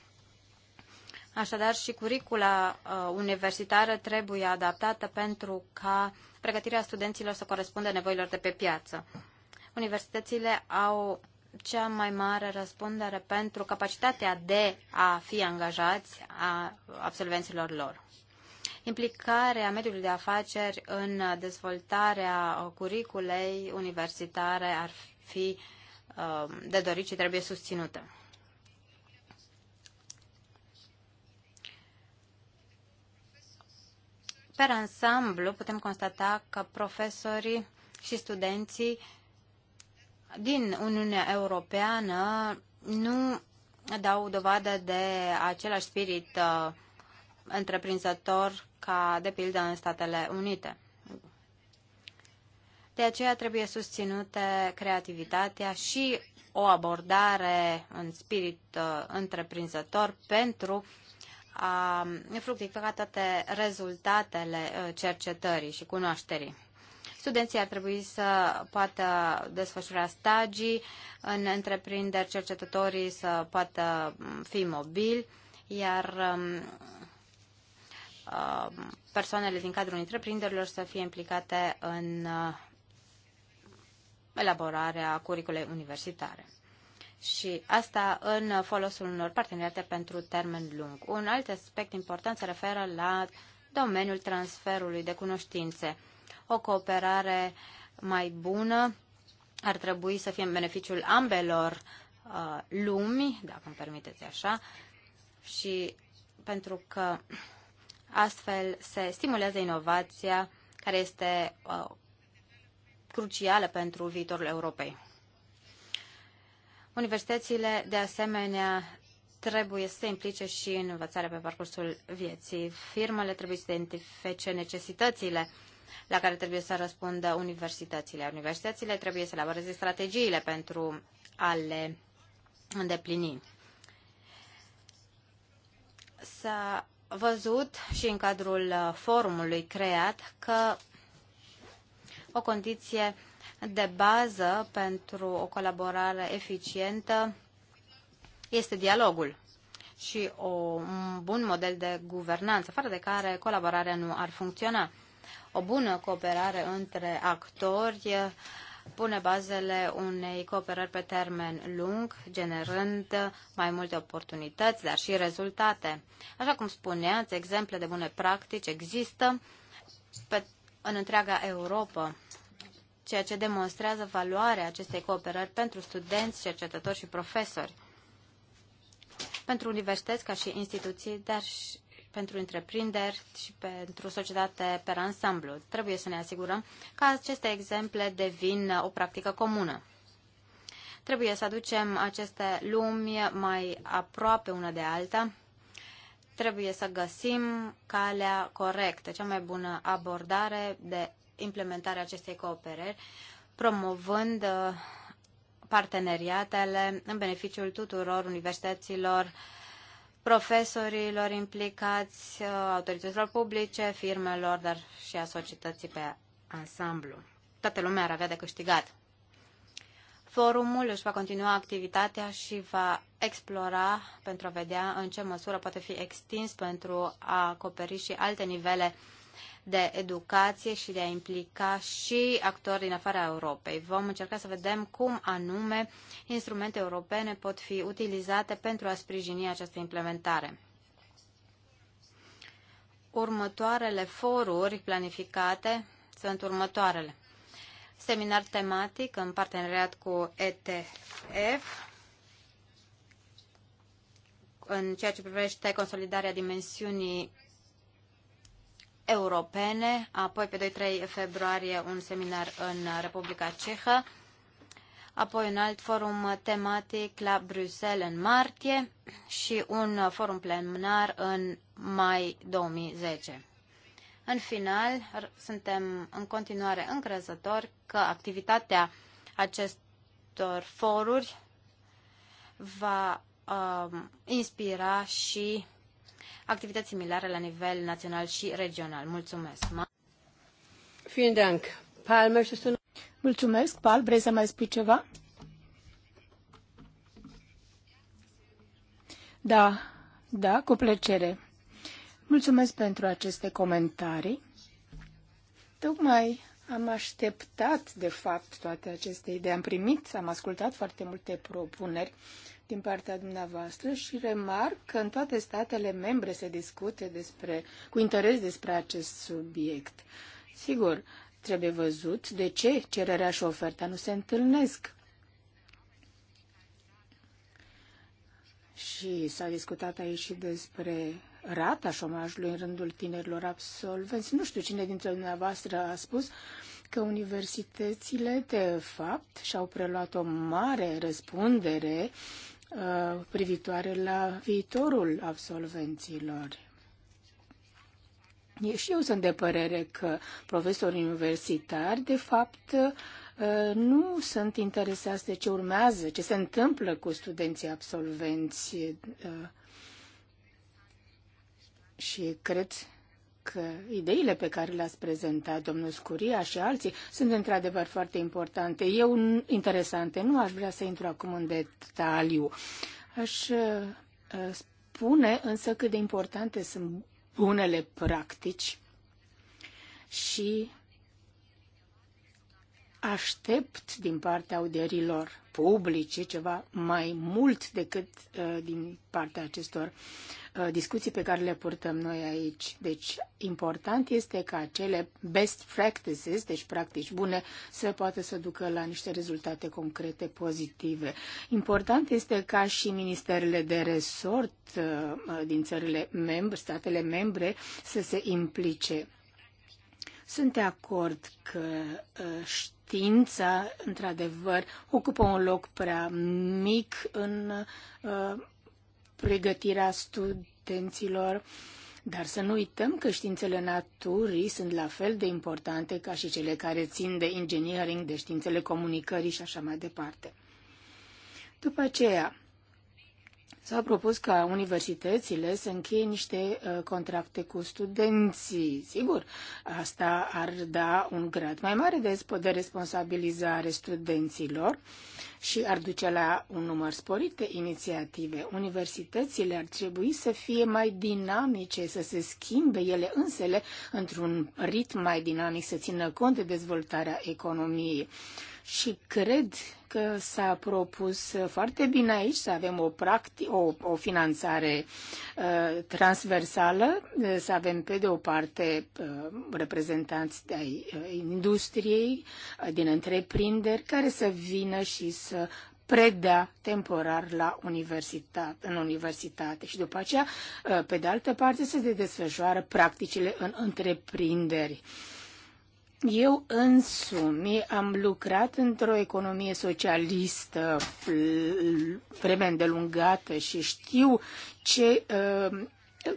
Așadar, și curicula uh, universitară trebuie adaptată pentru ca pregătirea studenților să corespundă nevoilor de pe piață. Universitățile au cea mai mare răspundere pentru capacitatea de a fi angajați a absolvenților lor. Implicarea mediului de afaceri în dezvoltarea curiculei universitare ar fi um, de dorit și trebuie susținută. Per ansamblu, putem constata că profesorii și studenții din Uniunea Europeană nu dau dovadă de același spirit uh, întreprinzător ca, de pildă, în Statele Unite. De aceea trebuie susținute creativitatea și o abordare în spirit uh, întreprinzător pentru a fructifica toate rezultatele uh, cercetării și cunoașterii. Studenții ar trebui să poată desfășura stagii în întreprinderi, cercetătorii să poată mm, fi mobili, iar mm, mm, persoanele din cadrul întreprinderilor să fie implicate în elaborarea curiculei universitare. Și asta în folosul unor parteneriate pentru termen lung. Un alt aspect important se referă la domeniul transferului de cunoștințe o cooperare mai bună ar trebui să fie în beneficiul ambelor uh, lumi, dacă îmi permiteți așa, și pentru că astfel se stimulează inovația care este uh, crucială pentru viitorul Europei. Universitățile, de asemenea, trebuie să se implice și în învățarea pe parcursul vieții. Firmele trebuie să identifice necesitățile uh, la care trebuie să răspundă universitățile. Universitățile trebuie să elaboreze strategiile pentru a le îndeplini. S-a văzut și în cadrul uh, forumului creat că o condiție de bază pentru o colaborare eficientă este dialogul și o, un bun model de guvernanță, fără de care colaborarea nu ar funcționa. O bună cooperare între actori pune bazele unei cooperări pe termen lung, generând mai multe oportunități, dar și rezultate. Așa cum spuneați, exemple de bune practici există pe, în întreaga Europa, ceea ce demonstrează valoarea acestei cooperări pentru studenți, cercetători și profesori. Pentru universități ca și instituții, dar și pentru întreprinderi și pentru societate per ansamblu. Trebuie să ne asigurăm că aceste exemple devin o practică comună. Trebuie să aducem aceste lumi mai aproape una de alta. Trebuie să găsim calea corectă, cea mai bună abordare de implementare a acestei cooperări, promovând uh, parteneriatele în beneficiul tuturor universităților, uh, profesorilor implicați, uh, autorităților publice, firmelor, dar și a societății pe ansamblu. Toată lumea ar avea de câștigat. Forumul își va continua activitatea și va explora pentru a vedea în ce măsură poate fi extins pentru a acoperi și alte nivele uh, de educație și de a implica și actori din afara Europei. Vom încerca să vedem cum anume instrumente europene pot fi utilizate pentru a sprijini această implementare. Următoarele foruri planificate sunt următoarele. Seminar tematic în parteneriat cu ETF, în ceea ce privește consolidarea dimensiunii europene, apoi pe 2-3 februarie un seminar în Republica Cehă, apoi un alt forum tematic la Bruxelles în martie și un forum plenar în mai 2010. În final, suntem în continuare încrezători că activitatea acestor foruri va uh, inspira și activități similare la nivel național și regional. Mulțumesc! Mulțumesc, Pal. Vrei să mai spui ceva? Da, da, cu plăcere. Mulțumesc pentru aceste comentarii. Tocmai am așteptat, de fapt, toate aceste idei. Am primit, am ascultat foarte multe propuneri din partea dumneavoastră și remarc că în toate statele membre se discute despre, cu interes despre acest subiect. Sigur, trebuie văzut de ce cererea și oferta nu se întâlnesc. Și s-a discutat aici și despre rata șomajului în rândul tinerilor absolvenți. Nu știu cine dintre dumneavoastră a spus că universitățile, de fapt, și-au preluat o mare răspundere Uh, privitoare la viitorul absolvenților. Și eu sunt de părere că profesorii universitari, de fapt, uh, nu sunt interesați de ce urmează, ce se întâmplă cu studenții absolvenți. Uh, și cred ideile pe care le-ați prezentat, domnul Scuria și alții, sunt într-adevăr foarte importante. Eu, interesante, nu aș vrea să intru acum în detaliu. Aș uh, spune însă cât de importante sunt bunele practici și aștept din partea audierilor publice ceva mai mult decât uh, din partea acestor Uh, discuții pe care le purtăm noi aici. Deci, important este ca cele best practices, deci practici bune, să poată să ducă la niște rezultate concrete pozitive. Important este ca și ministerele de resort uh, uh, din țările membre, statele membre, să se implice. Sunt de acord că știința, într-adevăr, ocupă un loc prea mic în pregătirea studenților, dar să nu uităm că științele naturii sunt la fel de importante ca și cele care țin de engineering, de științele comunicării și așa mai departe. După aceea, S-a propus ca universitățile să încheie niște uh, contracte cu studenții. Sigur, asta ar da un grad mai mare de, de responsabilizare studenților și ar duce la un număr sporit de inițiative. Universitățile ar trebui să fie mai dinamice, să se schimbe ele însele într-un ritm mai dinamic, să țină cont de dezvoltarea economiei. Și cred că s-a propus foarte bine aici să avem o, practic, o, o finanțare uh, transversală, uh, să avem pe de o parte uh, reprezentanți de uh, industriei, uh, din întreprinderi, care să vină și să predea temporar la universitate, în universitate și după aceea, uh, pe de altă parte, să se desfășoară practicile în întreprinderi. Uh, eu însumi am lucrat într-o economie socialistă vreme îndelungată și știu ce uh,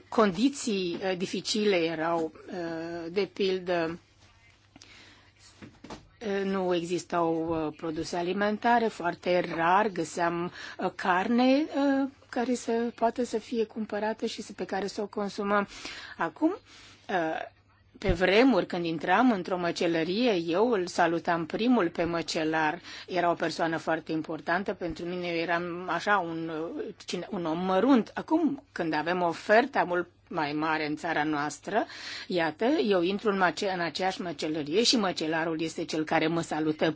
condiții uh, dificile erau, uh, de pildă uh, nu existau uh, produse alimentare, foarte rar găseam uh, carne care să poată să fie cumpărată și pe care să o consumăm. Acum pe vremuri, când intram într-o măcelărie, eu îl salutam primul pe măcelar. Era o persoană foarte importantă, pentru mine eu eram așa un, un om mărunt. Acum, când avem oferta mult mai mare în țara noastră, iată, eu intru în, mace- în aceeași măcelărie și măcelarul este cel care mă salută